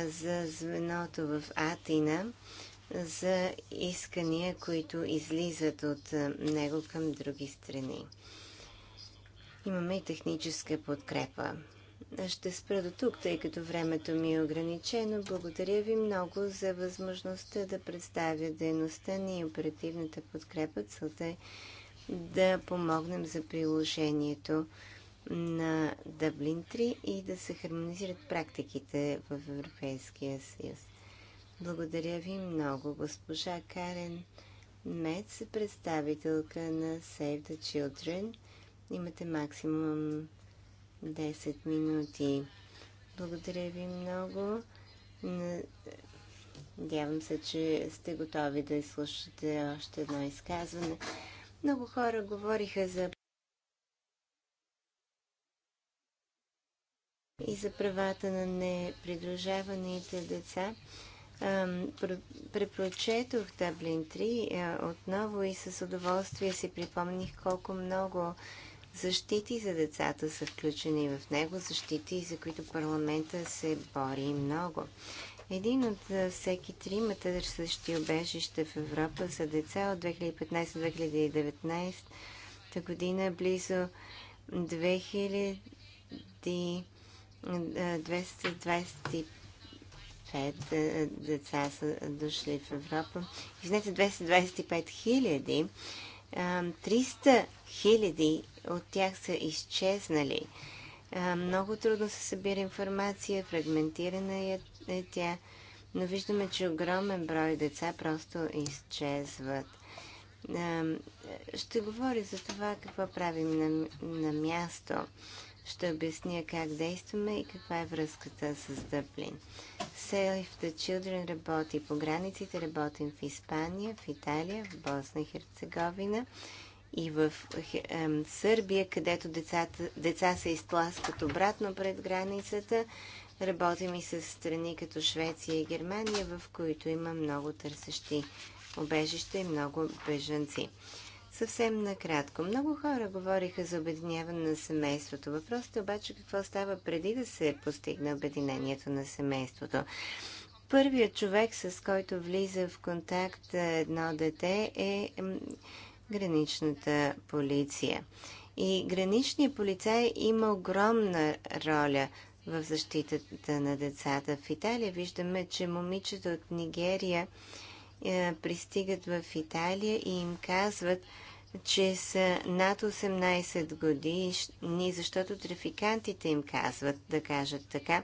A: за звеното в Атина за искания, които излизат от него към други страни. Имаме и техническа подкрепа. Ще спра до тук, тъй като времето ми е ограничено. Благодаря ви много за възможността да представя дейността ни и оперативната подкрепа. Целта е да помогнем за приложението на Дъблин 3 и да се хармонизират практиките в Европейския съюз. Благодаря ви много, госпожа Карен Мец, представителка на Save the Children. Имате максимум 10 минути. Благодаря ви много. Надявам се, че сте готови да изслушате още едно изказване. Много хора говориха за и за правата на непридружаваните деца. Препрочетох Таблин 3 отново и с удоволствие си припомних колко много защити за децата са включени в него, защити, за които парламента се бори много. Един от всеки трима търсещи обежища в Европа са деца от 2015-2019 година. Близо 2000 225 е, деца са дошли в Европа. Извинете, 225 хиляди. 300 е, хиляди от тях са изчезнали. Е, много трудно се събира информация, фрагментирана е, тя, но виждаме, че огромен брой деца просто изчезват. Ще говоря за това какво правим на място ще обясня как действаме и каква е връзката с Дъблин. Сейлиф the Children работи по границите, работим в Испания, в Италия, в Босна и Херцеговина и в е, е, Сърбия, където децата, деца се изтласкат обратно пред границата. Работим и с страни като Швеция и Германия, в които има много търсещи убежища и много бежанци. Съвсем накратко. Много хора говориха за обединяване на семейството. Въпросът е обаче какво става преди да се постигне обединението на семейството. Първият човек, с който влиза в контакт едно дете, е граничната полиция. И граничният полицай има огромна роля в защитата на децата. В Италия виждаме, че момичета от Нигерия е, пристигат в Италия и им казват – че са над 18 години, защото трафикантите им казват, да кажат така,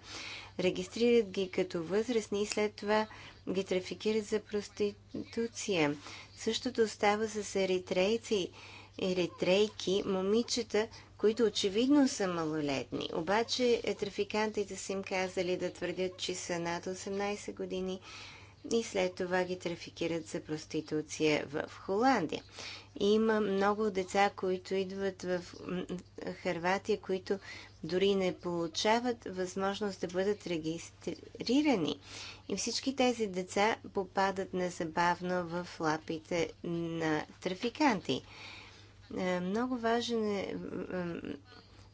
A: регистрират ги като възрастни и след това ги трафикират за проституция. Същото става с еритрейци, еритрейки, момичета, които очевидно са малолетни. Обаче е, трафикантите са им казали да твърдят, че са над 18 години и след това ги трафикират за проституция в Холандия. Има много деца, които идват в Харватия, които дори не получават възможност да бъдат регистрирани. И всички тези деца попадат незабавно в лапите на трафиканти. Е, много важен е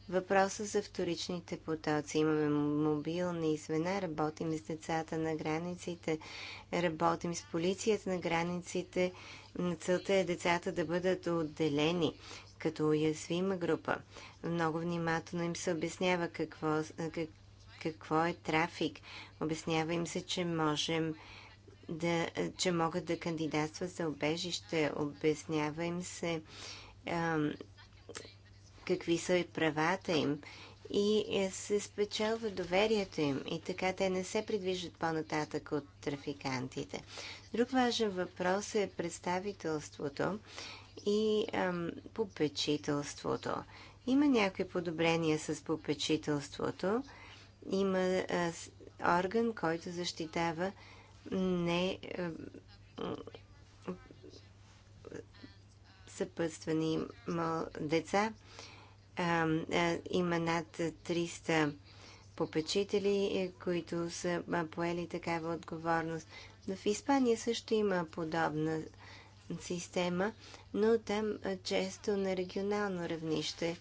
A: Въпроса за вторичните потоци. Имаме мобилни звена, работим с децата на границите, работим с полицията на границите. Целта е децата да бъдат отделени като уязвима група. Много внимателно им се обяснява какво, как, какво е трафик. Обяснява им се, че можем да, че могат да кандидатстват за обежище. Обяснява им се какви са и правата им и е, се спечелва доверието им и така те не се придвижат по-нататък от трафикантите. Друг важен въпрос е представителството и ам, попечителството. Има някои подобрения с попечителството. Има а, с, орган, който защитава не а, съпътствани мал, деца има над 300 попечители, е, които са поели такава отговорност. В Испания също има подобна система, но там често на регионално равнище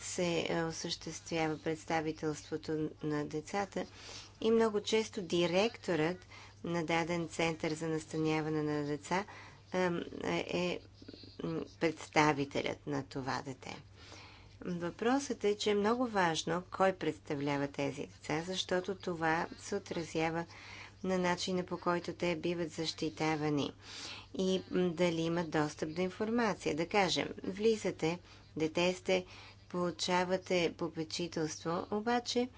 A: се осъществява представителството на децата и много често директорът на даден център за настаняване на деца е представителят на това дете. Въпросът е, че е много важно кой представлява тези деца, защото това се отразява на начина по който те биват защитавани и дали имат достъп до информация. Да кажем, влизате, дете сте, получавате попечителство, обаче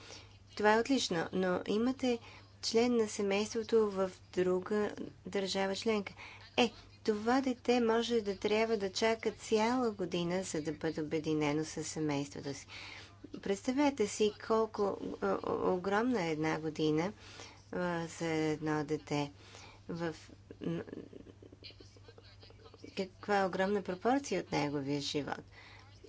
A: това е отлично, но имате член на семейството в друга държава членка. Е, това дете може да трябва да чака цяла година, за да бъде обединено с семейството си. Представете си колко огромна е една година за едно дете. В каква е огромна пропорция от неговия живот.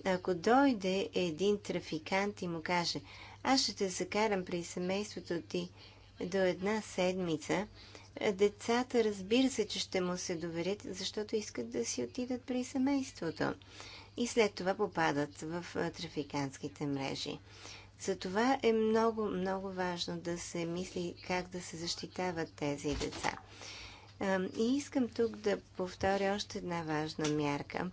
A: Ако дойде един трафикант и му каже, аз ще те закарам при семейството ти до една седмица, Децата разбира се, че ще му се доверят, защото искат да си отидат при семейството. И след това попадат в трафикантските мрежи. Затова е много, много важно да се мисли как да се защитават тези деца. И искам тук да повторя още една важна мярка,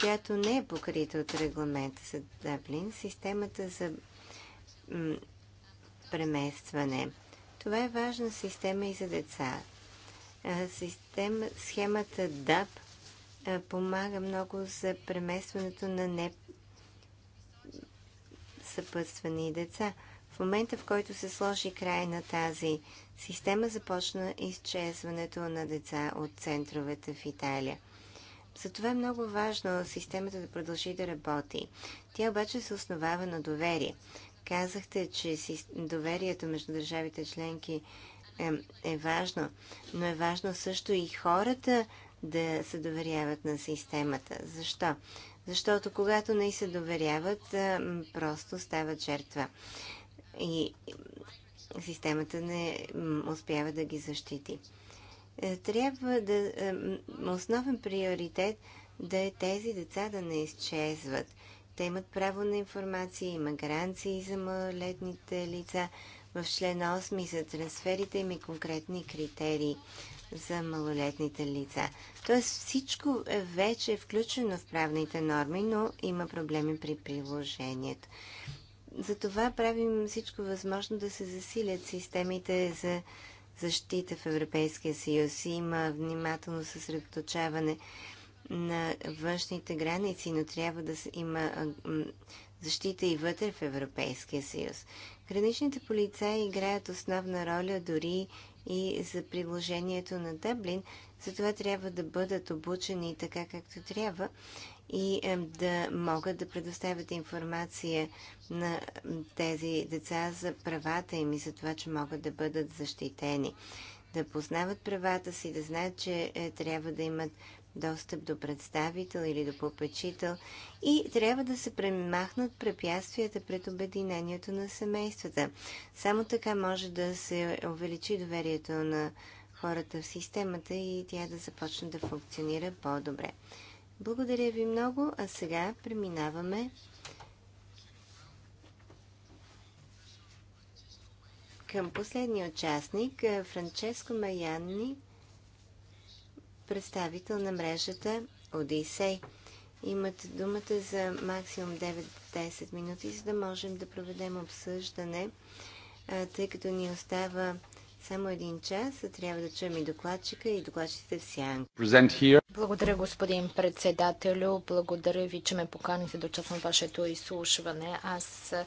A: която не е покрита от регламента за Дъблин, системата за преместване. Това е важна система и за деца. Система, схемата DAP помага много за преместването на не съпътствани деца. В момента, в който се сложи край на тази система, започна изчезването на деца от центровете в Италия. Затова е много важно системата да продължи да работи. Тя обаче се основава на доверие. Казахте, че доверието между държавите членки е, е важно, но е важно също и хората да се доверяват на системата. Защо? Защото когато не се доверяват, просто стават жертва. И системата не успява да ги защити. Е, трябва да. Основен приоритет да е тези деца да не изчезват. Те имат право на информация, има гаранции за малолетните лица. В член 8 за трансферите има конкретни критерии за малолетните лица. Тоест всичко е вече е включено в правните норми, но има проблеми при приложението. Затова правим всичко възможно да се засилят системите за защита в Европейския съюз. Има внимателно съсредоточаване на външните граници, но трябва да има защита и вътре в Европейския съюз. Граничните полицаи играят основна роля дори и за приложението на Дъблин, затова трябва да бъдат обучени така както трябва и да могат да предоставят информация на тези деца за правата им и за това, че могат да бъдат защитени. Да познават правата си, да знаят, че е, трябва да имат достъп до представител или до попечител и трябва да се премахнат препятствията пред обединението на семействата. Само така може да се увеличи доверието на хората в системата и тя да започне да функционира по-добре. Благодаря ви много, а сега преминаваме към последния участник, Франческо Маянни представител на мрежата Одисей. Имате думата за максимум 9-10 минути, за да можем да проведем обсъждане, тъй като ни остава
B: само един час. Трябва да чуем и докладчика и докладчите в Сян. Благодаря, господин председателю. Благодаря ви, че ме поканите да участвам в вашето изслушване. Аз а,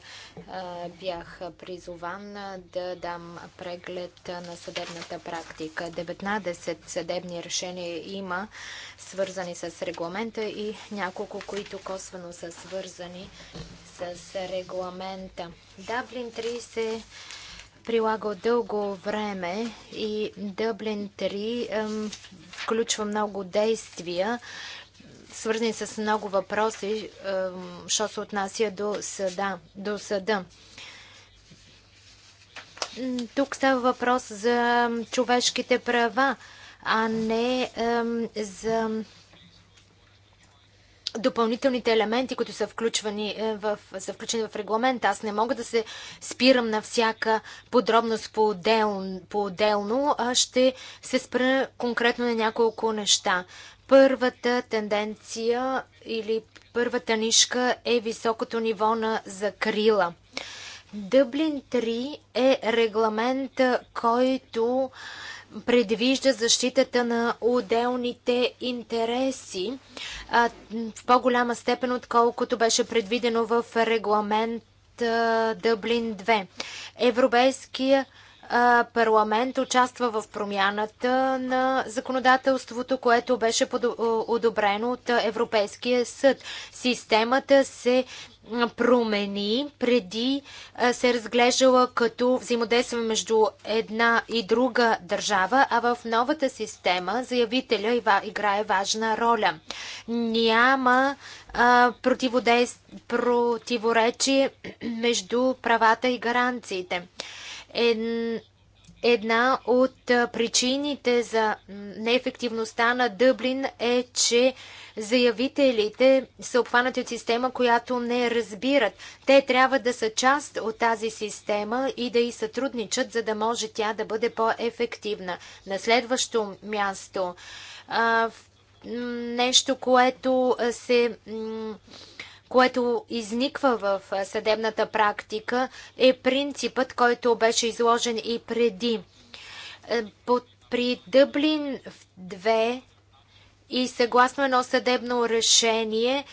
B: бях призован да дам преглед на съдебната практика. 19 съдебни решения има, свързани с регламента и няколко, които косвено са свързани с регламента. Даблин 30 се от дълго време и Дъблин 3 включва много действия, свързани с много въпроси, що се отнася до съда. До съда. Тук става въпрос за човешките права, а не е, за допълнителните елементи, които са включвани е, в, са включени в регламента. Аз не мога да се спирам на всяка подробност по-отделно. по-отделно а ще се спра конкретно на няколко неща. Първата тенденция или първата нишка е високото ниво на закрила. Дъблин 3 е регламент, който предвижда защитата на отделните интереси а, в по-голяма степен, отколкото беше предвидено в регламент а, Дъблин 2. Европейския а, парламент участва в промяната на законодателството, което беше одобрено от Европейския съд. Системата се промени преди се е разглеждала като взаимодействие между една и друга държава, а в новата система заявителя играе важна роля. Няма противоречие между правата и гаранциите. Една от причините за неефективността на Дъблин е, че заявителите са обхванати от система, която не разбират. Те трябва да са част от тази система и да и сътрудничат, за да може тя да бъде по-ефективна. На следващо място, нещо, което се което изниква в съдебната практика, е принципът, който беше изложен и преди. Е, при Дъблин 2 и съгласно едно съдебно решение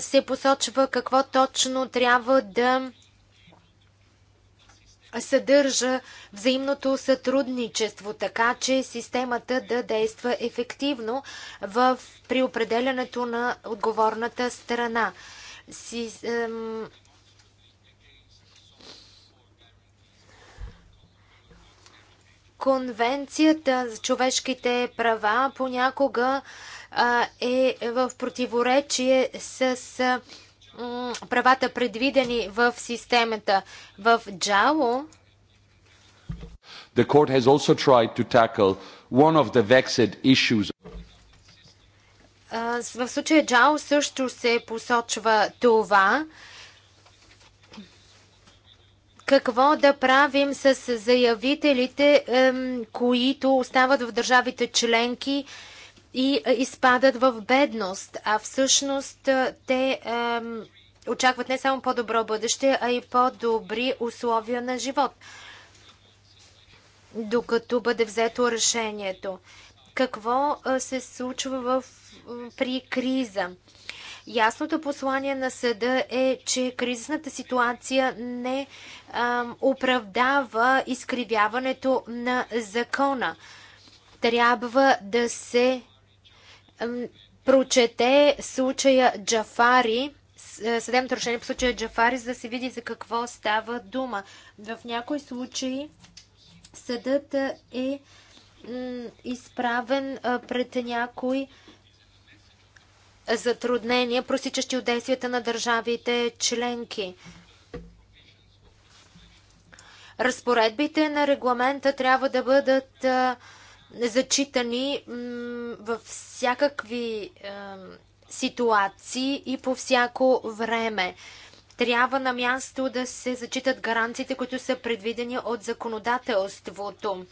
B: се посочва какво точно трябва да съдържа взаимното сътрудничество, така че системата да действа ефективно в, при определянето на отговорната страна си, ем, Конвенцията за човешките права понякога а, е в противоречие с а, м, правата предвидени в системата. В джало
C: The court
A: has also tried to tackle one of the vexed issues.
B: В случая Джао също се посочва това. Какво да правим с заявителите, които остават в държавите членки и е, изпадат в бедност, а всъщност е, те очакват не само по-добро бъдеще, а и по-добри условия на живот, докато бъде взето решението. Какво е, се случва в при криза. Ясното послание на съда е, че кризисната ситуация не а, оправдава изкривяването на закона. Трябва да се а, прочете случая Джафари, е, съдебното решение по случая Джафари, за да се види за какво става дума. В някои случаи съдът е изправен пред някой затруднения, просичащи от действията на държавите членки. Разпоредбите на регламента трябва да бъдат зачитани във всякакви ситуации и по всяко време. Трябва на място да се зачитат гаранциите, които са предвидени от законодателството.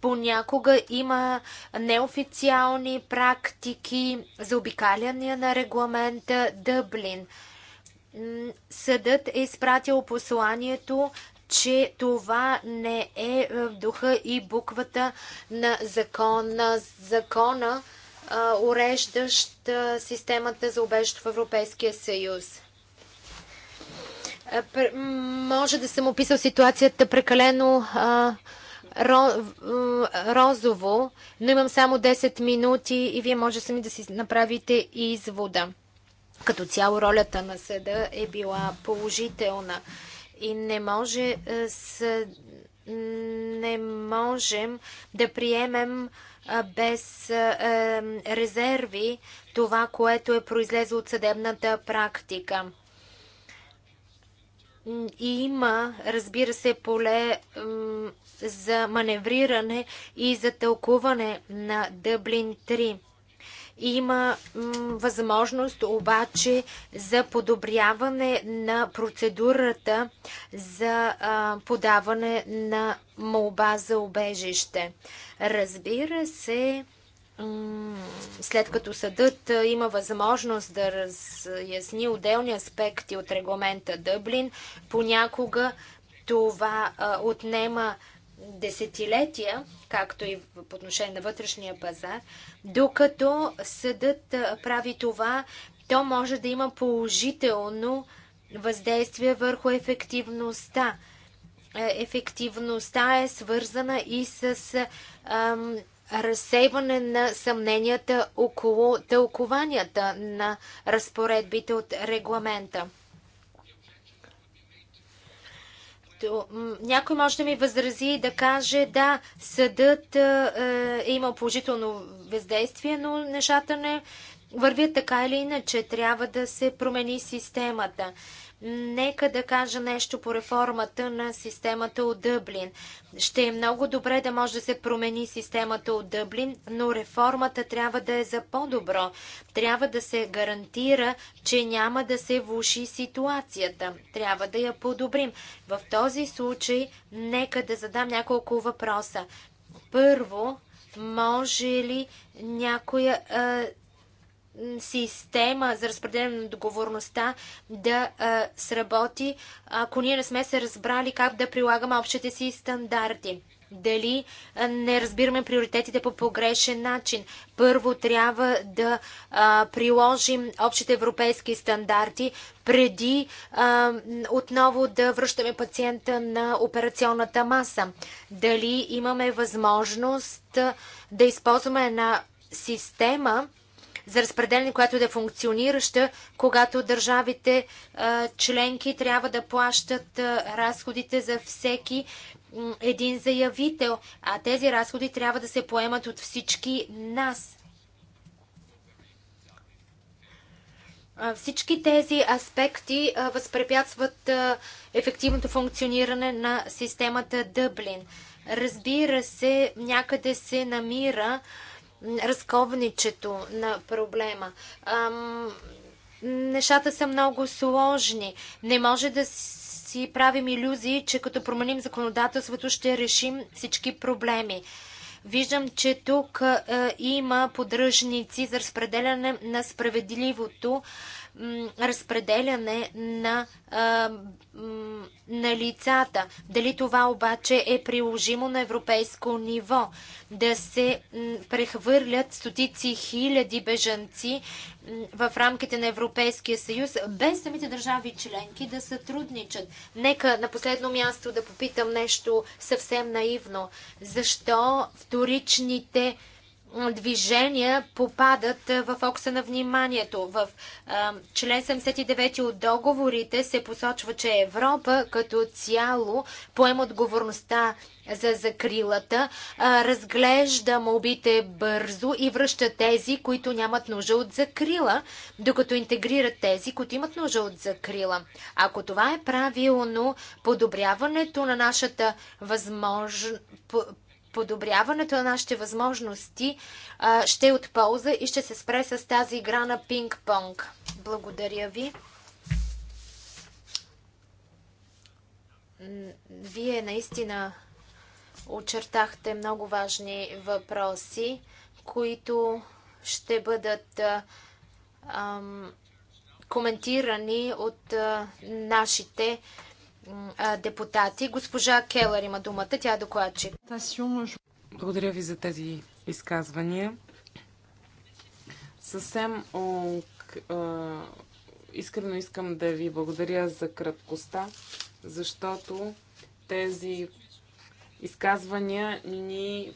B: Понякога има неофициални практики за обикаляния на регламента Дъблин. Съдът е изпратил посланието, че това не е в духа и буквата на закона, закона уреждащ системата за убежище в Европейския съюз. Може да съм описал ситуацията прекалено а, розово, но имам само 10 минути и вие може сами да си направите извода. Като цяло ролята на съда е била положителна и не може е, с не можем да приемем е, без е, резерви това, което е произлезло от съдебната практика. И има, разбира се, поле за маневриране и за тълкуване на Дъблин 3. Има възможност обаче за подобряване на процедурата за подаване на молба за обежище. Разбира се, след като съдът има възможност да разясни отделни аспекти от регламента Дъблин, понякога това отнема десетилетия, както и по отношение на вътрешния пазар, докато съдът прави това, то може да има положително въздействие върху ефективността. Е, ефективността е свързана и с разсейване на съмненията около тълкованията на разпоредбите от регламента. Някой може да ми възрази и да каже, да, съдът е, е, имал положително въздействие, но нещата не вървят така или иначе. Трябва да се промени системата. Нека да кажа нещо по реформата на системата от Дъблин. Ще е много добре да може да се промени системата от Дъблин, но реформата трябва да е за по-добро. Трябва да се гарантира, че няма да се влуши ситуацията. Трябва да я подобрим. В този случай, нека да задам няколко въпроса. Първо, може ли някоя система за разпределение на договорността да а, сработи, ако ние не сме се разбрали как да прилагаме общите си стандарти. Дали не разбираме приоритетите по погрешен начин. Първо трябва да а, приложим общите европейски стандарти, преди а, отново да връщаме пациента на операционната маса. Дали имаме възможност да използваме една система, за разпределение, която да е функционираща, когато държавите членки трябва да плащат разходите за всеки един заявител, а тези разходи трябва да се поемат от всички нас. Всички тези аспекти възпрепятстват ефективното функциониране на системата Дъблин. Разбира се, някъде се намира разковничето на проблема. Ам, нещата са много сложни. Не може да си правим иллюзии, че като променим законодателството ще решим всички проблеми. Виждам, че тук а, има подръжници за разпределяне на справедливото разпределяне на, на лицата. Дали това обаче е приложимо на европейско ниво? Да се прехвърлят стотици хиляди бежанци в рамките на Европейския съюз, без самите държави членки да сътрудничат. Нека на последно място да попитам нещо съвсем наивно. Защо вторичните движения попадат в фокуса на вниманието. В член 79 от договорите се посочва, че Европа като цяло поема отговорността за закрилата, разглежда мобите бързо и връща тези, които нямат нужда от закрила, докато интегрират тези, които имат нужда от закрила. Ако това е правилно, подобряването на нашата възможност подобряването на нашите възможности ще е от полза и ще се спре с тази игра на пинг-понг. Благодаря ви. Вие наистина очертахте много важни въпроси, които ще бъдат коментирани от нашите нашите депутати. Госпожа Келър има думата, тя е докладчик.
C: Благодаря ви за тези изказвания. Съвсем о, искрено искам да ви благодаря за краткостта, защото тези изказвания ни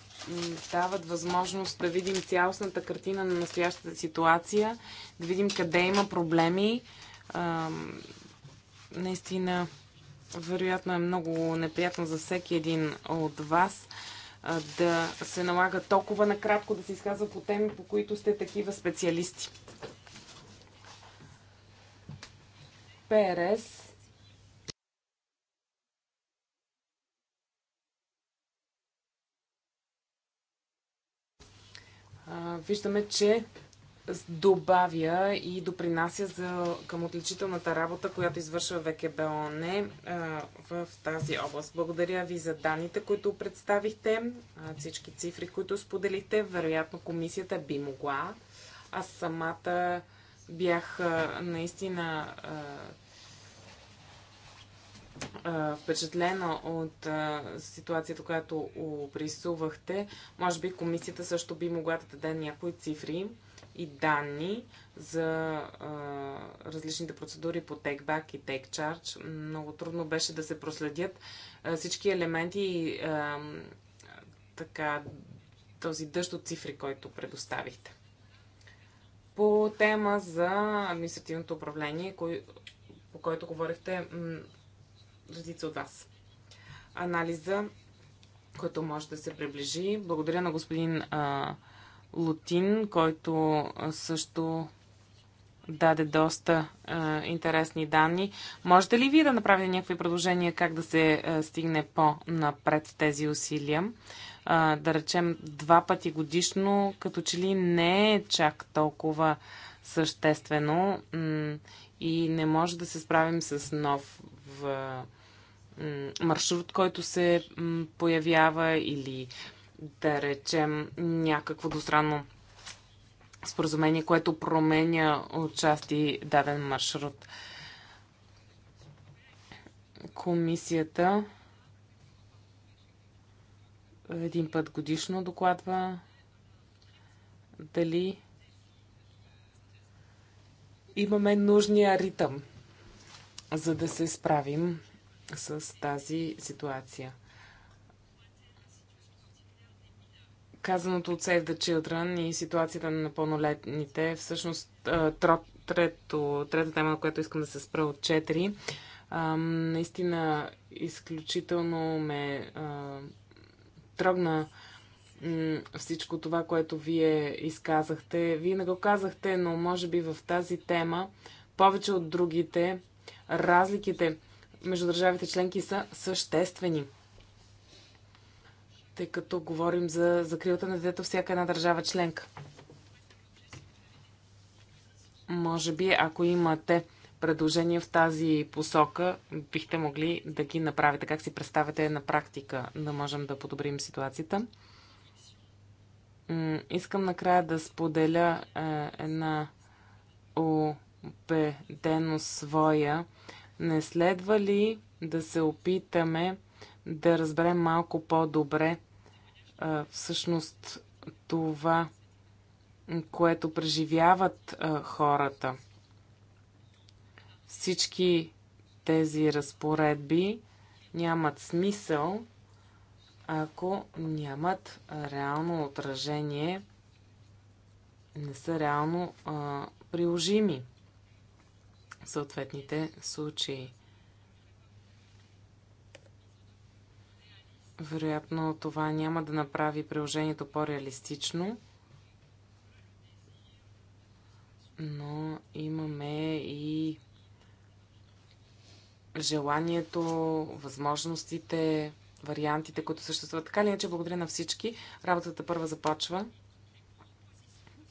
C: дават възможност да видим цялостната картина на настоящата ситуация, да видим къде има проблеми. А, наистина вероятно е много неприятно за всеки един от вас да се налага толкова накратко да се изказва по теми, по които сте такива специалисти. ПРС виждаме, че добавя и допринася за, към отличителната работа, която извършва ВКБОН е, в тази област. Благодаря ви за данните, които представихте, всички цифри, които споделихте. Вероятно комисията би могла. Аз самата бях наистина впечатлена от а, ситуацията, която оприсувахте. Може би комисията също би могла да даде някои цифри и данни за а, различните процедури по TakeBack и charge, Много трудно беше да се проследят а, всички елементи и а, така, този дъжд от цифри, който предоставихте. По тема за административното управление, кой, по който говорихте редица от вас. Анализа, който може да се приближи. Благодаря на господин а, Лутин, който също даде доста е, интересни данни. Можете ли вие да направите някакви предложения как да се е, стигне по-напред тези усилия? е, да речем два пъти годишно, като че ли не е чак толкова съществено и не може да се справим с нов в, маршрут, който се появява или да речем, някакво достранно споразумение, което променя отчасти даден маршрут. Комисията един път годишно докладва дали имаме нужния ритъм, за да се справим с тази ситуация. казаното от Save the Children и ситуацията на пълнолетните, всъщност трето, трета тема, на която искам да се спра от четири, наистина изключително ме трогна всичко това, което вие изказахте. Вие не го казахте, но може би в тази тема, повече от другите, разликите между държавите членки са съществени тъй като говорим за закрилата на детето всяка една държава членка. Може би, ако имате предложения в тази посока, бихте могли да ги направите. Как си представяте на практика да можем да подобрим ситуацията? Искам накрая да споделя е, една обедено своя. Не следва ли да се опитаме да разберем малко по-добре всъщност това, което преживяват а, хората. Всички тези разпоредби нямат смисъл, ако нямат реално отражение, не са реално а, приложими в съответните случаи. Вероятно това няма да направи приложението по-реалистично, но имаме и желанието, възможностите, вариантите, които съществуват. Така ли иначе, благодаря на всички. Работата първа започва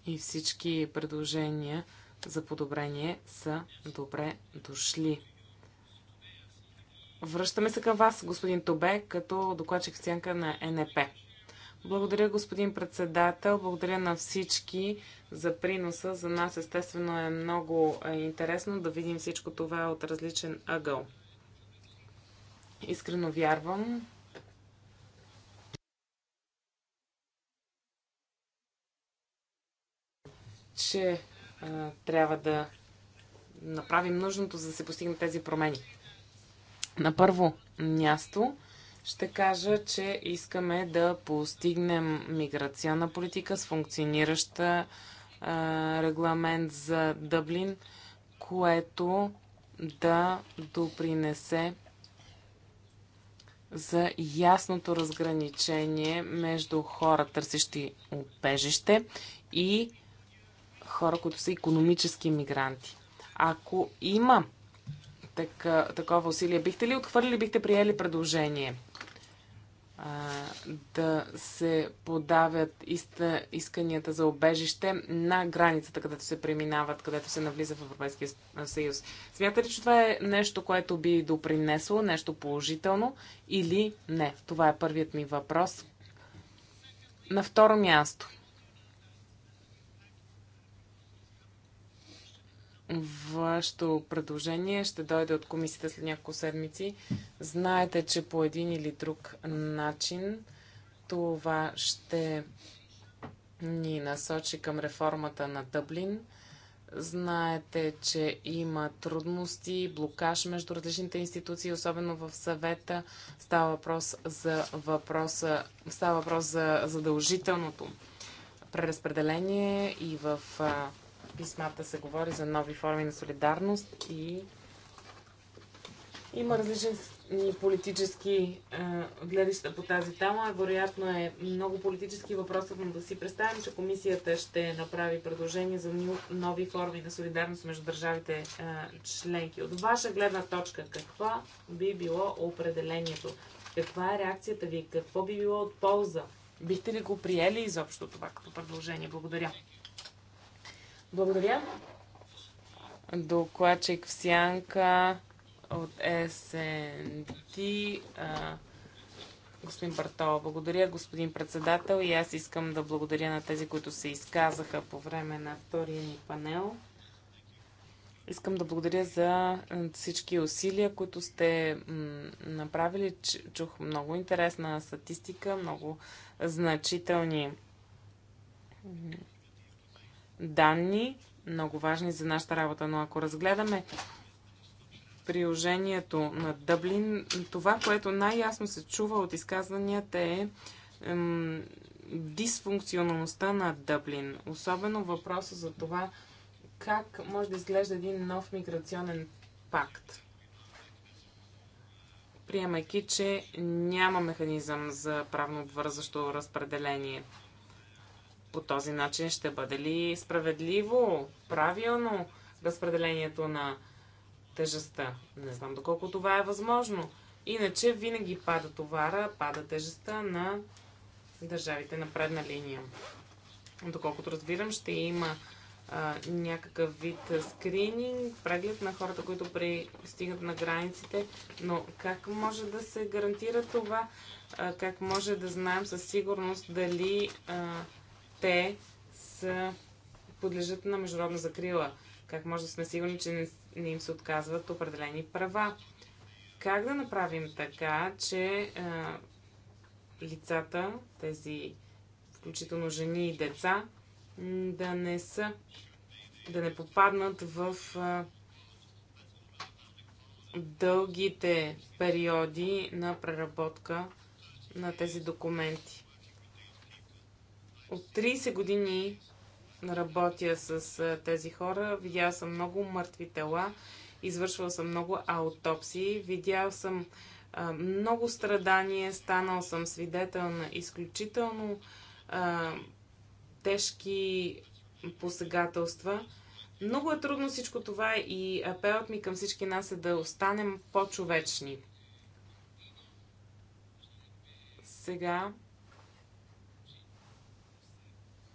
C: и всички предложения за подобрение са добре дошли. Връщаме се към вас, господин Тобе, като докладчик в сянка на НП. Благодаря, господин председател. Благодаря на всички за приноса. За нас, естествено, е много е, интересно да видим всичко това от различен ъгъл. Искрено вярвам, че а, трябва да направим нужното, за да се постигнат тези промени. На първо място ще кажа, че искаме да постигнем миграционна политика с функционираща регламент за Дъблин, което да допринесе за ясното разграничение между хора, търсещи убежище и хора, които са економически мигранти. Ако има так, такова усилие. Бихте ли отхвърлили бихте приели предложение а, да се подавят иста, исканията за обежище на границата, където се преминават, където се навлиза в Европейския съюз? Смятате ли, че това е нещо, което би допринесло, нещо положително или не? Това е първият ми въпрос. На второ място – Вашето предложение ще дойде от комисията след няколко седмици. Знаете, че по един или друг начин това ще ни насочи към реформата на Дъблин. Знаете, че има трудности, блокаж между различните институции, особено в съвета. Става въпрос за, въпроса, става въпрос за задължителното преразпределение и в а, писмата се говори за нови форми на солидарност и има различни политически е, гледища по тази тема. Вероятно е много политически въпросът, но да си представим, че комисията ще направи предложение за нови форми на солидарност между държавите е, членки. От ваша гледна точка, каква би било определението? Каква е реакцията ви? Какво би било от полза? Бихте ли го приели изобщо това като предложение? Благодаря. Благодаря. Докладчик в сянка от СНТ. Господин Бартова, благодаря, господин председател. И аз искам да благодаря на тези, които се изказаха по време на втория ни панел. Искам да благодаря за всички усилия, които сте направили. Чух много интересна статистика, много значителни данни, много важни за нашата работа, но ако разгледаме приложението на Дъблин, това, което най-ясно се чува от изказванията е ем, дисфункционалността на Дъблин. Особено въпроса за това как може да изглежда един нов миграционен пакт. Приемайки, че няма механизъм за правно обвързващо разпределение по този начин ще бъде ли справедливо, правилно разпределението на тежестта? Не знам доколко това е възможно. Иначе винаги пада товара, пада тежестта на държавите на предна линия. Доколкото разбирам, ще има а, някакъв вид скрининг, преглед на хората, които пристигат на границите, но как може да се гарантира това? А, как може да знаем със сигурност дали а, те са, подлежат на международна закрила? Как може да сме сигурни, че не, не им се отказват определени права? Как да направим така, че а, лицата, тези включително жени и деца, да не са, да не попаднат в а, дългите периоди на преработка на тези документи. От 30 години работя с тези хора. видяла съм много мъртви тела, извършвал съм много аутопсии, видял съм много страдание, станал съм свидетел на изключително тежки посегателства. Много е трудно всичко това и апелът ми към всички нас е да останем по-човечни. Сега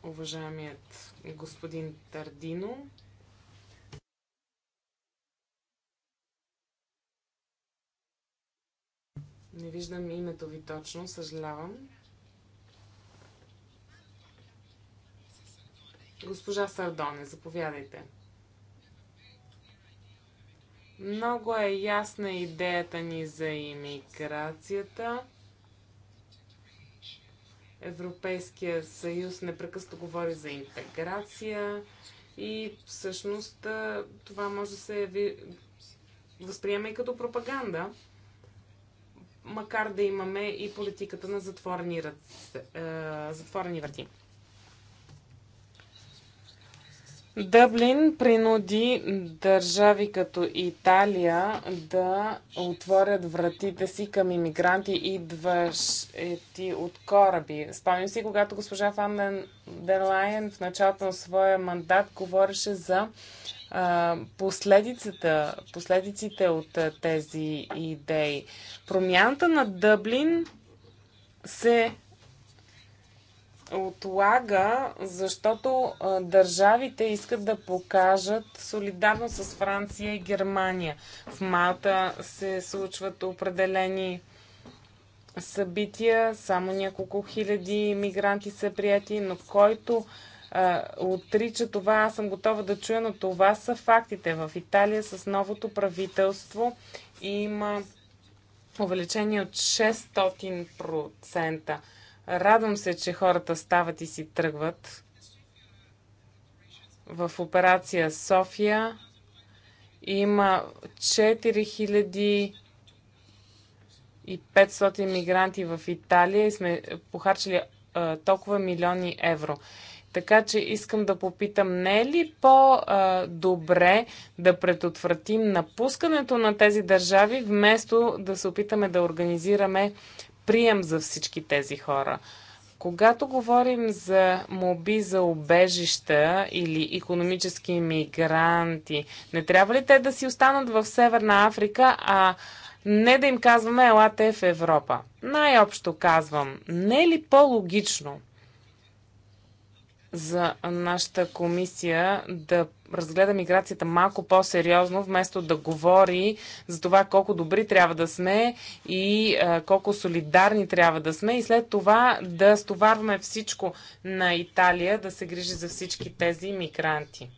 C: уважаемият господин Тардино. Не виждам името ви точно, съжалявам. Госпожа Сардоне, заповядайте. Много е ясна идеята ни за имиграцията. Европейския съюз непрекъснато говори за интеграция и всъщност това може да се възприема и като пропаганда, макар да имаме и политиката на затворени, затворени врати. Дъблин принуди държави като Италия да отворят вратите си към иммигранти, идващи е от кораби. Спомням си, когато госпожа Фан дер Лайен в началото на своя мандат говореше за последицата, последиците от тези идеи. Промяната на Дъблин се отлага, защото а, държавите искат да покажат солидарност с Франция и Германия. В Малта се случват определени събития, само няколко хиляди мигранти са прияти, но който а, отрича това, аз съм готова да чуя, но това са фактите. В Италия с новото правителство има увеличение от 600%. Радвам се, че хората стават и си тръгват. В операция София има 4500 мигранти в Италия и сме похарчили толкова милиони евро. Така че искам да попитам, не е ли по-добре да предотвратим напускането на тези държави, вместо да се опитаме да организираме прием за всички тези хора. Когато говорим за моби за обежища или економически мигранти, не трябва ли те да си останат в Северна Африка, а не да им казваме елате в Европа? Най-общо казвам, не е ли по-логично за нашата комисия да разгледа миграцията малко по-сериозно, вместо да говори за това колко добри трябва да сме и а, колко солидарни трябва да сме и след това да стоварваме всичко на Италия да се грижи за всички тези мигранти.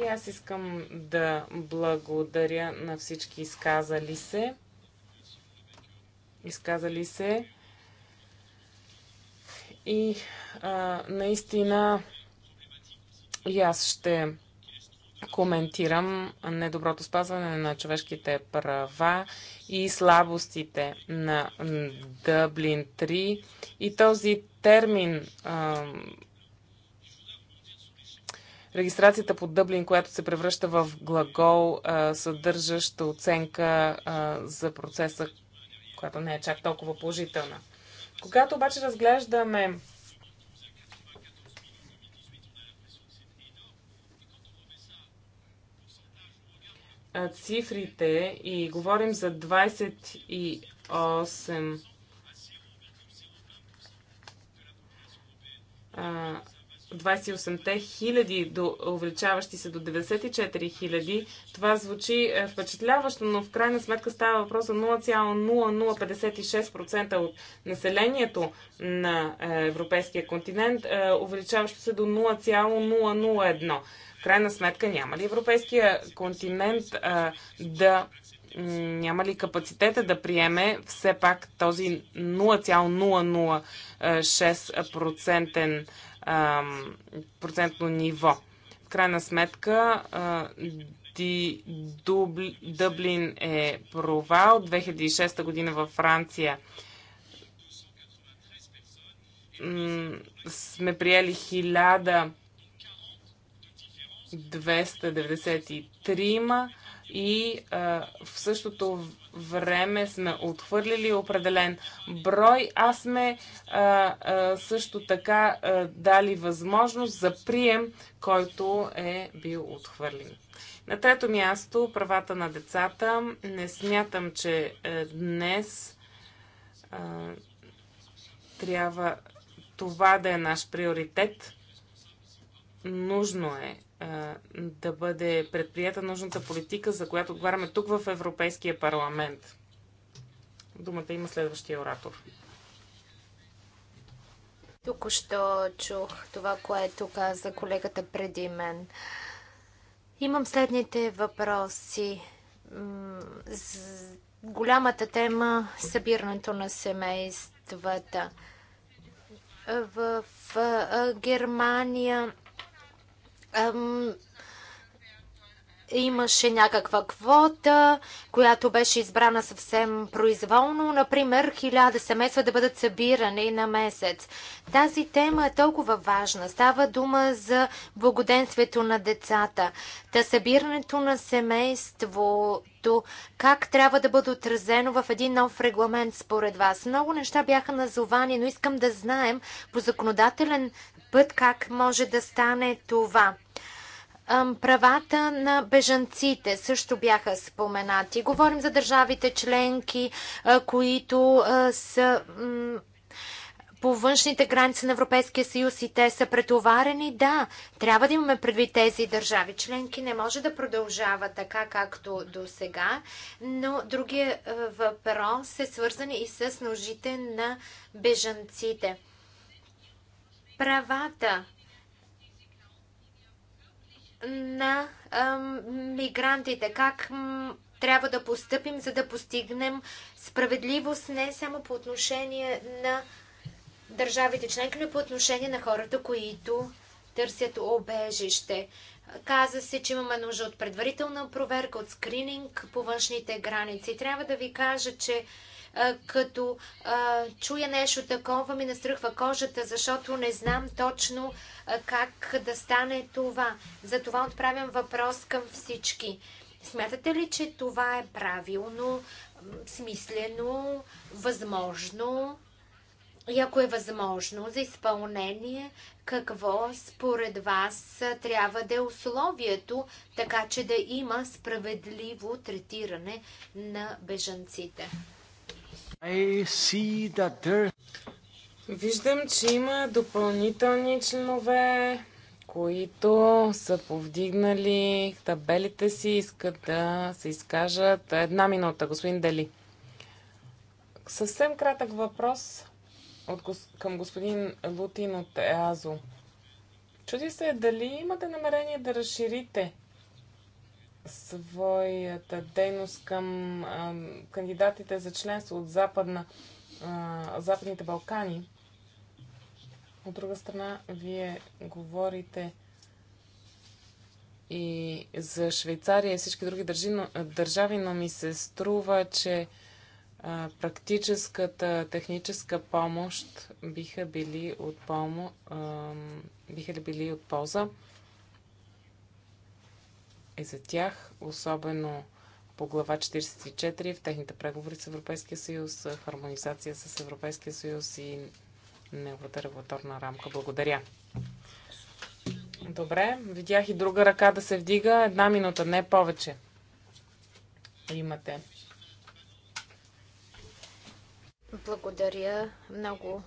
C: И аз искам да благодаря на всички изказали се. Изказали се и а, наистина и аз ще коментирам недоброто спазване на човешките права и слабостите на Дъблин 3 и този термин а, регистрацията по Дъблин, която се превръща в глагол, а, съдържащ оценка а, за процеса, която не е чак толкова положителна. Когато обаче разглеждаме цифрите и говорим за 28 28-те хиляди до, увеличаващи се до 94 хиляди. Това звучи е, впечатляващо, но в крайна сметка става въпрос за 0,0056% от населението на е, европейския континент, е, увеличаващо се до 0,001. В крайна сметка няма ли европейския континент а, да няма ли капацитета да приеме все пак този 0,006% процентно ниво. В крайна сметка, Дъблин е провал. 2006 година във Франция сме приели 1293 и в същото време сме отхвърлили определен брой, а сме а, а, също така а, дали възможност за прием, който е бил отхвърлен. На трето място, правата на децата. Не смятам, че е, днес а, трябва това да е наш приоритет. Нужно е е, да бъде предприята нужната политика, за която отговаряме тук в Европейския парламент. Думата има следващия оратор.
B: Току-що чух това, което каза колегата преди мен. Имам следните въпроси. голямата тема събирането на семействата. В Германия Ам, имаше някаква квота, която беше избрана съвсем произволно, например хиляда семейства да бъдат събирани на месец. Тази тема е толкова важна. Става дума за благоденствието на децата. Та събирането на семейството, как трябва да бъде отразено в един нов регламент според вас? Много неща бяха назовани, но искам да знаем по законодателен път. Как може да стане това? Правата на бежанците също бяха споменати. Говорим за държавите членки, които са по външните граници на Европейския съюз и те са претоварени. Да, трябва да имаме предвид тези държави. Членки не може да продължава така, както до сега, но другия въпрос е свързан и с нуждите на бежанците правата на мигрантите, как трябва да постъпим, за да постигнем справедливост не само по отношение на държавите членки, но и по отношение на хората, които търсят обежище. Каза се, че имаме нужда от предварителна проверка, от скрининг по външните граници. Трябва да ви кажа, че като чуя нещо такова, ми настръхва кожата, защото не знам точно как да стане това. Затова отправям въпрос към всички. Смятате ли, че това е правилно, смислено, възможно? И ако е възможно за изпълнение, какво според вас трябва да е условието, така че да има справедливо третиране на бежанците?
C: Виждам, че има допълнителни членове, които са повдигнали табелите си, искат да се изкажат. Една минута, господин Дали. Съвсем кратък въпрос от, към господин Лутин от ЕАЗО. Чуди се дали имате намерение да разширите своята дейност към а, кандидатите за членство от Западна, а, Западните Балкани. От друга страна, вие говорите и за Швейцария и всички други държи, но, държави, но ми се струва, че а, практическата техническа помощ биха били от, помо, биха ли били от полза е за тях, особено по глава 44 в техните преговори с Европейския съюз, хармонизация с Европейския съюз и неговата регулаторна рамка. Благодаря. Добре, видях и друга ръка да се вдига. Една минута, не повече. Имате.
B: Благодаря много.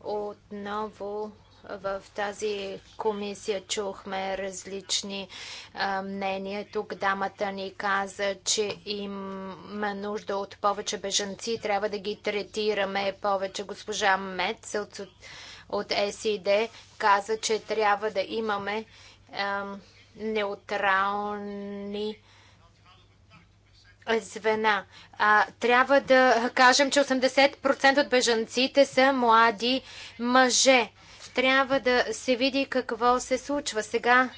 B: Отново в тази комисия чухме различни а, мнения. Тук дамата ни каза, че има нужда от повече бежанци, трябва да ги третираме повече. Госпожа Мец от, от СИД каза, че трябва да имаме а, неутрални звена. А, трябва да кажем, че 80% от бежанците са млади мъже трябва да се види какво се случва. Сега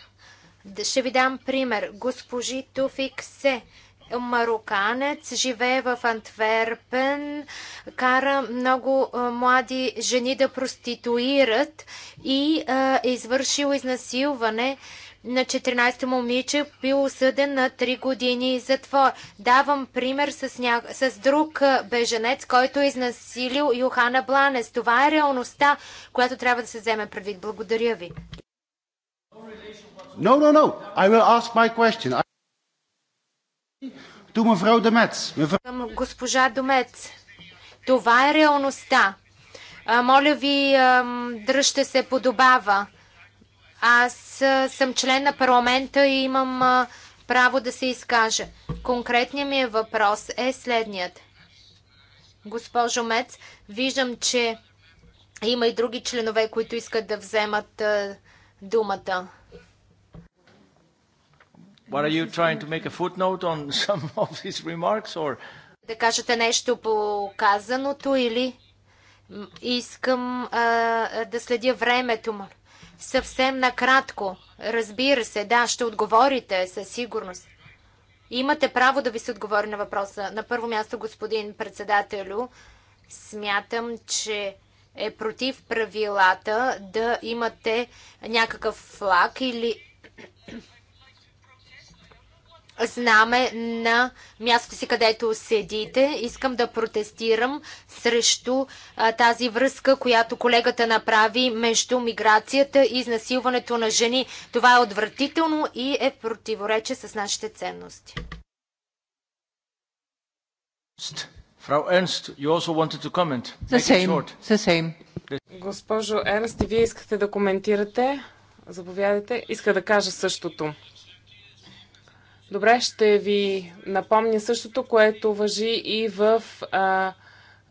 B: ще ви дам пример. Госпожи Туфик се мароканец, живее в Антверпен, кара много млади жени да проституират и е извършил изнасилване на 14 момиче бил осъден на 3 години затвор. Давам пример с, ня... с друг беженец, който е изнасилил Йохана Бланес. Това е реалността, която трябва да се вземе предвид. Благодаря ви.
C: No, no, no. I will ask my question. I... To мевrouw
B: Госпожа Домец, това е реалността. А, моля ви, дръжте се подобава. Аз съм член на парламента и имам право да се изкажа. Конкретният ми въпрос е следният. Госпожо Мец, виждам, че има и други членове, които искат да вземат думата.
A: What are you trying to make a footnote on some of his remarks or
B: да кажете нещо по казаното или искам а, да следя времето му. Съвсем накратко. Разбира се, да, ще отговорите със сигурност. Имате право да ви се отговори на въпроса. На първо място, господин председателю, смятам, че е против правилата да имате някакъв флаг или знаме на мястото си, където седите. Искам да протестирам срещу а, тази връзка, която колегата направи между миграцията и изнасилването на жени. Това е отвратително и е противорече с нашите ценности. Фрау Ернст, you also wanted to comment. the same,
C: the same. Госпожо Ернст, вие искате да коментирате? Заповядайте. Иска да кажа същото. Добре, ще ви напомня същото, което въжи и в а,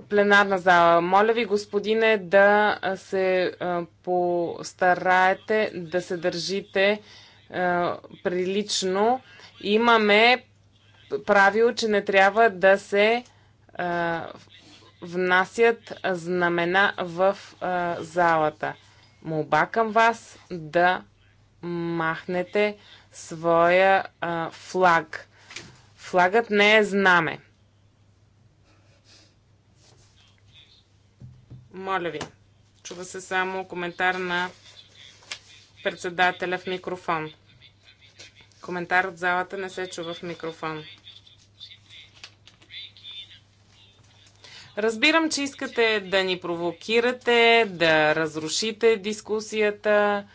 C: пленарна зала. Моля ви, господине, да се а, постараете да се държите а, прилично. Имаме правило, че не трябва да се а, внасят знамена в а, залата. Молба към вас да махнете своя а, флаг. Флагът не е знаме. Моля ви, чува се само коментар на председателя в микрофон. Коментар от залата не се чува в микрофон. Разбирам, че искате да ни провокирате, да разрушите дискусията.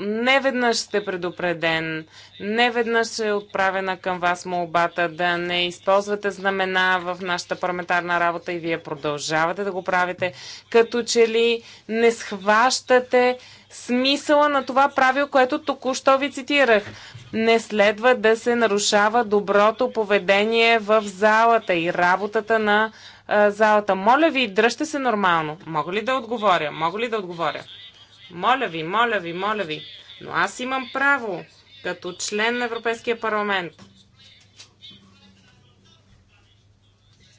C: Неведнъж сте предупреден, неведнъж е отправена към вас молбата да не използвате знамена в нашата парламентарна работа и вие продължавате да го правите, като че ли не схващате смисъла на това правило, което току-що ви цитирах. Не следва да се нарушава доброто поведение в залата и работата на а, залата. Моля ви, дръжте се нормално. Мога ли да отговоря? Мога ли да отговоря? Моля ви, моля ви, моля ви. Но аз имам право, като член на Европейския парламент.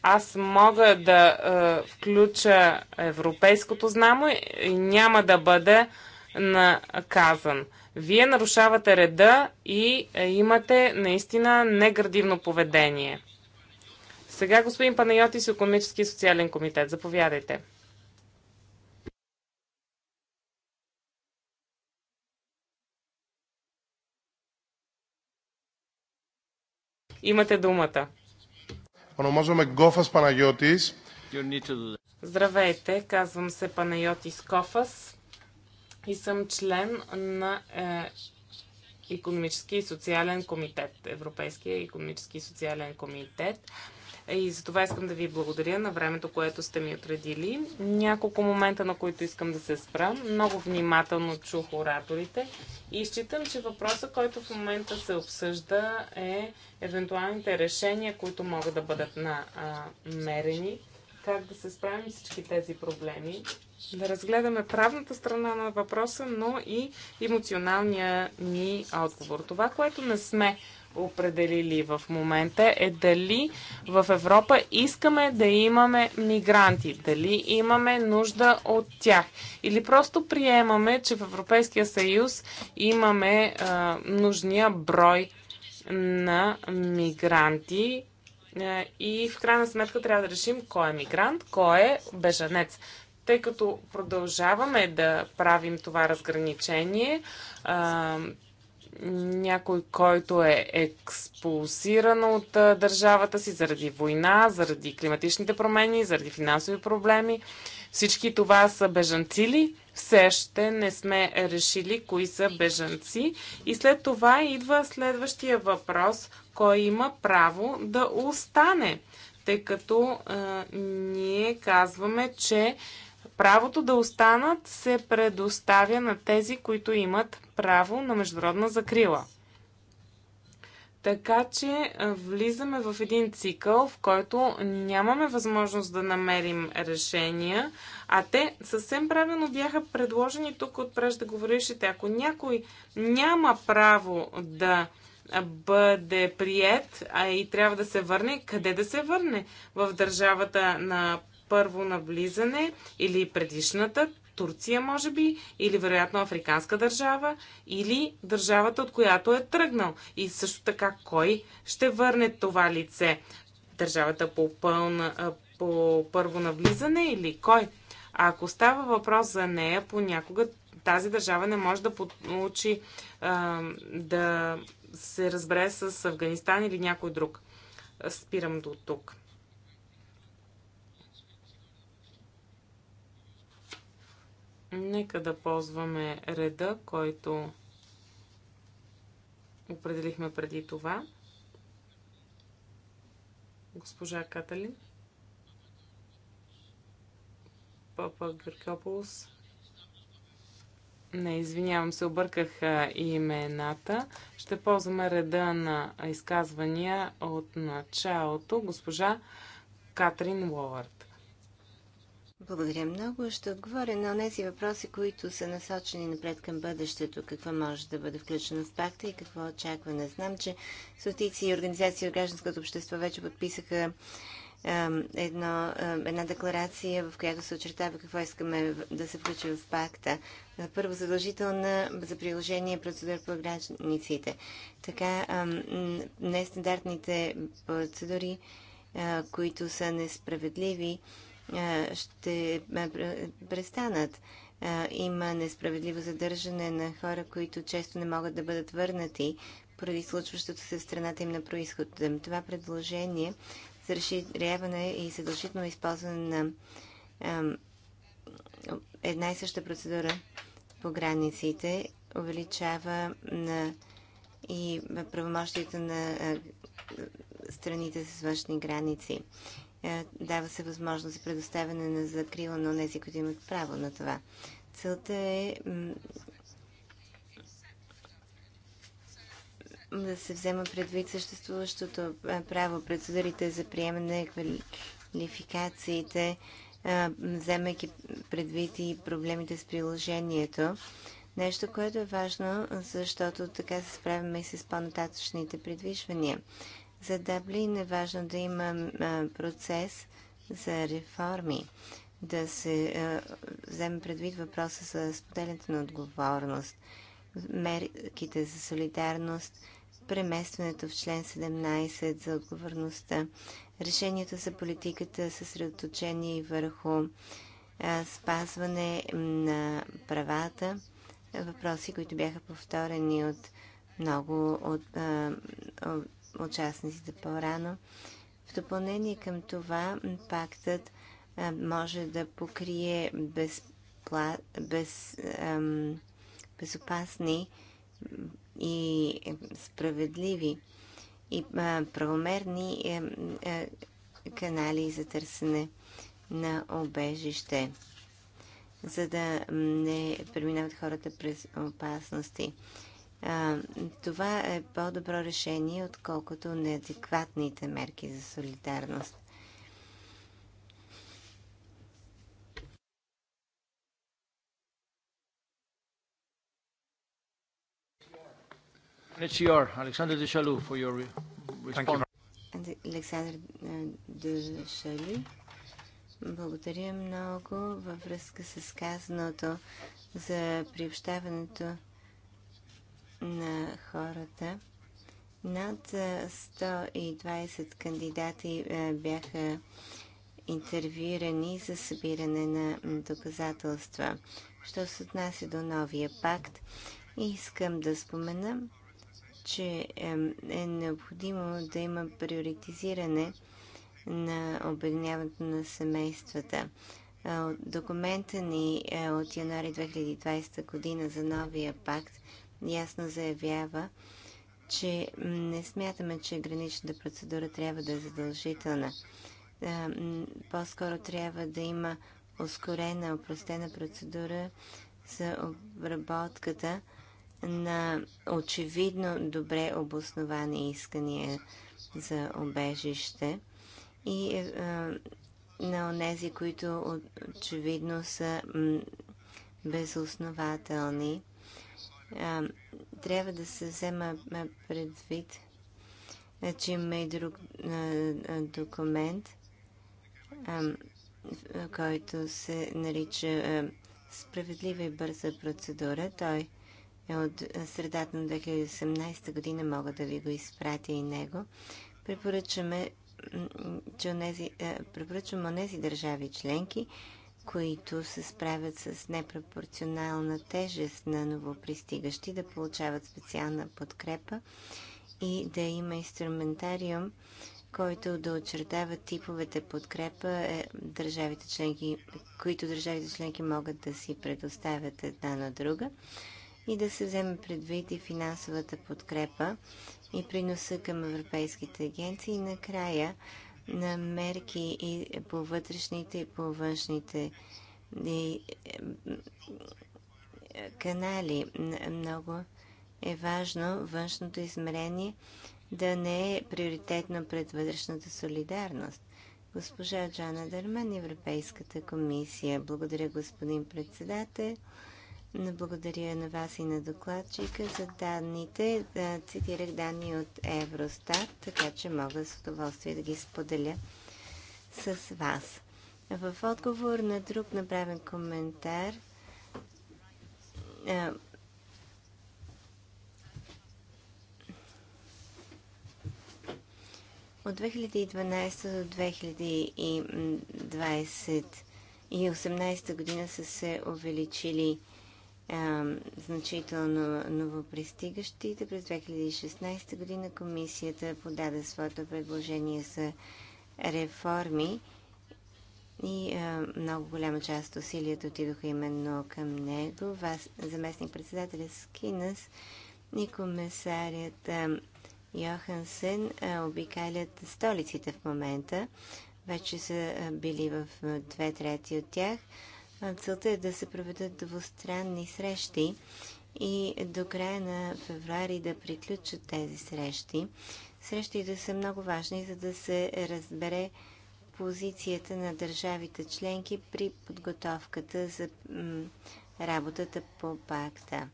C: Аз мога да е, включа европейското знамо и няма да бъда наказан. Вие нарушавате реда и е, имате наистина неградивно поведение. Сега господин Панайотис, економически и социален комитет. Заповядайте. Имате думата. Ономазваме Гофас Παναγιώτης. Здравейте, казвам се Панайотис Кофас и съм член на е, Економически и социален комитет, Европейския економически и социален комитет. И за това искам да ви благодаря на времето, което сте ми отредили. Няколко момента, на които искам да се спра. Много внимателно чух ораторите и считам, че въпросът, който в момента се обсъжда е евентуалните решения, които могат да бъдат намерени, как да се справим всички тези проблеми, да разгледаме правната страна на въпроса, но и емоционалния ни отговор. Това, което не сме определили в момента е дали в Европа искаме да имаме мигранти, дали имаме нужда от тях. Или просто приемаме, че в Европейския съюз имаме а, нужния брой на мигранти а, и в крайна сметка трябва да решим кой е мигрант, кой е бежанец тъй като продължаваме да правим това разграничение, някой, който е експулсиран от държавата си заради война, заради климатичните промени, заради финансови проблеми. Всички това са бежанци ли? Все ще не сме решили кои са бежанци. И след това идва следващия въпрос, кой има право да остане. Тъй като ние казваме, че Правото да останат се предоставя на тези, които имат право на международна закрила. Така че е, влизаме в един цикъл, в който нямаме възможност да намерим решения, а те съвсем правилно бяха предложени тук от преждеговорившите. Ако някой няма право да бъде прият а и трябва да се върне, къде да се върне? В държавата на първо навлизане или предишната, Турция може би, или вероятно африканска държава, или държавата, от която е тръгнал. И също така, кой ще върне това лице? Държавата по, пълна, по първо навлизане или кой? А ако става въпрос за нея, понякога тази държава не може да получи а, да се разбере с Афганистан или някой друг. Спирам до тук. Нека да ползваме реда, който определихме преди това. Госпожа Каталин. Папа Гъркополос. Не, извинявам се, обърках имената. Ще ползваме реда на изказвания от началото. Госпожа Катрин Ловард.
A: Благодаря много. Ще отговоря на тези въпроси, които са насочени напред към бъдещето. Какво може да бъде включено в пакта и какво очакване. Знам, че стотици и организации от гражданското общество вече подписаха едно, една декларация, в която се очертава какво искаме да се включи в пакта. Първо задължителна за приложение процедура по границите. Така, нестандартните процедури, които са несправедливи, е, ще е, престанат. Е, има несправедливо задържане на хора, които често не могат да бъдат върнати поради случващото се в страната им на происход. Това предложение за разширяване и задължително използване на една и съща процедура по границите увеличава на и правомощията на страните с външни граници. Е, дава се възможност за предоставяне на закрила на тези, които имат право на това. Целта е да се взема предвид съществуващото е, право, съдарите за приемане, квалификациите, е, вземайки предвид и проблемите с приложението. Нещо, което е важно, защото така се справяме и с по-нататъчните предвижвания за Дъблин е важно да има процес за реформи, да се вземе предвид въпроса за споделянето на отговорност, мерките за солидарност, преместването в член 17 за отговорността, решението за политиката съсредоточение върху спазване на правата, въпроси, които бяха повторени от много от, от участниците по-рано. В допълнение към това, пактът може да покрие без, без, ем, безопасни и справедливи и правомерни е, е, канали за търсене на обежище, за да не преминават хората през опасности. А, това е по-добро решение, отколкото неадекватните мерки за солидарност. HCR, Alexander for your response. Александър Дешали, благодаря много във връзка с казаното за приобщаването на хората. Над 120 кандидати бяха интервюирани за събиране на доказателства. Що се отнася до новия пакт, искам да спомена, че е необходимо да има приоритизиране на обединяването на семействата. Документа ни е от януари 2020 година за новия пакт ясно заявява, че не смятаме, че граничната процедура трябва да е задължителна. По-скоро трябва да има ускорена, опростена процедура за обработката на очевидно добре обосновани искания за обежище и е, на онези, които очевидно са безоснователни а, трябва да се взема предвид, че има и друг а, документ, а, който се нарича а, Справедлива и бърза процедура. Той е от средата на 2018 година. Мога да ви го изпратя и него. Препоръчваме, че онези, препоръчваме онези държави членки, които се справят с непропорционална тежест на новопристигащи, да получават специална подкрепа и да има инструментариум, който да очертава типовете подкрепа, е, държавите членки, които държавите членки могат да си предоставят една на друга и да се вземе предвид и финансовата подкрепа и приноса към европейските агенции. И накрая на мерки и по вътрешните и по външните и е, канали. Много е важно външното измерение да не е приоритетно пред вътрешната солидарност. Госпожа Джана Дърман, Европейската комисия. Благодаря, господин председател. Благодаря на вас и на докладчика за данните. Е, цитирах данни от Евростат, така че мога с удоволствие да ги споделя с вас. В отговор на друг направен коментар, е, от 2012 до 2020 и 2018 година са се увеличили значително новопристигащите. През 2016 година комисията подаде своето предложение за реформи и а, много голяма част от усилията отидоха именно към него. Вас, заместник председателя Скинас и комисарият Йохансен а, обикалят столиците в момента. Вече са били в две трети от тях. Целта е да се проведат двустранни срещи и до края на февруари да приключат тези срещи. Срещите да са много важни, за да се разбере позицията на държавите членки при подготовката за работата по пакта.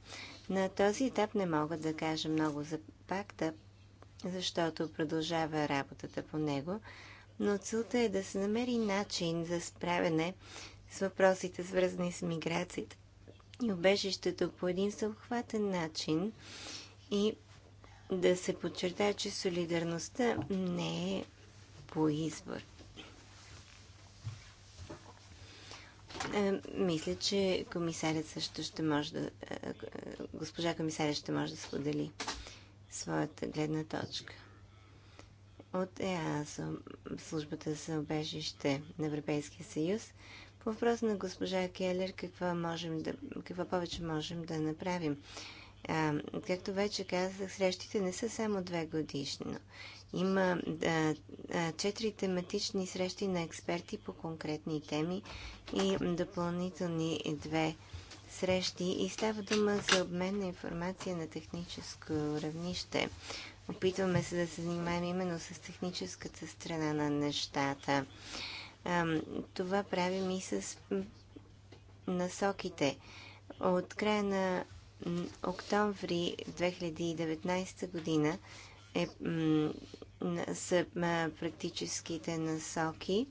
A: На този етап не мога да кажа много за пакта, защото продължава работата по него, но целта е да се намери начин за справяне с въпросите, свързани с миграцията и убежището по един съобхватен начин и да се подчертая, че солидарността не е по избор. Е, мисля, че комисарят също ще може да. Е, е, госпожа комисарят ще може да сподели своята гледна точка. От ЕАСО, службата за обежище на Европейския съюз, въпрос на госпожа Келер, какво, можем да, какво повече можем да направим. А, както вече казах, срещите не са само две годишно. Има а, четири тематични срещи на експерти по конкретни теми и допълнителни две срещи. И става дума за обмен на информация на техническо равнище. Опитваме се да се занимаем именно с техническата страна на нещата. Това правим и с насоките. От края на октомври 2019 година е, са практическите насоки.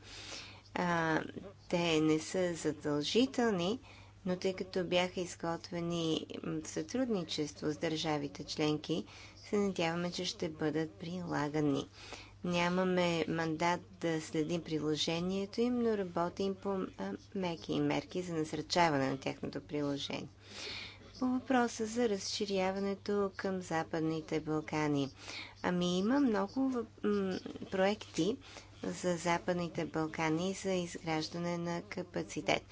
A: те не са задължителни, но тъй като бяха изготвени в сътрудничество с държавите членки, се надяваме, че ще бъдат прилагани. Нямаме мандат да следим приложението им, но работим по меки мерки за насръчаване на тяхното приложение. По въпроса за разширяването към Западните Балкани. Ами има много проекти за Западните Балкани за изграждане на капацитет.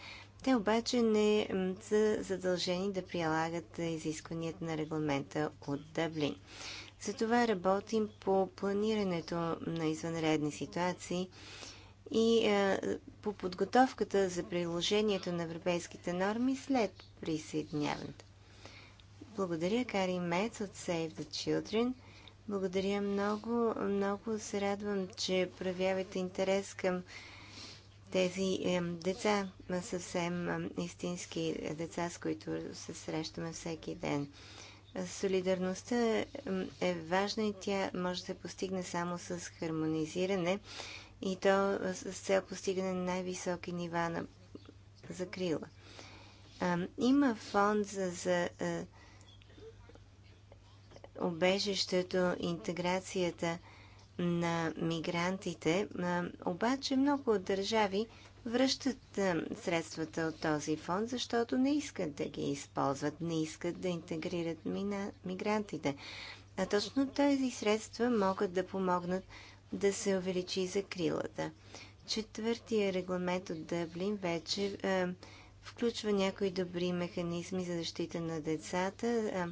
A: Те обаче не са задължени да прилагат изискванията на регламента от Дъблин. Затова работим по планирането на извънредни ситуации и е, по подготовката за приложението на европейските норми след присъединяването. Благодаря Кари Мец от Save the Children. Благодаря много. Много се радвам, че проявявате интерес към тези е, деца, съвсем е, истински деца, с които се срещаме всеки ден. Солидарността е важна и тя може да се постигне само с хармонизиране и то с цел постигане на най-високи нива на закрила. Има фонд за, за обежището, интеграцията на мигрантите, обаче много държави връщат средствата от този фонд, защото не искат да ги използват, не искат да интегрират мина, мигрантите. А точно тези средства могат да помогнат да се увеличи закрилата. Четвъртия регламент от Дъблин вече е, включва някои добри механизми за защита на децата, е,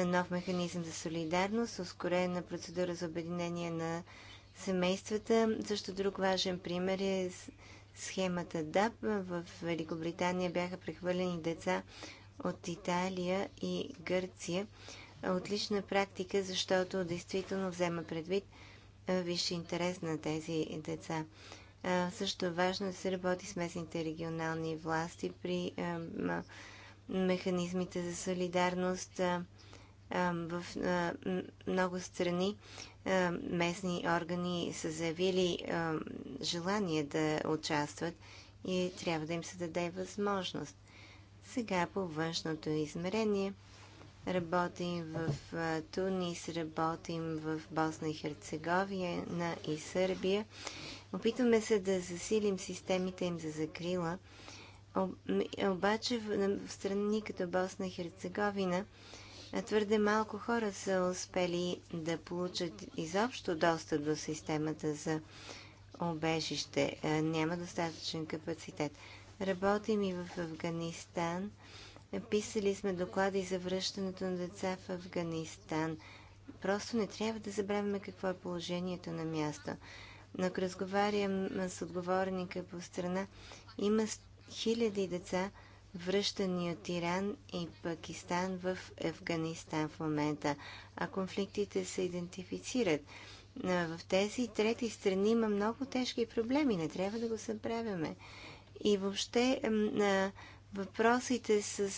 A: е, нов механизъм за солидарност, ускорена процедура за обединение на семействата. Защо друг важен пример е схемата ДАП в Великобритания бяха прехвърлени деца от Италия и Гърция. Отлична практика, защото действително взема предвид висше интерес на тези деца. Също е важно да се работи с местните регионални власти при механизмите за солидарност в много страни е, местни органи са заявили е, желание да участват и трябва да им се даде възможност. Сега по външното измерение работим в е, Тунис, работим в Босна и Херцеговина и Сърбия. Опитваме се да засилим системите им за закрила, обаче в страни като Босна и Херцеговина Твърде малко хора са успели да получат изобщо достъп до системата за обежище. Няма достатъчен капацитет. Работим и в Афганистан. Писали сме доклади за връщането на деца в Афганистан. Просто не трябва да забравяме какво е положението на място. Но ако разговарям с отговорника по страна, има хиляди деца, връщани от Иран и Пакистан в Афганистан в момента, а конфликтите се идентифицират. В тези трети страни има много тежки проблеми, не трябва да го съправяме. И въобще въпросите с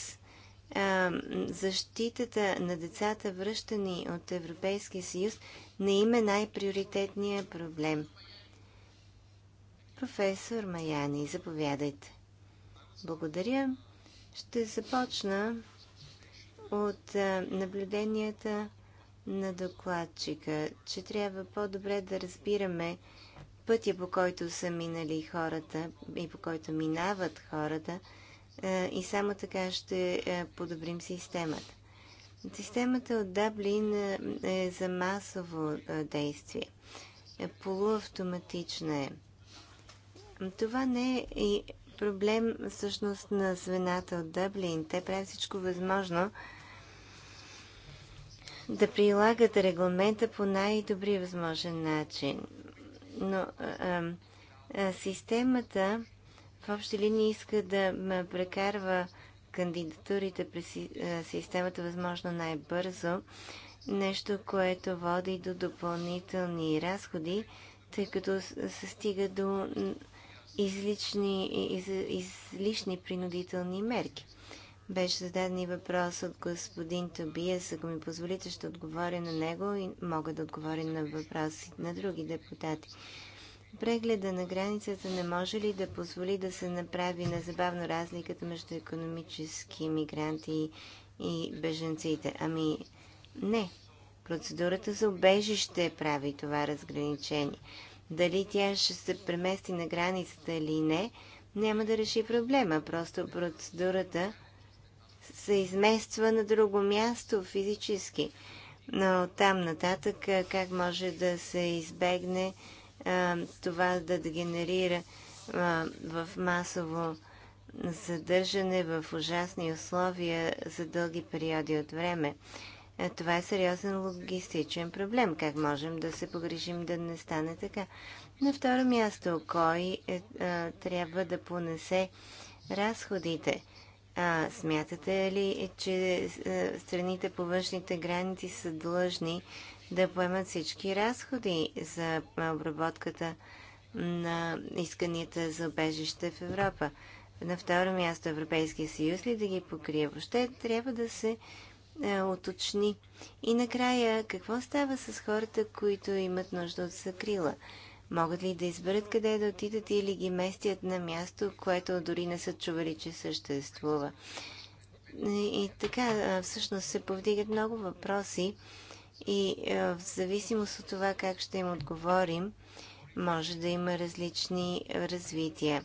A: защитата на децата, връщани от Европейския съюз, не има е най-приоритетния проблем. Професор Маяни, заповядайте. Благодаря. Ще започна от наблюденията на докладчика, че трябва по-добре да разбираме пътя, по който са минали хората и по който минават хората, и само така ще подобрим системата. Системата от Даблин е за масово действие. Полуавтоматична е. Това не е и проблем всъщност на звената от Дъблин. Те правят всичко възможно да прилагат регламента по най добри възможен начин. Но а, а, системата в общи линии иска да ме прекарва кандидатурите през системата възможно най-бързо, нещо, което води до допълнителни разходи, тъй като се стига до излични, из, излишни принудителни мерки. Беше зададен и въпрос от господин Тобиас. Ако ми позволите, ще отговоря на него и мога да отговоря на въпроси на други депутати. Прегледа на границата не може ли да позволи да се направи незабавно разликата между економически мигранти и беженците? Ами, не. Процедурата за обежище прави това разграничение. Дали тя ще се премести на границата или не, няма да реши проблема. Просто процедурата се измества на друго място физически. Но там нататък как може да се избегне а, това да дегенерира а, в масово задържане в ужасни условия за дълги периоди от време. Е, това е сериозен логистичен проблем. Как можем да се погрижим да не стане така? На второ място, кой е, а, трябва да понесе разходите? А, смятате ли, че а, страните по външните граници са длъжни да поемат всички разходи за обработката на исканията за обежище в Европа? На второ място, Европейския съюз ли да ги покрие? Въобще трябва да се е, уточни. И накрая, какво става с хората, които имат нужда от закрила? Могат ли да изберат къде да отидат или ги местят на място, което дори не са чували, че съществува? И така, всъщност се повдигат много въпроси и в зависимост от това как ще им отговорим, може да има различни развития.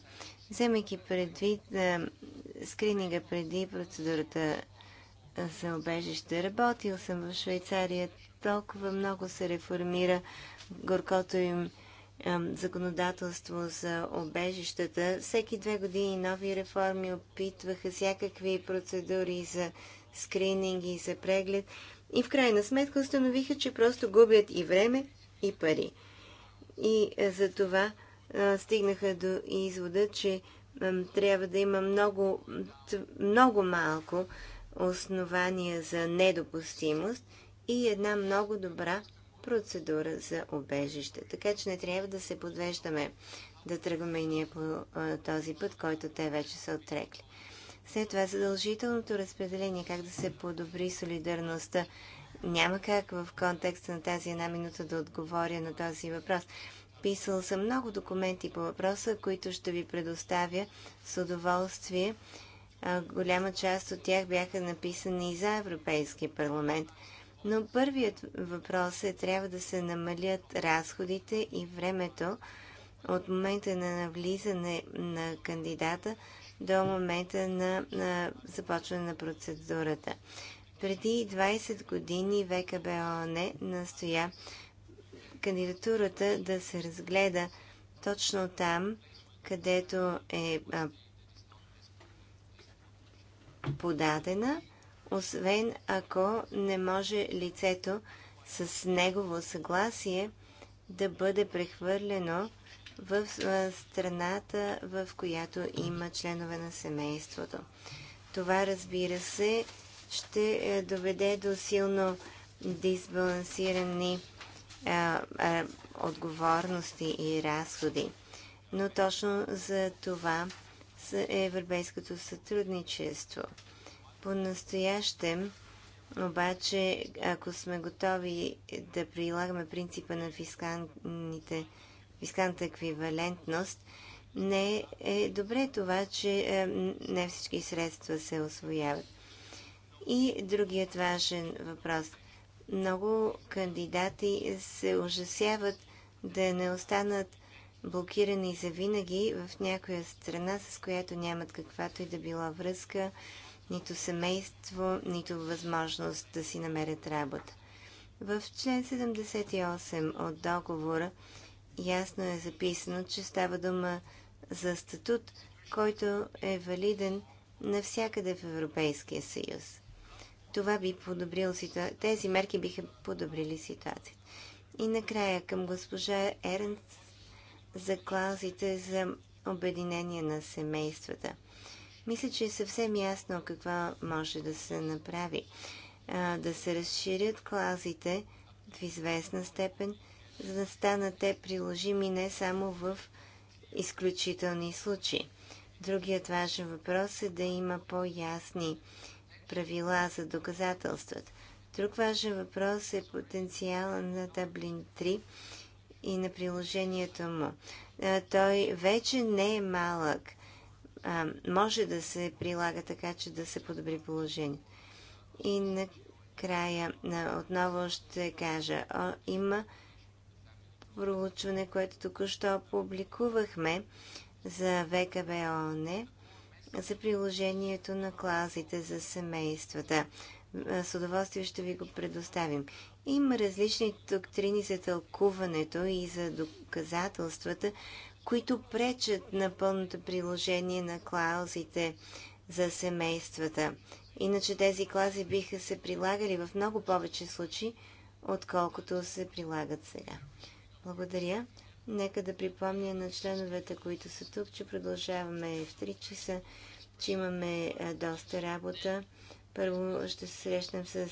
A: Вземайки предвид скрининга преди процедурата за обежище. Работил съм в Швейцария. Толкова много се реформира горкото им законодателство за обежищата. Всеки две години нови реформи опитваха всякакви процедури за скрининг и за преглед. И в крайна сметка установиха, че просто губят и време, и пари. И е, за това е, стигнаха до извода, че трябва да има много, много малко основания за недопустимост и една много добра процедура за обежище. Така че не трябва да се подвеждаме да тръгваме и ние по този път, който те вече са отрекли. След това задължителното разпределение, как да се подобри солидарността. Няма как в контекста на тази една минута да отговоря на този въпрос. Писал съм много документи по въпроса, които ще ви предоставя с удоволствие голяма част от тях бяха написани и за Европейския парламент. Но първият въпрос е, трябва да се намалят разходите и времето от момента на навлизане на кандидата до момента на, на започване на процедурата. Преди 20 години ВКБОН настоя кандидатурата да се разгледа точно там, където е подадена, освен ако не може лицето с негово съгласие да бъде прехвърлено в страната, в която има членове на семейството. Това, разбира се, ще е, доведе до силно дисбалансирани а, а, отговорности и разходи. Но точно за това европейското сътрудничество. По-настоящем, обаче, ако сме готови да прилагаме принципа на фискалната еквивалентност, не е добре това, че е, не всички средства се освояват. И другият важен въпрос. Много кандидати се ужасяват да не останат блокирани за винаги в някоя страна, с която нямат каквато и да била връзка, нито семейство, нито възможност да си намерят работа. В член 78 от договора ясно е записано, че става дума за статут, който е валиден навсякъде в Европейския съюз. Това би подобрило ситу... Тези мерки биха подобрили ситуацията. И накрая към госпожа Ернст за клаузите за обединение на семействата. Мисля, че е съвсем ясно какво може да се направи. А, да се разширят клаузите в известна степен, за да станат те приложими не само в изключителни случаи. Другият важен въпрос е да има по-ясни правила за доказателствата. Друг важен въпрос е потенциала на Таблин 3 и на приложението му. Той вече не е малък. Може да се прилага така, че да се подобри положение. И накрая отново ще кажа, има проучване, което току-що публикувахме за ВКБОН за приложението на клаузите за семействата. С удоволствие ще ви го предоставим. Има различни доктрини за тълкуването и за доказателствата, които пречат на пълното приложение на клаузите за семействата. Иначе тези клази биха се прилагали в много повече случаи, отколкото се прилагат сега. Благодаря. Нека да припомня на членовете, които са тук, че продължаваме в 3 часа, че имаме доста работа. Първо ще се срещнем с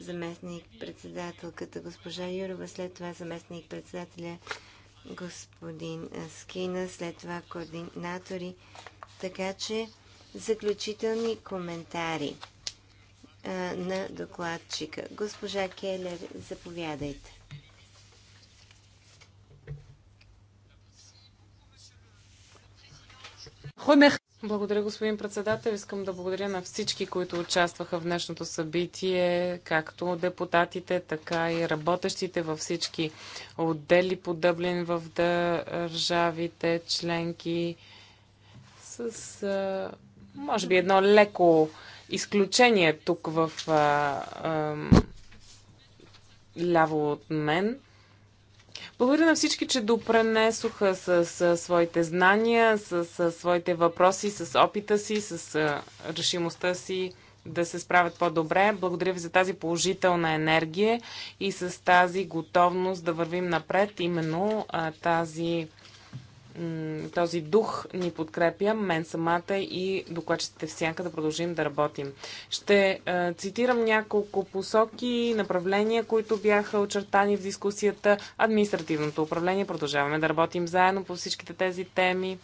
A: заместник председателката госпожа Юрова, след това заместник председателя господин Скина, след това координатори. Така че заключителни коментари на докладчика. Госпожа Келер, заповядайте.
C: Благодаря, господин председател. Искам да благодаря на всички, които участваха в днешното събитие, както депутатите, така и работещите във всички отдели по Дъблин в държавите, членки, с може би едно леко изключение тук в а, а, ляво от мен. Благодаря на всички, че допренесоха с, с своите знания, с, с своите въпроси, с опита си, с решимостта си да се справят по-добре. Благодаря ви за тази положителна енергия и с тази готовност да вървим напред именно а, тази този дух ни подкрепя, мен самата и докладчите в сянка да продължим да работим. Ще цитирам няколко посоки, направления, които бяха очертани в дискусията. Административното управление. Продължаваме да работим заедно по всичките тези теми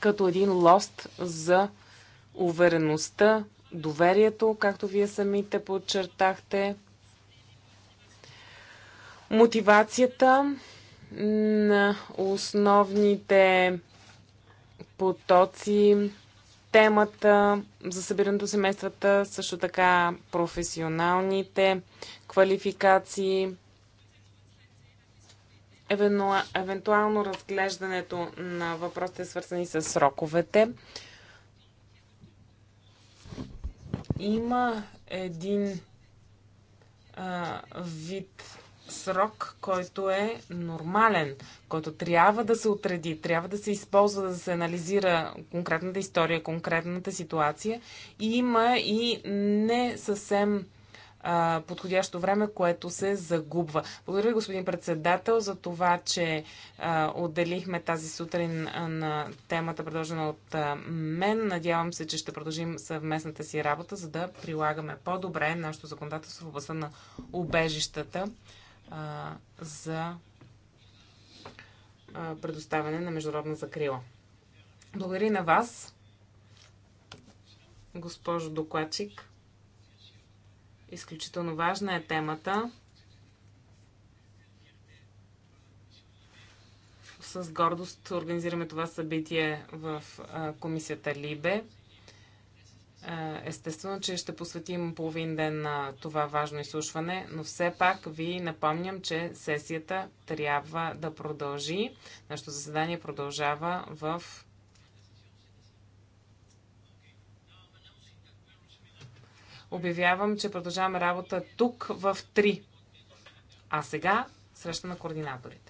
C: като един лост за увереността, доверието, както вие самите подчертахте, мотивацията, на основните потоци, темата за събирането семействата, също така професионалните квалификации, евентуално разглеждането на въпросите, свързани с сроковете. Има един а, вид срок, който е нормален, който трябва да се отреди, трябва да се използва, да се анализира конкретната история, конкретната ситуация. И има и не съвсем а, подходящо време, което се загубва. Благодаря, господин председател, за това, че а, отделихме тази сутрин на темата, предложена от а, мен. Надявам се, че ще продължим съвместната си работа, за да прилагаме по-добре нашето законодателство в областта на убежищата а, за а, предоставяне на международна закрила. Благодаря на вас, госпожо докладчик. Изключително важна е темата. С гордост организираме това събитие в комисията Либе. Е, естествено, че ще посветим половин ден на това важно изслушване, но все пак ви напомням, че сесията трябва да продължи. Нашето заседание продължава в Обявявам, че продължаваме работа тук в 3. А сега среща на координаторите.